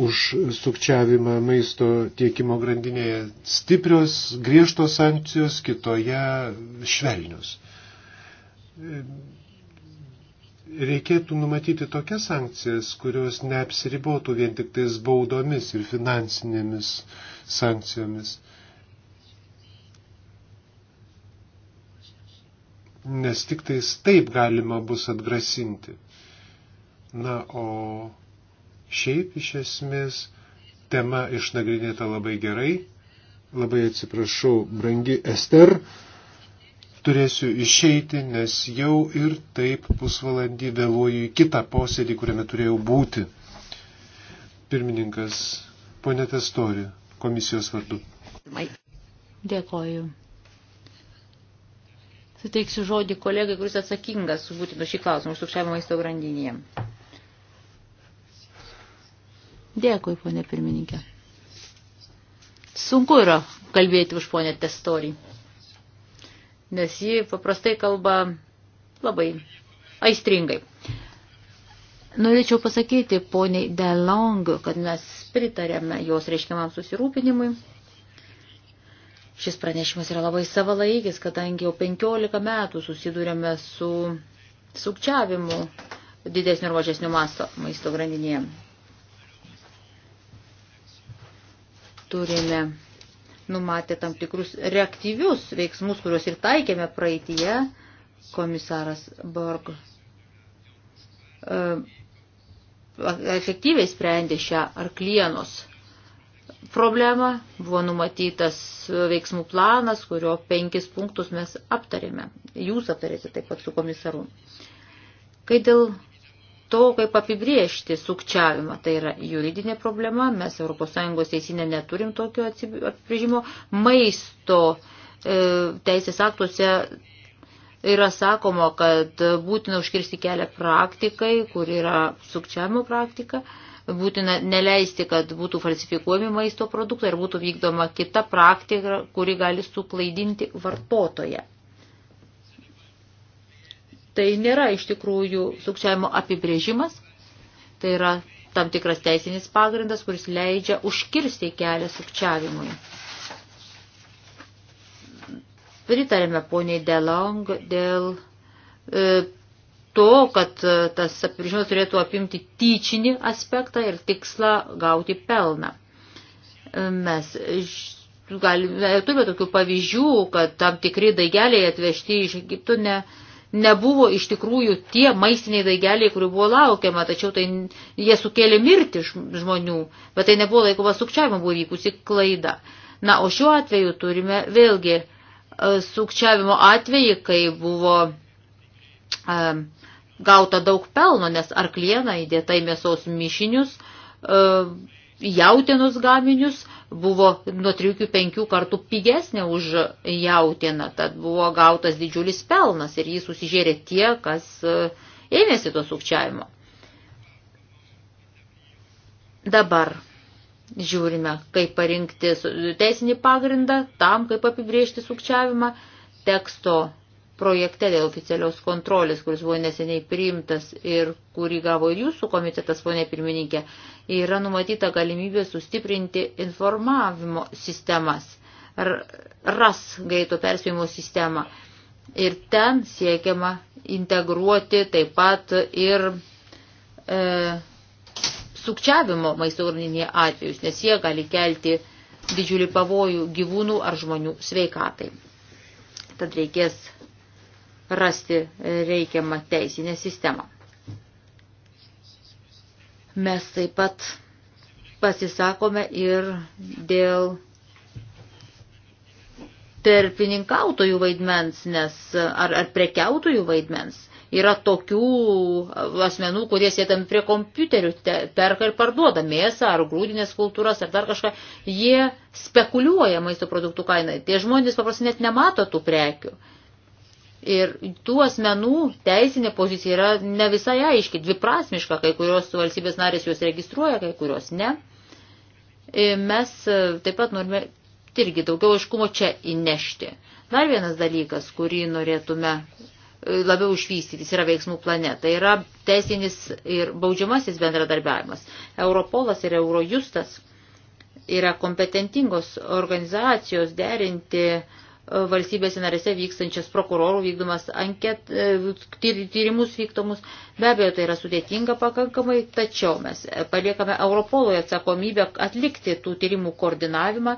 už sukčiavimą maisto tiekimo grandinėje stiprios, griežtos sankcijos, kitoje švelnios. E, reikėtų numatyti tokias sankcijas, kurios neapsiribotų vien tik tais baudomis ir finansinėmis sankcijomis. Nes tik tais taip galima bus atgrasinti. Na, o šiaip iš esmės tema išnagrinėta labai gerai. Labai atsiprašau, brangi Ester turėsiu išeiti, nes jau ir taip pusvalandį vėluoju į kitą posėdį, kuriame turėjau būti. Pirmininkas, ponė Testori, komisijos vardu. Dėkoju. Suteiksiu žodį kolegai, kuris atsakingas būtent šį klausimą, už sukčiavimą maisto grandinėje. Dėkui, ponė pirmininkė. Sunku yra kalbėti už ponę Testorį nes ji paprastai kalba labai aistringai. Norėčiau pasakyti poniai Delong, kad mes pritarėme jos reiškiamam susirūpinimui. Šis pranešimas yra labai savalaikis, kadangi jau 15 metų susidūrėme su sukčiavimu didesnio ir mažesnio masto maisto grandinėje. Turime numatė tam tikrus reaktyvius veiksmus, kuriuos ir taikėme praeitie, komisaras Borg e, efektyviai sprendė šią arklienos problemą, buvo numatytas veiksmų planas, kurio penkis punktus mes aptarėme. Jūs aptarėte taip pat su komisaru. Kai dėl to, kaip apibriežti sukčiavimą. Tai yra juridinė problema, mes ES teisinė neturim tokio apibrėžimo. Maisto e, teisės aktuose yra sakoma, kad būtina užkirsti kelią praktikai, kur yra sukčiavimo praktika. Būtina neleisti, kad būtų falsifikuojami maisto produktai ir būtų vykdoma kita praktika, kuri gali suklaidinti vartotoje tai nėra iš tikrųjų sukčiavimo apibrėžimas, tai yra tam tikras teisinis pagrindas, kuris leidžia užkirsti kelią sukčiavimui. Pritarėme poniai Delong dėl e, to, kad e, tas apibrėžimas turėtų apimti tyčinį aspektą ir tikslą gauti pelną. E, mes galime, turime tokių pavyzdžių, kad tam tikri daigeliai atvežti iš Egipto ne, e, nebuvo iš tikrųjų tie maistiniai daigeliai, kurių buvo laukiama, tačiau tai jie sukėlė mirti žmonių, bet tai nebuvo laikoma sukčiavimo, buvo vykusi klaida. Na, o šiuo atveju turime vėlgi e, sukčiavimo atvejį, kai buvo e, gauta daug pelno, nes arklieną įdėta į mėsos mišinius e, jautienos gaminius buvo nuo 3-5 kartų pigesnė už jautieną, tad buvo gautas didžiulis pelnas ir jis susižėrė tie, kas e, ėmėsi to sukčiavimo. Dabar žiūrime, kaip parinkti teisinį pagrindą tam, kaip apibriežti sukčiavimą. Teksto projekte dėl oficialios kontrolės, kuris buvo neseniai priimtas ir kurį gavo ir jūsų komitetas, ponė pirmininkė, yra numatyta galimybė sustiprinti informavimo sistemas, RAS greito perspėjimo sistemą. Ir ten siekiama integruoti taip pat ir e, sukčiavimo maisto grandinėje atvejus, nes jie gali kelti didžiulį pavojų gyvūnų ar žmonių sveikatai. Tad reikės rasti reikiamą teisinę sistemą. Mes taip pat pasisakome ir dėl tarpininkautojų vaidmens, nes ar, ar prekiautojų vaidmens. Yra tokių asmenų, kurie sėdami prie kompiuterių, te, perka ir parduoda mėsą ar grūdinės kultūras ar dar kažką. Jie spekuliuoja maisto produktų kainai. Tie žmonės paprastai net nemato tų prekių. Uh, Ir tų asmenų teisinė pozicija yra ne visai aiški, dviprasmiška, kai kurios valstybės narės juos registruoja, kai kurios ne. Ir e, mes e, taip pat norime irgi daugiau aiškumo čia įnešti. Dar vienas dalykas, kurį norėtume e, labiau išvystytis yra veiksmų plane. Tai yra teisinis ir baudžiamasis bendradarbiavimas. Europolas ir Eurojustas yra kompetentingos organizacijos derinti uh, valstybėse narėse vykstančias prokurorų vykdomas anket, e, tyrimus vykdomus. Be abejo, tai yra sudėtinga pakankamai, tačiau mes paliekame Europoloje atsakomybę atlikti tų tyrimų koordinavimą,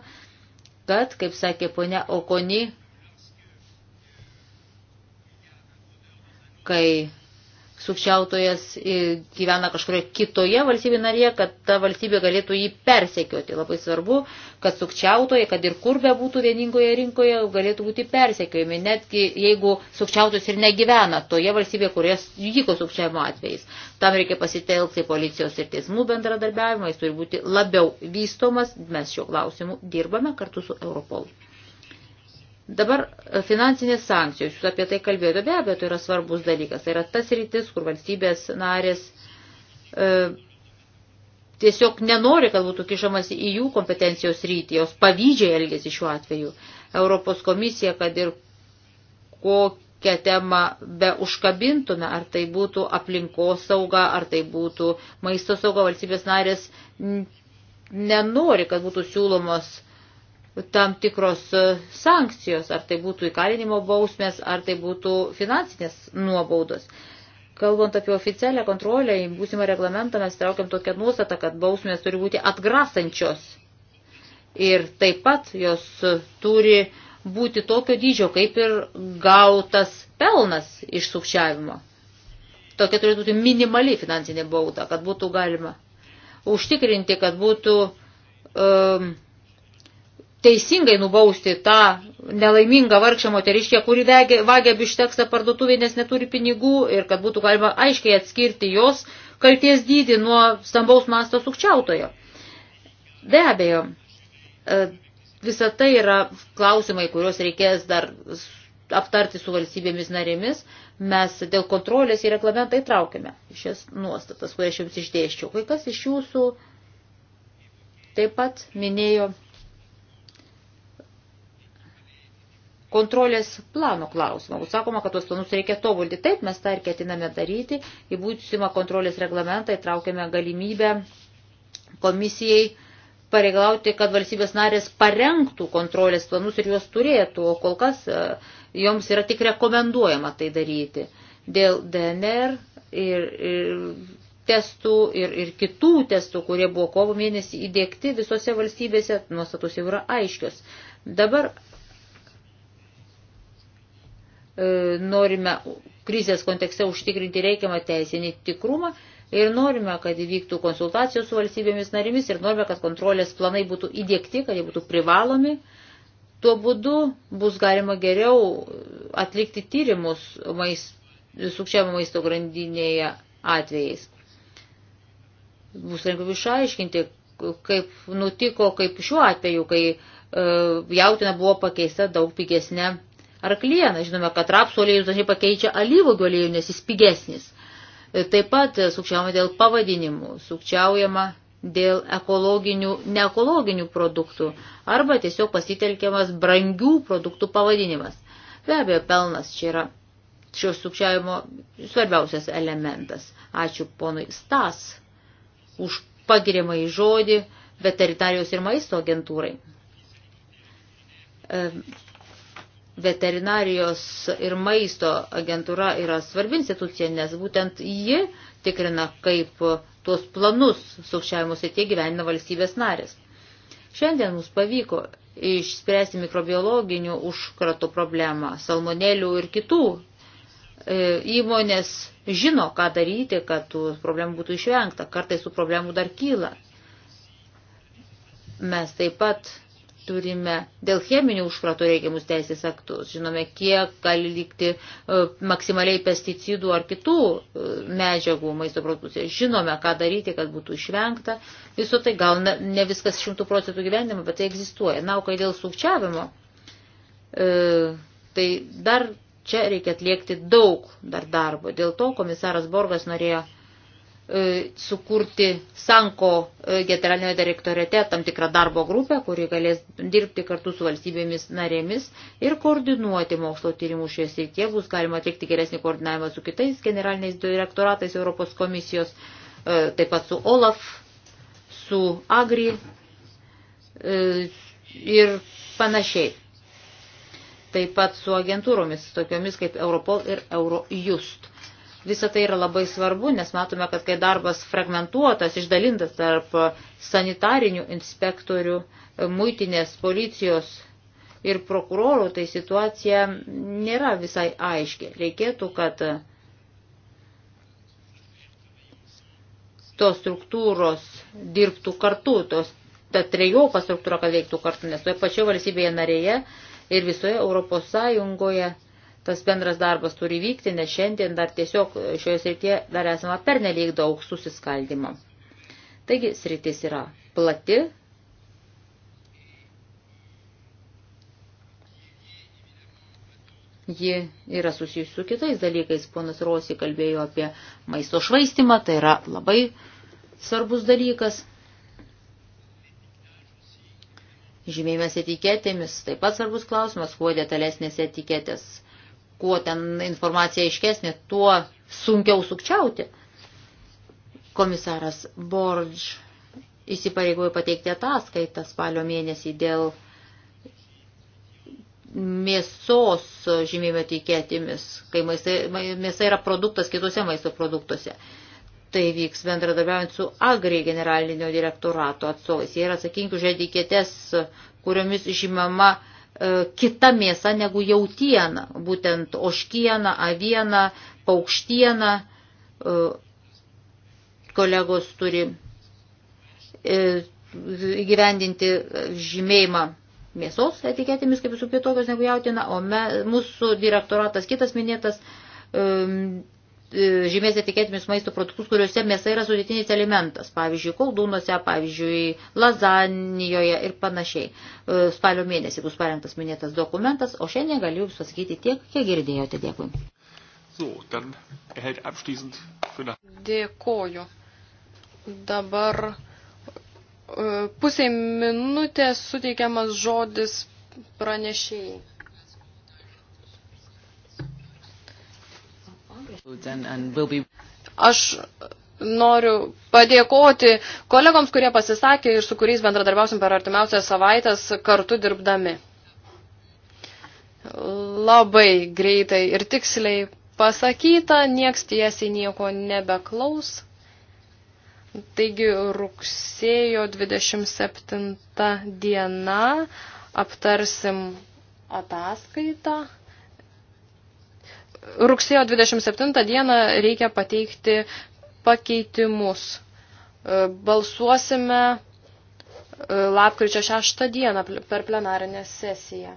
kad, kaip sakė ponia Okoni, kai sukčiautojas gyvena kažkurioje kitoje valstybėje narėje, kad ta valstybė galėtų jį persekioti. Labai svarbu, kad sukčiautojai, kad ir kur be būtų vieningoje rinkoje, galėtų būti persekiojami, netgi jeigu sukčiautojas ir negyvena toje valstybėje, kurioje vyko sukčiavimo atvejais. Tam reikia pasitelkti policijos ir teismų bendradarbiavimą, jis turi būti labiau vystomas, mes šiuo klausimu dirbame kartu su Europolu. Dabar e, finansinės sankcijos, jūs apie tai kalbėjote, be abejo, tai yra svarbus dalykas. Tai yra tas rytis, kur valstybės narės e, tiesiog nenori, kad būtų kišamas į jų kompetencijos rytį, jos pavydžiai elgesi šiuo atveju. Europos komisija, kad ir kokią temą be užkabintume, ar tai būtų aplinkos sauga, ar tai būtų maisto sauga, valstybės narės nenori, kad būtų siūlomos tam tikros e, sankcijos, ar tai būtų įkalinimo bausmės, ar tai būtų finansinės nuobaudos. Kalbant apie oficialią kontrolę, į būsimą reglamentą mes traukiam tokią nuostatą, kad bausmės turi būti atgrasančios. Ir taip pat jos turi būti tokio dydžio, kaip ir gautas pelnas iš sukčiavimo. Tokia turi būti minimali finansinė bauda, kad būtų galima užtikrinti, kad būtų um, teisingai nubausti tą nelaimingą vargšę moteriškę, kuri vegė, vagia bišteksą parduotuvį, nes neturi pinigų ir kad būtų galima aiškiai atskirti jos kalties dydį nuo stambaus masto sukčiautojo. Be abejo, e, visa tai yra klausimai, kuriuos reikės dar aptarti su valstybėmis narėmis. Mes dėl kontrolės į reglamentą įtraukime šias nuostatas, kurias jums išdėščiau. Kai kas iš jūsų taip pat minėjo kontrolės plano klausimą. Būtų sakoma, kad tuos planus reikia tobulinti. Taip, mes tą ir ketiname daryti. Į būsimą kontrolės reglamentą įtraukėme galimybę komisijai pareigalauti, kad valstybės narės parengtų kontrolės planus ir juos turėtų, o kol kas e, joms yra tik rekomenduojama tai daryti. Dėl DNR ir, ir testų ir, ir kitų testų, kurie buvo kovo mėnesį įdėkti visose valstybėse, nuostatus jau yra aiškios. Dabar E, norime krizės kontekste užtikrinti reikiamą teisinį tikrumą ir norime, kad įvyktų konsultacijos su valstybėmis narimis ir norime, kad kontrolės planai būtų įdėkti, kad jie būtų privalomi. Tuo būdu bus galima geriau atlikti tyrimus maist, sukčiavimo maisto grandinėje atvejais. Bus lengviau išaiškinti, kaip nutiko, kaip šiuo atveju, kai e, jautina buvo pakeista daug pigesnė arklieną. Žinome, kad rapsų aliejus dažnai pakeičia alyvogių aliejų, nes jis pigesnis. E, taip pat e, sukčiaujama dėl pavadinimų, sukčiaujama dėl ekologinių, neekologinių produktų arba tiesiog pasitelkiamas brangių produktų pavadinimas. Be abejo, pelnas čia yra šios sukčiavimo svarbiausias elementas. Ačiū ponui Stas už pagiriamą į žodį veterinarijos ir maisto agentūrai. E, veterinarijos ir maisto agentūra yra svarbi institucija, nes būtent ji tikrina, kaip tuos planus sukčiavimus ir tie gyvenina valstybės narės. Šiandien mums pavyko išspręsti mikrobiologinių užkratų problemą, salmonelių ir kitų. E, įmonės žino, ką daryti, kad tų problemų būtų išvengta. Kartais tų problemų dar kyla. Mes taip pat turime dėl cheminių užkratų reikiamus teisės aktus. Žinome, kiek gali likti e, maksimaliai pesticidų ar kitų e, medžiagų maisto produktuose. Žinome, ką daryti, kad būtų išvengta. Viso tai gal ne viskas šimtų procentų gyvenime, bet tai egzistuoja. Na, o kai dėl sukčiavimo, e, tai dar čia reikia atliekti daug dar darbo. Dėl to komisaras Borgas norėjo E, sukurti Sanko e, generalinio direktorėte tam tikrą darbo grupę, kuri galės dirbti kartu su valstybėmis narėmis ir koordinuoti mokslo tyrimų šioje srityje. Bus galima atlikti geresnį koordinavimą su kitais generaliniais direktoratais Europos komisijos, e, taip pat su OLAF, su AGRI ir panašiai. Taip pat su agentūromis, tokiomis kaip Europol ir Eurojust Visą tai yra labai svarbu, nes matome, kad kai darbas fragmentuotas, išdalintas tarp sanitarinių inspektorių, muitinės, policijos ir prokurorų, tai situacija nėra visai aiški. Reikėtų, kad tos struktūros dirbtų kartu, tos, ta trejopa struktūra, kad veiktų kartu, nes toje pačioje valstybėje narėje ir visoje Europos Sąjungoje tas bendras darbas turi vykti, nes šiandien dar tiesiog šioje srityje dar esama pernelyg daug susiskaldimo. Taigi sritis yra plati. Ji yra susijusi su kitais dalykais. Ponas Rosi kalbėjo apie maisto švaistimą, tai yra labai svarbus dalykas. Žymėjimas etiketėmis taip pat svarbus klausimas, kuo detalesnės etiketės kuo ten informacija aiškesnė, tuo sunkiau sukčiauti. Komisaras Borž įsipareigojo pateikti ataskaitą spalio mėnesį dėl mėsos žymėjimo etiketėmis, kai mėsa yra produktas kitose maisto produktuose. Tai vyks bendradarbiaujant su Agri generalinio direktorato atstovais. Jie yra atsakingi už etiketes, kuriomis žymama E, kita mėsa negu jautiena, būtent oškiena, aviena, paukštiena. E, kolegos turi e, gyvendinti žymėjimą mėsos etiketėmis, kaip visų kitokios negu jautina, o me, mūsų direktoratas kitas minėtas E, žymės etiketėmis maisto produktus, kuriuose mėsa yra sudėtinis elementas, pavyzdžiui, koldūnuose, pavyzdžiui, lazanijoje ir panašiai. E, spalio mėnesį bus parengtas minėtas dokumentas, o šiandien galiu Jums pasakyti tiek, kiek girdėjote. Dėkui. So, dann erhält abschließend für nach... Dėkoju. Dabar e, pusiai minutės suteikiamas žodis pranešėjai. Aš noriu padėkoti kolegoms, kurie pasisakė ir su kuriais bendradarbiausim per artimiausias savaitės kartu dirbdami. Labai greitai ir tiksliai pasakyta, nieks tiesiai nieko nebeklaus. Taigi rugsėjo 27 diena aptarsim ataskaitą rugsėjo 27 dieną reikia pateikti pakeitimus. E, balsuosime e, lapkričio 6 dieną per plenarinę sesiją.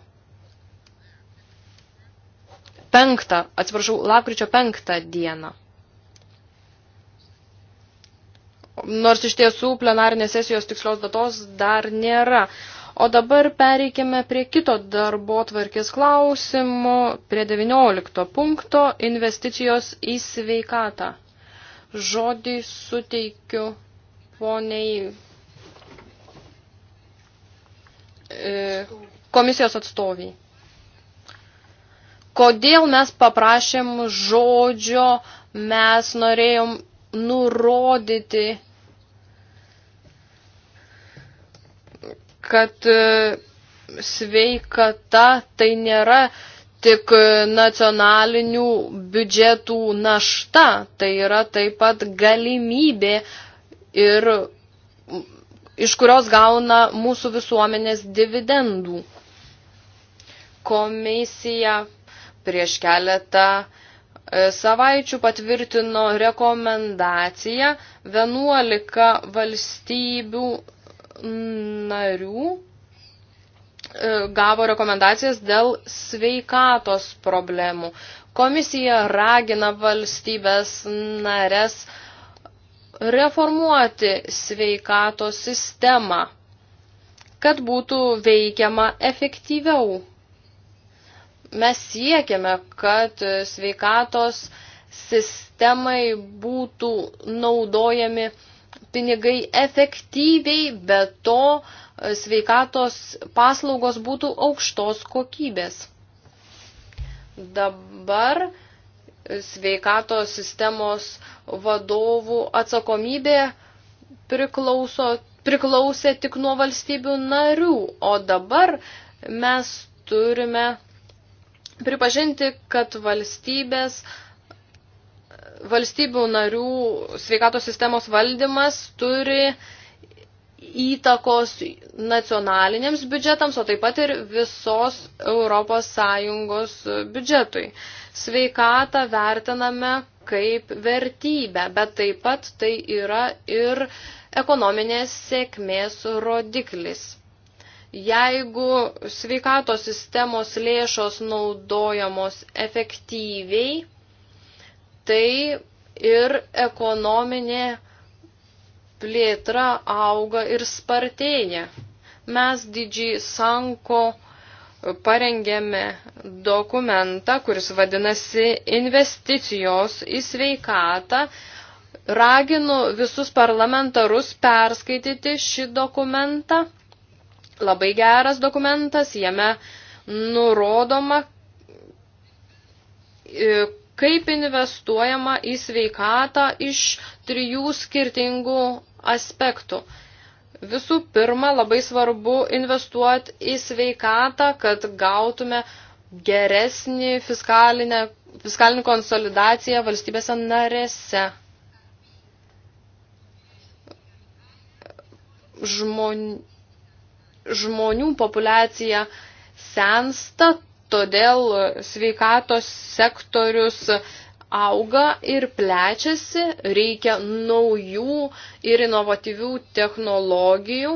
Penktą, atsiprašau, lapkričio 5 dieną. Nors iš tiesų plenarinės sesijos tikslios datos dar nėra. O dabar pereikime prie kito darbo tvarkės klausimo, prie 19 punkto investicijos į sveikatą. Žodį suteikiu poniai e, komisijos atstoviai. Kodėl mes paprašėm žodžio, mes norėjom nurodyti kad e, sveikata tai nėra tik nacionalinių biudžetų našta, tai yra taip pat galimybė ir iš kurios gauna mūsų visuomenės dividendų. Komisija prieš keletą e, savaičių patvirtino rekomendaciją 11 valstybių narių e, gavo rekomendacijas dėl sveikatos problemų. Komisija ragina valstybės narės reformuoti sveikatos sistemą, kad būtų veikiama efektyviau. Mes siekiame, kad sveikatos sistemai būtų naudojami uh, pinigai efektyviai, bet to e, sveikatos paslaugos būtų aukštos kokybės. Dabar e, sveikatos sistemos vadovų atsakomybė priklauso, priklausė tik nuo valstybių narių, o dabar mes turime pripažinti, kad valstybės uh, valstybių narių sveikatos sistemos valdymas turi įtakos nacionaliniams biudžetams, o taip pat ir visos Europos Sąjungos biudžetui. Sveikatą vertiname kaip vertybę, bet taip pat tai yra ir ekonominės sėkmės rodiklis. Jeigu sveikatos sistemos lėšos naudojamos efektyviai, tai ir ekonominė plėtra auga ir spartėja. Mes didžiai sanko parengėme dokumentą, kuris vadinasi investicijos į sveikatą. Raginu visus parlamentarus perskaityti šį dokumentą. Labai geras dokumentas, jame nurodoma, kaip investuojama į sveikatą iš trijų skirtingų aspektų. Visų pirma, labai svarbu investuoti į sveikatą, kad gautume geresnį fiskalinę, fiskalinį konsolidaciją valstybėse narėse. Žmon, žmonių populiacija sensta, Todėl sveikatos sektorius auga ir plečiasi, reikia naujų ir inovatyvių technologijų,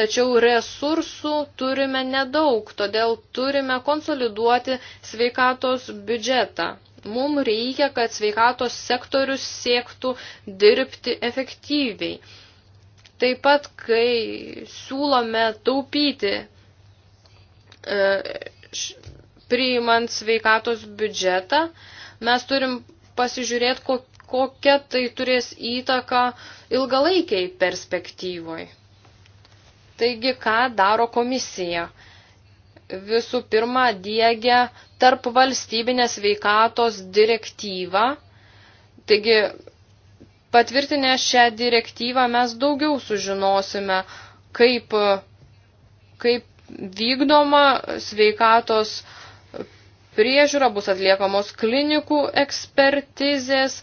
tačiau resursų turime nedaug, todėl turime konsoliduoti sveikatos biudžetą. Mums reikia, kad sveikatos sektorius siektų dirbti efektyviai. Taip pat, kai siūlome taupyti e, š, priimant sveikatos biudžetą, mes turim pasižiūrėti, kokia tai turės įtaka ilgalaikiai perspektyvoj. Taigi, ką daro komisija? Visų pirma, diegia tarp valstybinės veikatos direktyvą. Taigi, patvirtinę šią direktyvą mes daugiau sužinosime, kaip, kaip vykdoma sveikatos uh, priežiūra, bus atliekamos klinikų ekspertizės,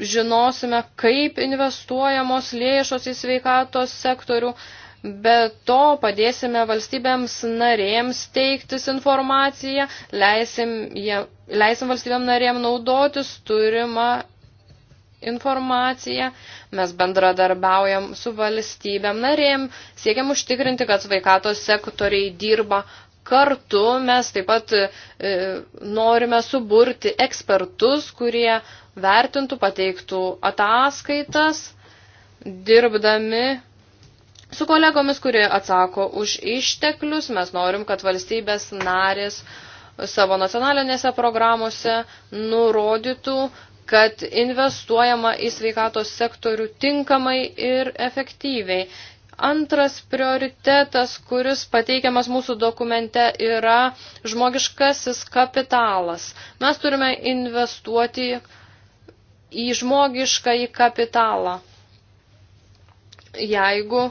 žinosime, kaip investuojamos lėšos į sveikatos sektorių, Be to padėsime valstybėms narėms teiktis informaciją, leisim, jie, leisim valstybėm narėm naudotis turimą informaciją. Mes bendradarbiaujam su valstybėm narėm, siekiam užtikrinti, kad sveikatos sektoriai dirba Kartu mes taip pat e, norime suburti ekspertus, kurie vertintų, pateiktų ataskaitas, dirbdami su kolegomis, kurie atsako už išteklius. Mes norim, kad valstybės narės savo nacionalinėse programuose nurodytų, kad investuojama į sveikatos sektorių tinkamai ir efektyviai. Antras prioritetas, kuris pateikiamas mūsų dokumente, yra žmogiškasis kapitalas. Mes turime investuoti į žmogišką į kapitalą. Jeigu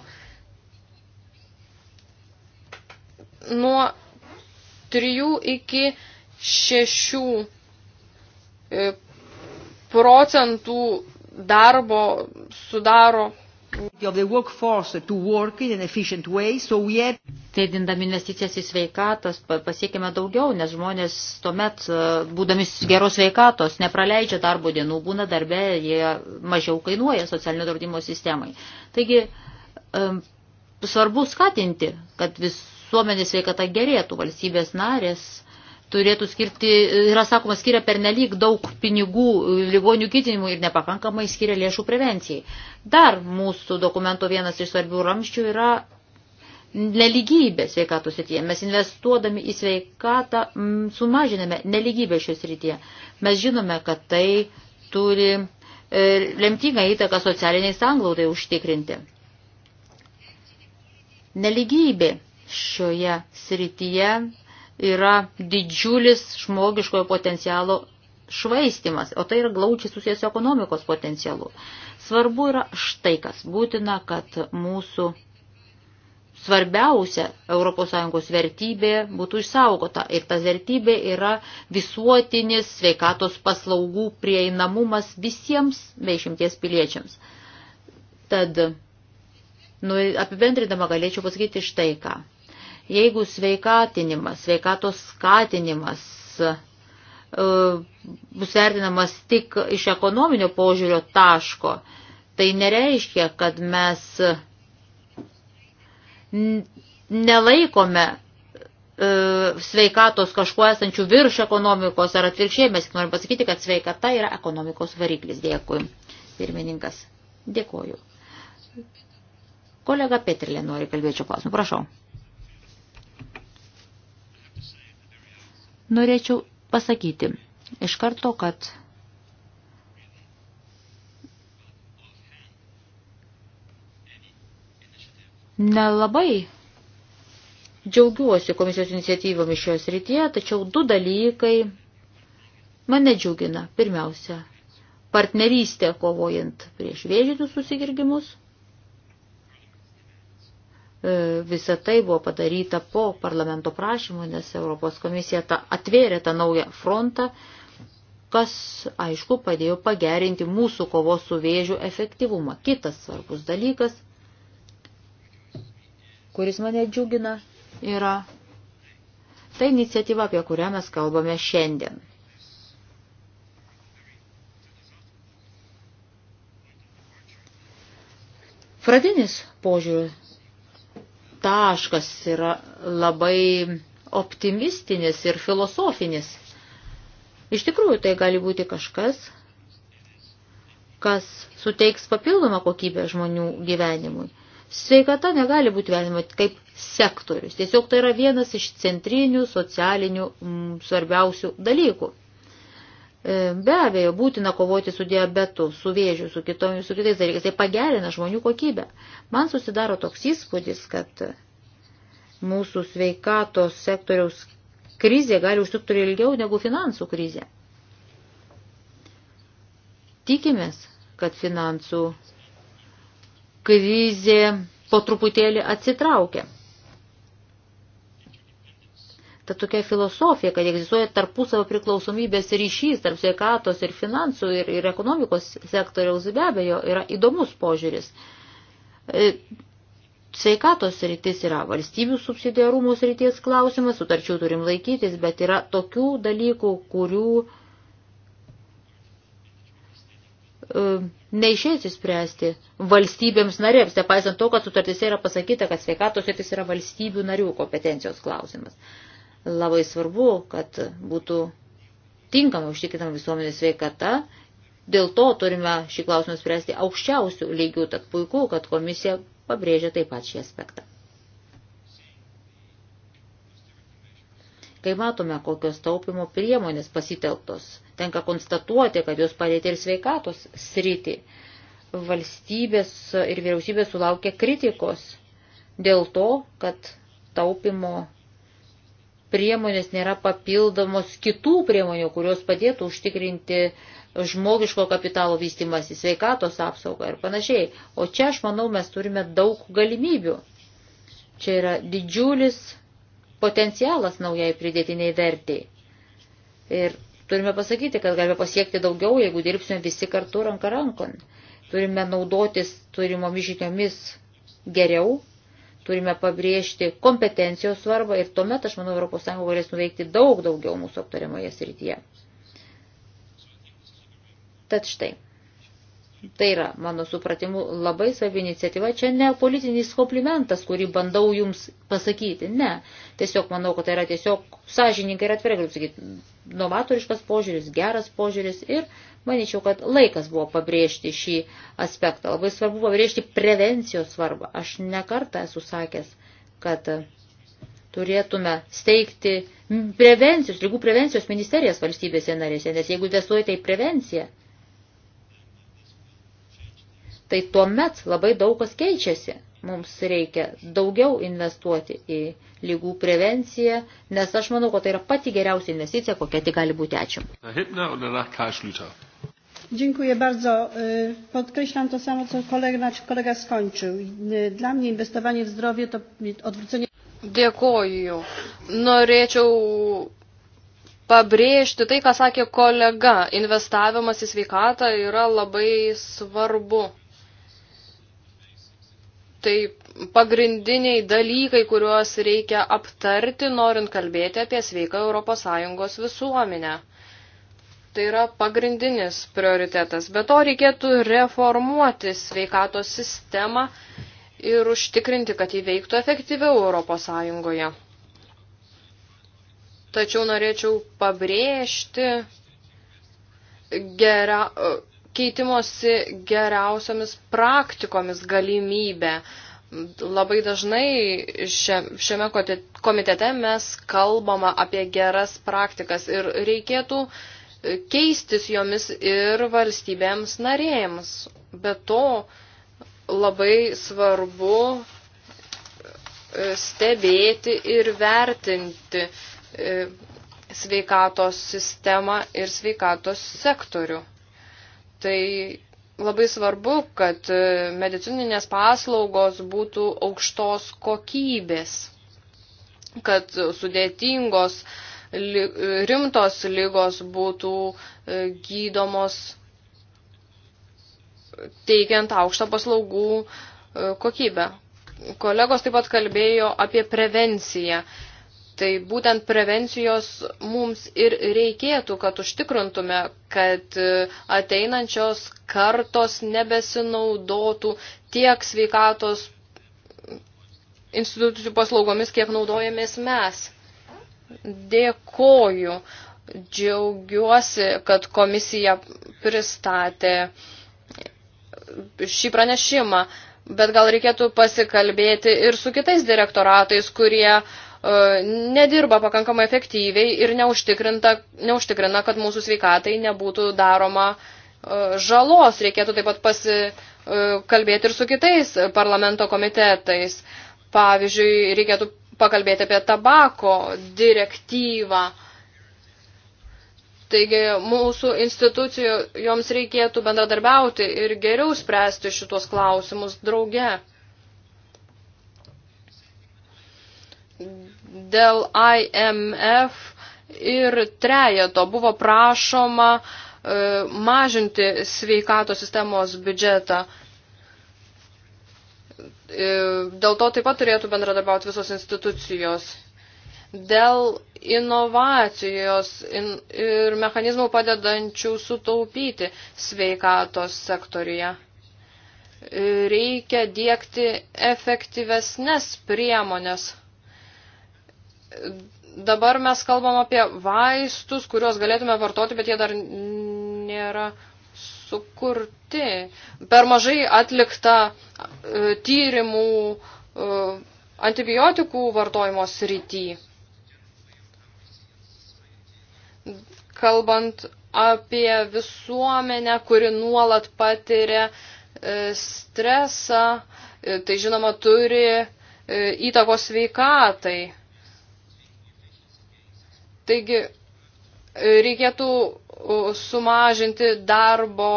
nuo 3 iki 6 e, procentų darbo sudaro Didindami investicijas į sveikatos pasiekime daugiau, nes žmonės tuomet, e, būdami geros sveikatos, nepraleidžia darbo dienų, būna darbe, jie mažiau kainuoja socialinio draudimo sistemai. Taigi e, svarbu skatinti, kad visuomenės sveikata gerėtų, valstybės narės turėtų skirti, yra sakoma, skiria pernelyg daug pinigų ligonių gytinimui ir nepakankamai skiria lėšų prevencijai. Dar mūsų dokumento vienas iš svarbių ramščių yra neligybė sveikatos srityje. Mes investuodami į sveikatą m, sumažiname neligybę šios srityje. Mes žinome, kad tai turi e, lemtingą įtaką socialiniai sanglaudai užtikrinti. Neligybė šioje srityje yra didžiulis žmogiškojo potencialo švaistimas, o tai yra glaučiai susijęs su ekonomikos potencialu. Svarbu yra štai kas būtina, kad mūsų svarbiausia ES vertybė būtų išsaugota. Ir ta vertybė yra visuotinis sveikatos paslaugų prieinamumas visiems beišimties piliečiams. Tad nu, apibendrindama galėčiau pasakyti štai ką. Jeigu sveikatinimas, sveikatos skatinimas e, bus vertinamas tik iš ekonominio požiūrio taško, tai nereiškia, kad mes nelaikome e, sveikatos kažkuo esančių virš ekonomikos ar atvirkščiai, mes norime pasakyti, kad sveikata yra ekonomikos variklis. Dėkui. Pirmininkas, dėkoju. Kolega Petrilė nori kalbėti šio klausimu. Prašau. Norėčiau pasakyti iš karto, kad nelabai džiaugiuosi komisijos iniciatyvomis šioje srityje, tačiau du dalykai mane džiugina. Pirmiausia, partnerystė kovojant prieš vėžinius susigirgimus – E, visa tai buvo padaryta po parlamento prašymų, nes Europos komisija ta, atvėrė tą naują frontą, kas, aišku, padėjo pagerinti mūsų kovos su vėžiu efektyvumą. Kitas svarbus dalykas, kuris mane džiugina, yra ta iniciatyva, apie kurią mes kalbame šiandien. Pradinis požiūris taškas yra labai optimistinis ir filosofinis. Iš tikrųjų, tai gali būti kažkas, kas suteiks papildomą kokybę žmonių gyvenimui. Sveikata negali būti vertinama kaip sektorius. Tiesiog tai yra vienas iš centrinių socialinių m, mm, svarbiausių dalykų. E, be abejo, būtina kovoti su diabetu, su vėžiu, su kitomis, su kitais dalykais. Tai pagerina žmonių kokybę. Man susidaro toks įspūdis, kad mūsų sveikatos sektoriaus krizė gali užtrukti ilgiau negu finansų krizė. Tikimės, kad finansų krizė po truputėlį atsitraukia ta tokia filosofija, kad egzistuoja tarpusavo priklausomybės ryšys tarp sveikatos ir finansų ir, ir ekonomikos sektoriaus be abejo yra įdomus požiūris. E, sveikatos rytis yra valstybių subsidiarumų ryties klausimas, sutarčių turim laikytis, bet yra tokių dalykų, kurių e, neišės įspręsti valstybėms narėms, nepaisant to, kad sutartys yra pasakyta, kad sveikatos rytis yra valstybių narių kompetencijos klausimas. Labai svarbu, kad būtų tinkamai užtikrinama visuomenės sveikata. Dėl to turime šį klausimą spręsti aukščiausių lygių, tad puiku, kad komisija pabrėžia taip pat šį aspektą. Kai matome, kokios taupimo priemonės pasitelktos, tenka konstatuoti, kad jos palėtė ir sveikatos sritį. Valstybės ir vyriausybės sulaukė kritikos dėl to, kad taupimo priemonės nėra papildomos kitų priemonių, kurios padėtų užtikrinti žmogiško kapitalo vystimasi, sveikatos apsaugą ir panašiai. O čia, aš manau, mes turime daug galimybių. Čia yra didžiulis potencialas naujai pridėtiniai vertėjai. Ir turime pasakyti, kad galime pasiekti daugiau, jeigu dirbsime visi kartu ranka rankon. Turime naudotis turimom žiniomis geriau turime pabrėžti kompetencijos svarbą ir tuomet, aš manau, ES galės nuveikti daug daugiau mūsų aptariamoje srityje. Tad štai. Tai yra, mano supratimu, labai svarbi iniciatyva. Čia ne politinis komplimentas, kurį bandau jums pasakyti. Ne. Tiesiog manau, kad tai yra tiesiog sąžininkai ir atvirai, kaip sakyti, novatoriškas požiūris, geras požiūris ir manyčiau, kad laikas buvo pabrėžti šį aspektą. Labai svarbu pabrėžti prevencijos svarbą. Aš nekartą esu sakęs, kad turėtume steigti prevencijos, lygų prevencijos ministerijas valstybėse narėse, nes jeigu investuojate į prevenciją, tai tuomet labai daug kas keičiasi. Mums reikia daugiau investuoti į lygų prevenciją, nes aš manau, kad tai yra pati geriausia investicija, kokia tik gali būti. Ačiū. Dziękuję bardzo. Podkreślam to samo, co kolega, kolega skończył. Dla mnie inwestowanie w zdrowie to odwrócenie. Dėkoju. Norėčiau pabrėžti tai, ką sakė kolega. Investavimas į sveikatą yra labai svarbu tai pagrindiniai dalykai, kuriuos reikia aptarti, norint kalbėti apie sveiką ES visuomenę. Tai yra pagrindinis prioritetas. Be to reikėtų reformuoti sveikatos sistemą ir užtikrinti, kad jį veiktų efektyviau ES. Tačiau norėčiau pabrėžti gerą keitimosi geriausiamis praktikomis galimybę. Labai dažnai šiame komitete mes kalbama apie geras praktikas ir reikėtų keistis jomis ir valstybėms narėjams. Be to labai svarbu e, stebėti ir vertinti e, sveikatos sistemą ir sveikatos sektorių. Tai labai svarbu, kad medicininės paslaugos būtų aukštos kokybės, kad sudėtingos rimtos lygos būtų e, gydomos teikiant aukštą paslaugų e, kokybę. Kolegos taip pat kalbėjo apie prevenciją Tai būtent prevencijos mums ir reikėtų, kad užtikrintume, kad e, ateinančios kartos nebesinaudotų tiek sveikatos institucijų paslaugomis, kiek naudojamės mes. Dėkoju, džiaugiuosi, kad komisija pristatė šį pranešimą, bet gal reikėtų pasikalbėti ir su kitais direktoratais, kurie uh, E, nedirba pakankamai efektyviai ir neužtikrina, kad mūsų sveikatai nebūtų daroma e, žalos. Reikėtų taip pat pasikalbėti e, ir su kitais parlamento komitetais. Pavyzdžiui, reikėtų pakalbėti apie tabako direktyvą. Taigi mūsų institucijų joms reikėtų bendradarbiauti ir geriau spręsti šitos klausimus drauge. dėl IMF ir trejeto buvo prašoma e, mažinti sveikato sistemos biudžetą. E, dėl to taip pat turėtų bendradarbiauti visos institucijos. Dėl inovacijos ir mechanizmų padedančių sutaupyti sveikatos sektoriuje reikia dėkti efektyvesnės priemonės dabar mes kalbam apie vaistus, kuriuos galėtume vartoti, bet jie dar nėra sukurti. Per mažai atlikta e, tyrimų e, antibiotikų vartojimo srity. Kalbant apie visuomenę, kuri nuolat patiria e, stresą, tai žinoma turi įtakos sveikatai. Taigi e, reikėtų e, sumažinti darbo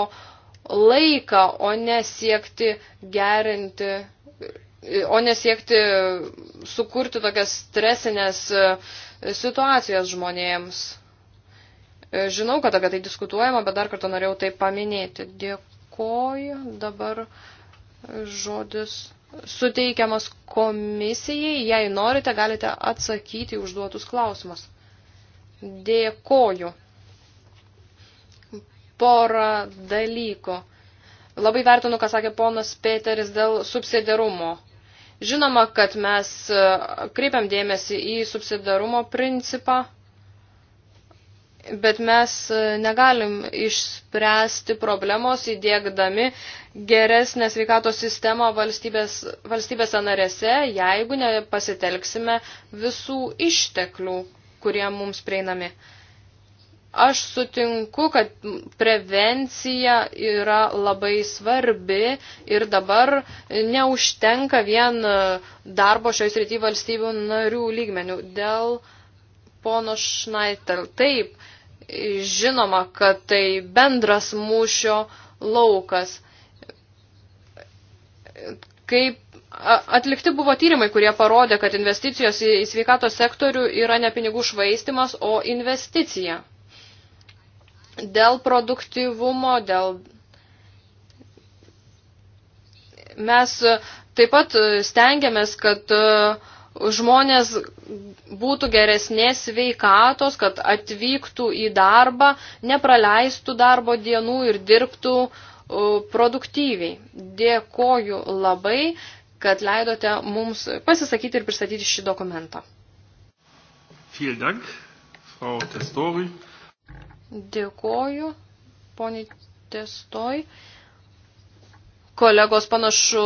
laiką, o nesiekti gerinti, e, o nesiekti sukurti tokias stresinės situacijas žmonėms. Žinau, kad apie tai diskutuojama, bet dar kartą norėjau tai paminėti. Dėkoju. Dabar žodis suteikiamas komisijai. Jei norite, galite atsakyti užduotus klausimus. Dėkoju. Porą dalyko. Labai vertinu, ką sakė ponas Peteris dėl subsidiarumo. Žinoma, kad mes e, kreipiam dėmesį į subsidarumo principą, bet mes e, negalim išspręsti problemos įdėkdami geresnę sveikatos sistemą valstybės, valstybėse narėse, jeigu nepasitelksime visų išteklių kurie mums prieinami. Aš sutinku, kad prevencija yra labai svarbi ir dabar neužtenka vien darbo šioje srityje valstybių narių lygmenių. Dėl pono Schneider. Taip, žinoma, kad tai bendras mūšio laukas. Kaip Atlikti buvo tyrimai, kurie parodė, kad investicijos į sveikatos sektorių yra ne pinigų švaistimas, o investicija. Dėl produktyvumo, dėl... Mes taip pat stengiamės, kad e, žmonės būtų geresnės sveikatos, kad atvyktų į darbą, nepraleistų darbo dienų ir dirbtų e, produktyviai. Dėkoju labai kad leidote mums pasisakyti ir pristatyti šį dokumentą. Vielen Dank, Frau Testori. Dėkoju, poniai Testoj. Kolegos panašu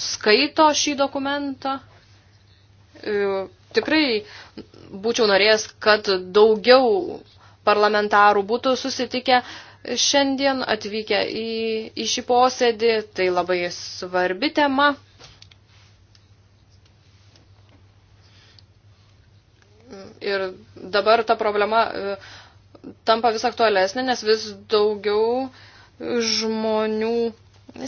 skaito šį dokumentą. E, tikrai būčiau norėjęs, kad daugiau parlamentarų būtų susitikę šiandien atvykę į, į šį posėdį. Tai labai svarbi tema. Ir dabar ta problema e, tampa vis aktualesnė, nes vis daugiau žmonių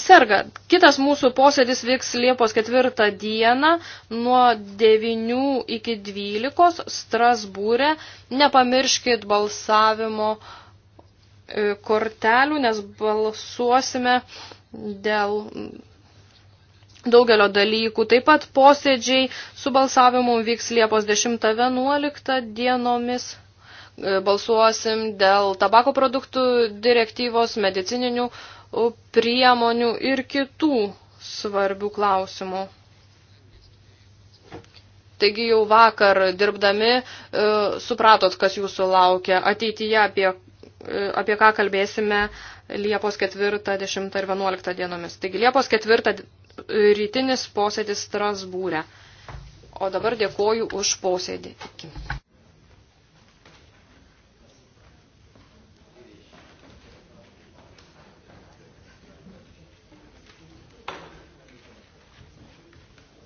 serga. Kitas mūsų posėdis vyks Liepos ketvirtą dieną nuo 9 iki 12 Strasbūrė. Nepamirškit balsavimo e, kortelių, nes balsuosime dėl daugelio dalykų. Taip pat posėdžiai su balsavimu vyks Liepos 10-11 dienomis. E, balsuosim dėl tabako produktų direktyvos, medicininių e, priemonių ir kitų svarbių klausimų. Taigi jau vakar dirbdami e, supratot, kas jūsų laukia. Ateityje apie, apie ką kalbėsime Liepos 4, 10 ir 11 dienomis. Taigi Liepos 4, rytinis posėdis Strasbūre. O dabar dėkoju už posėdį. Iki.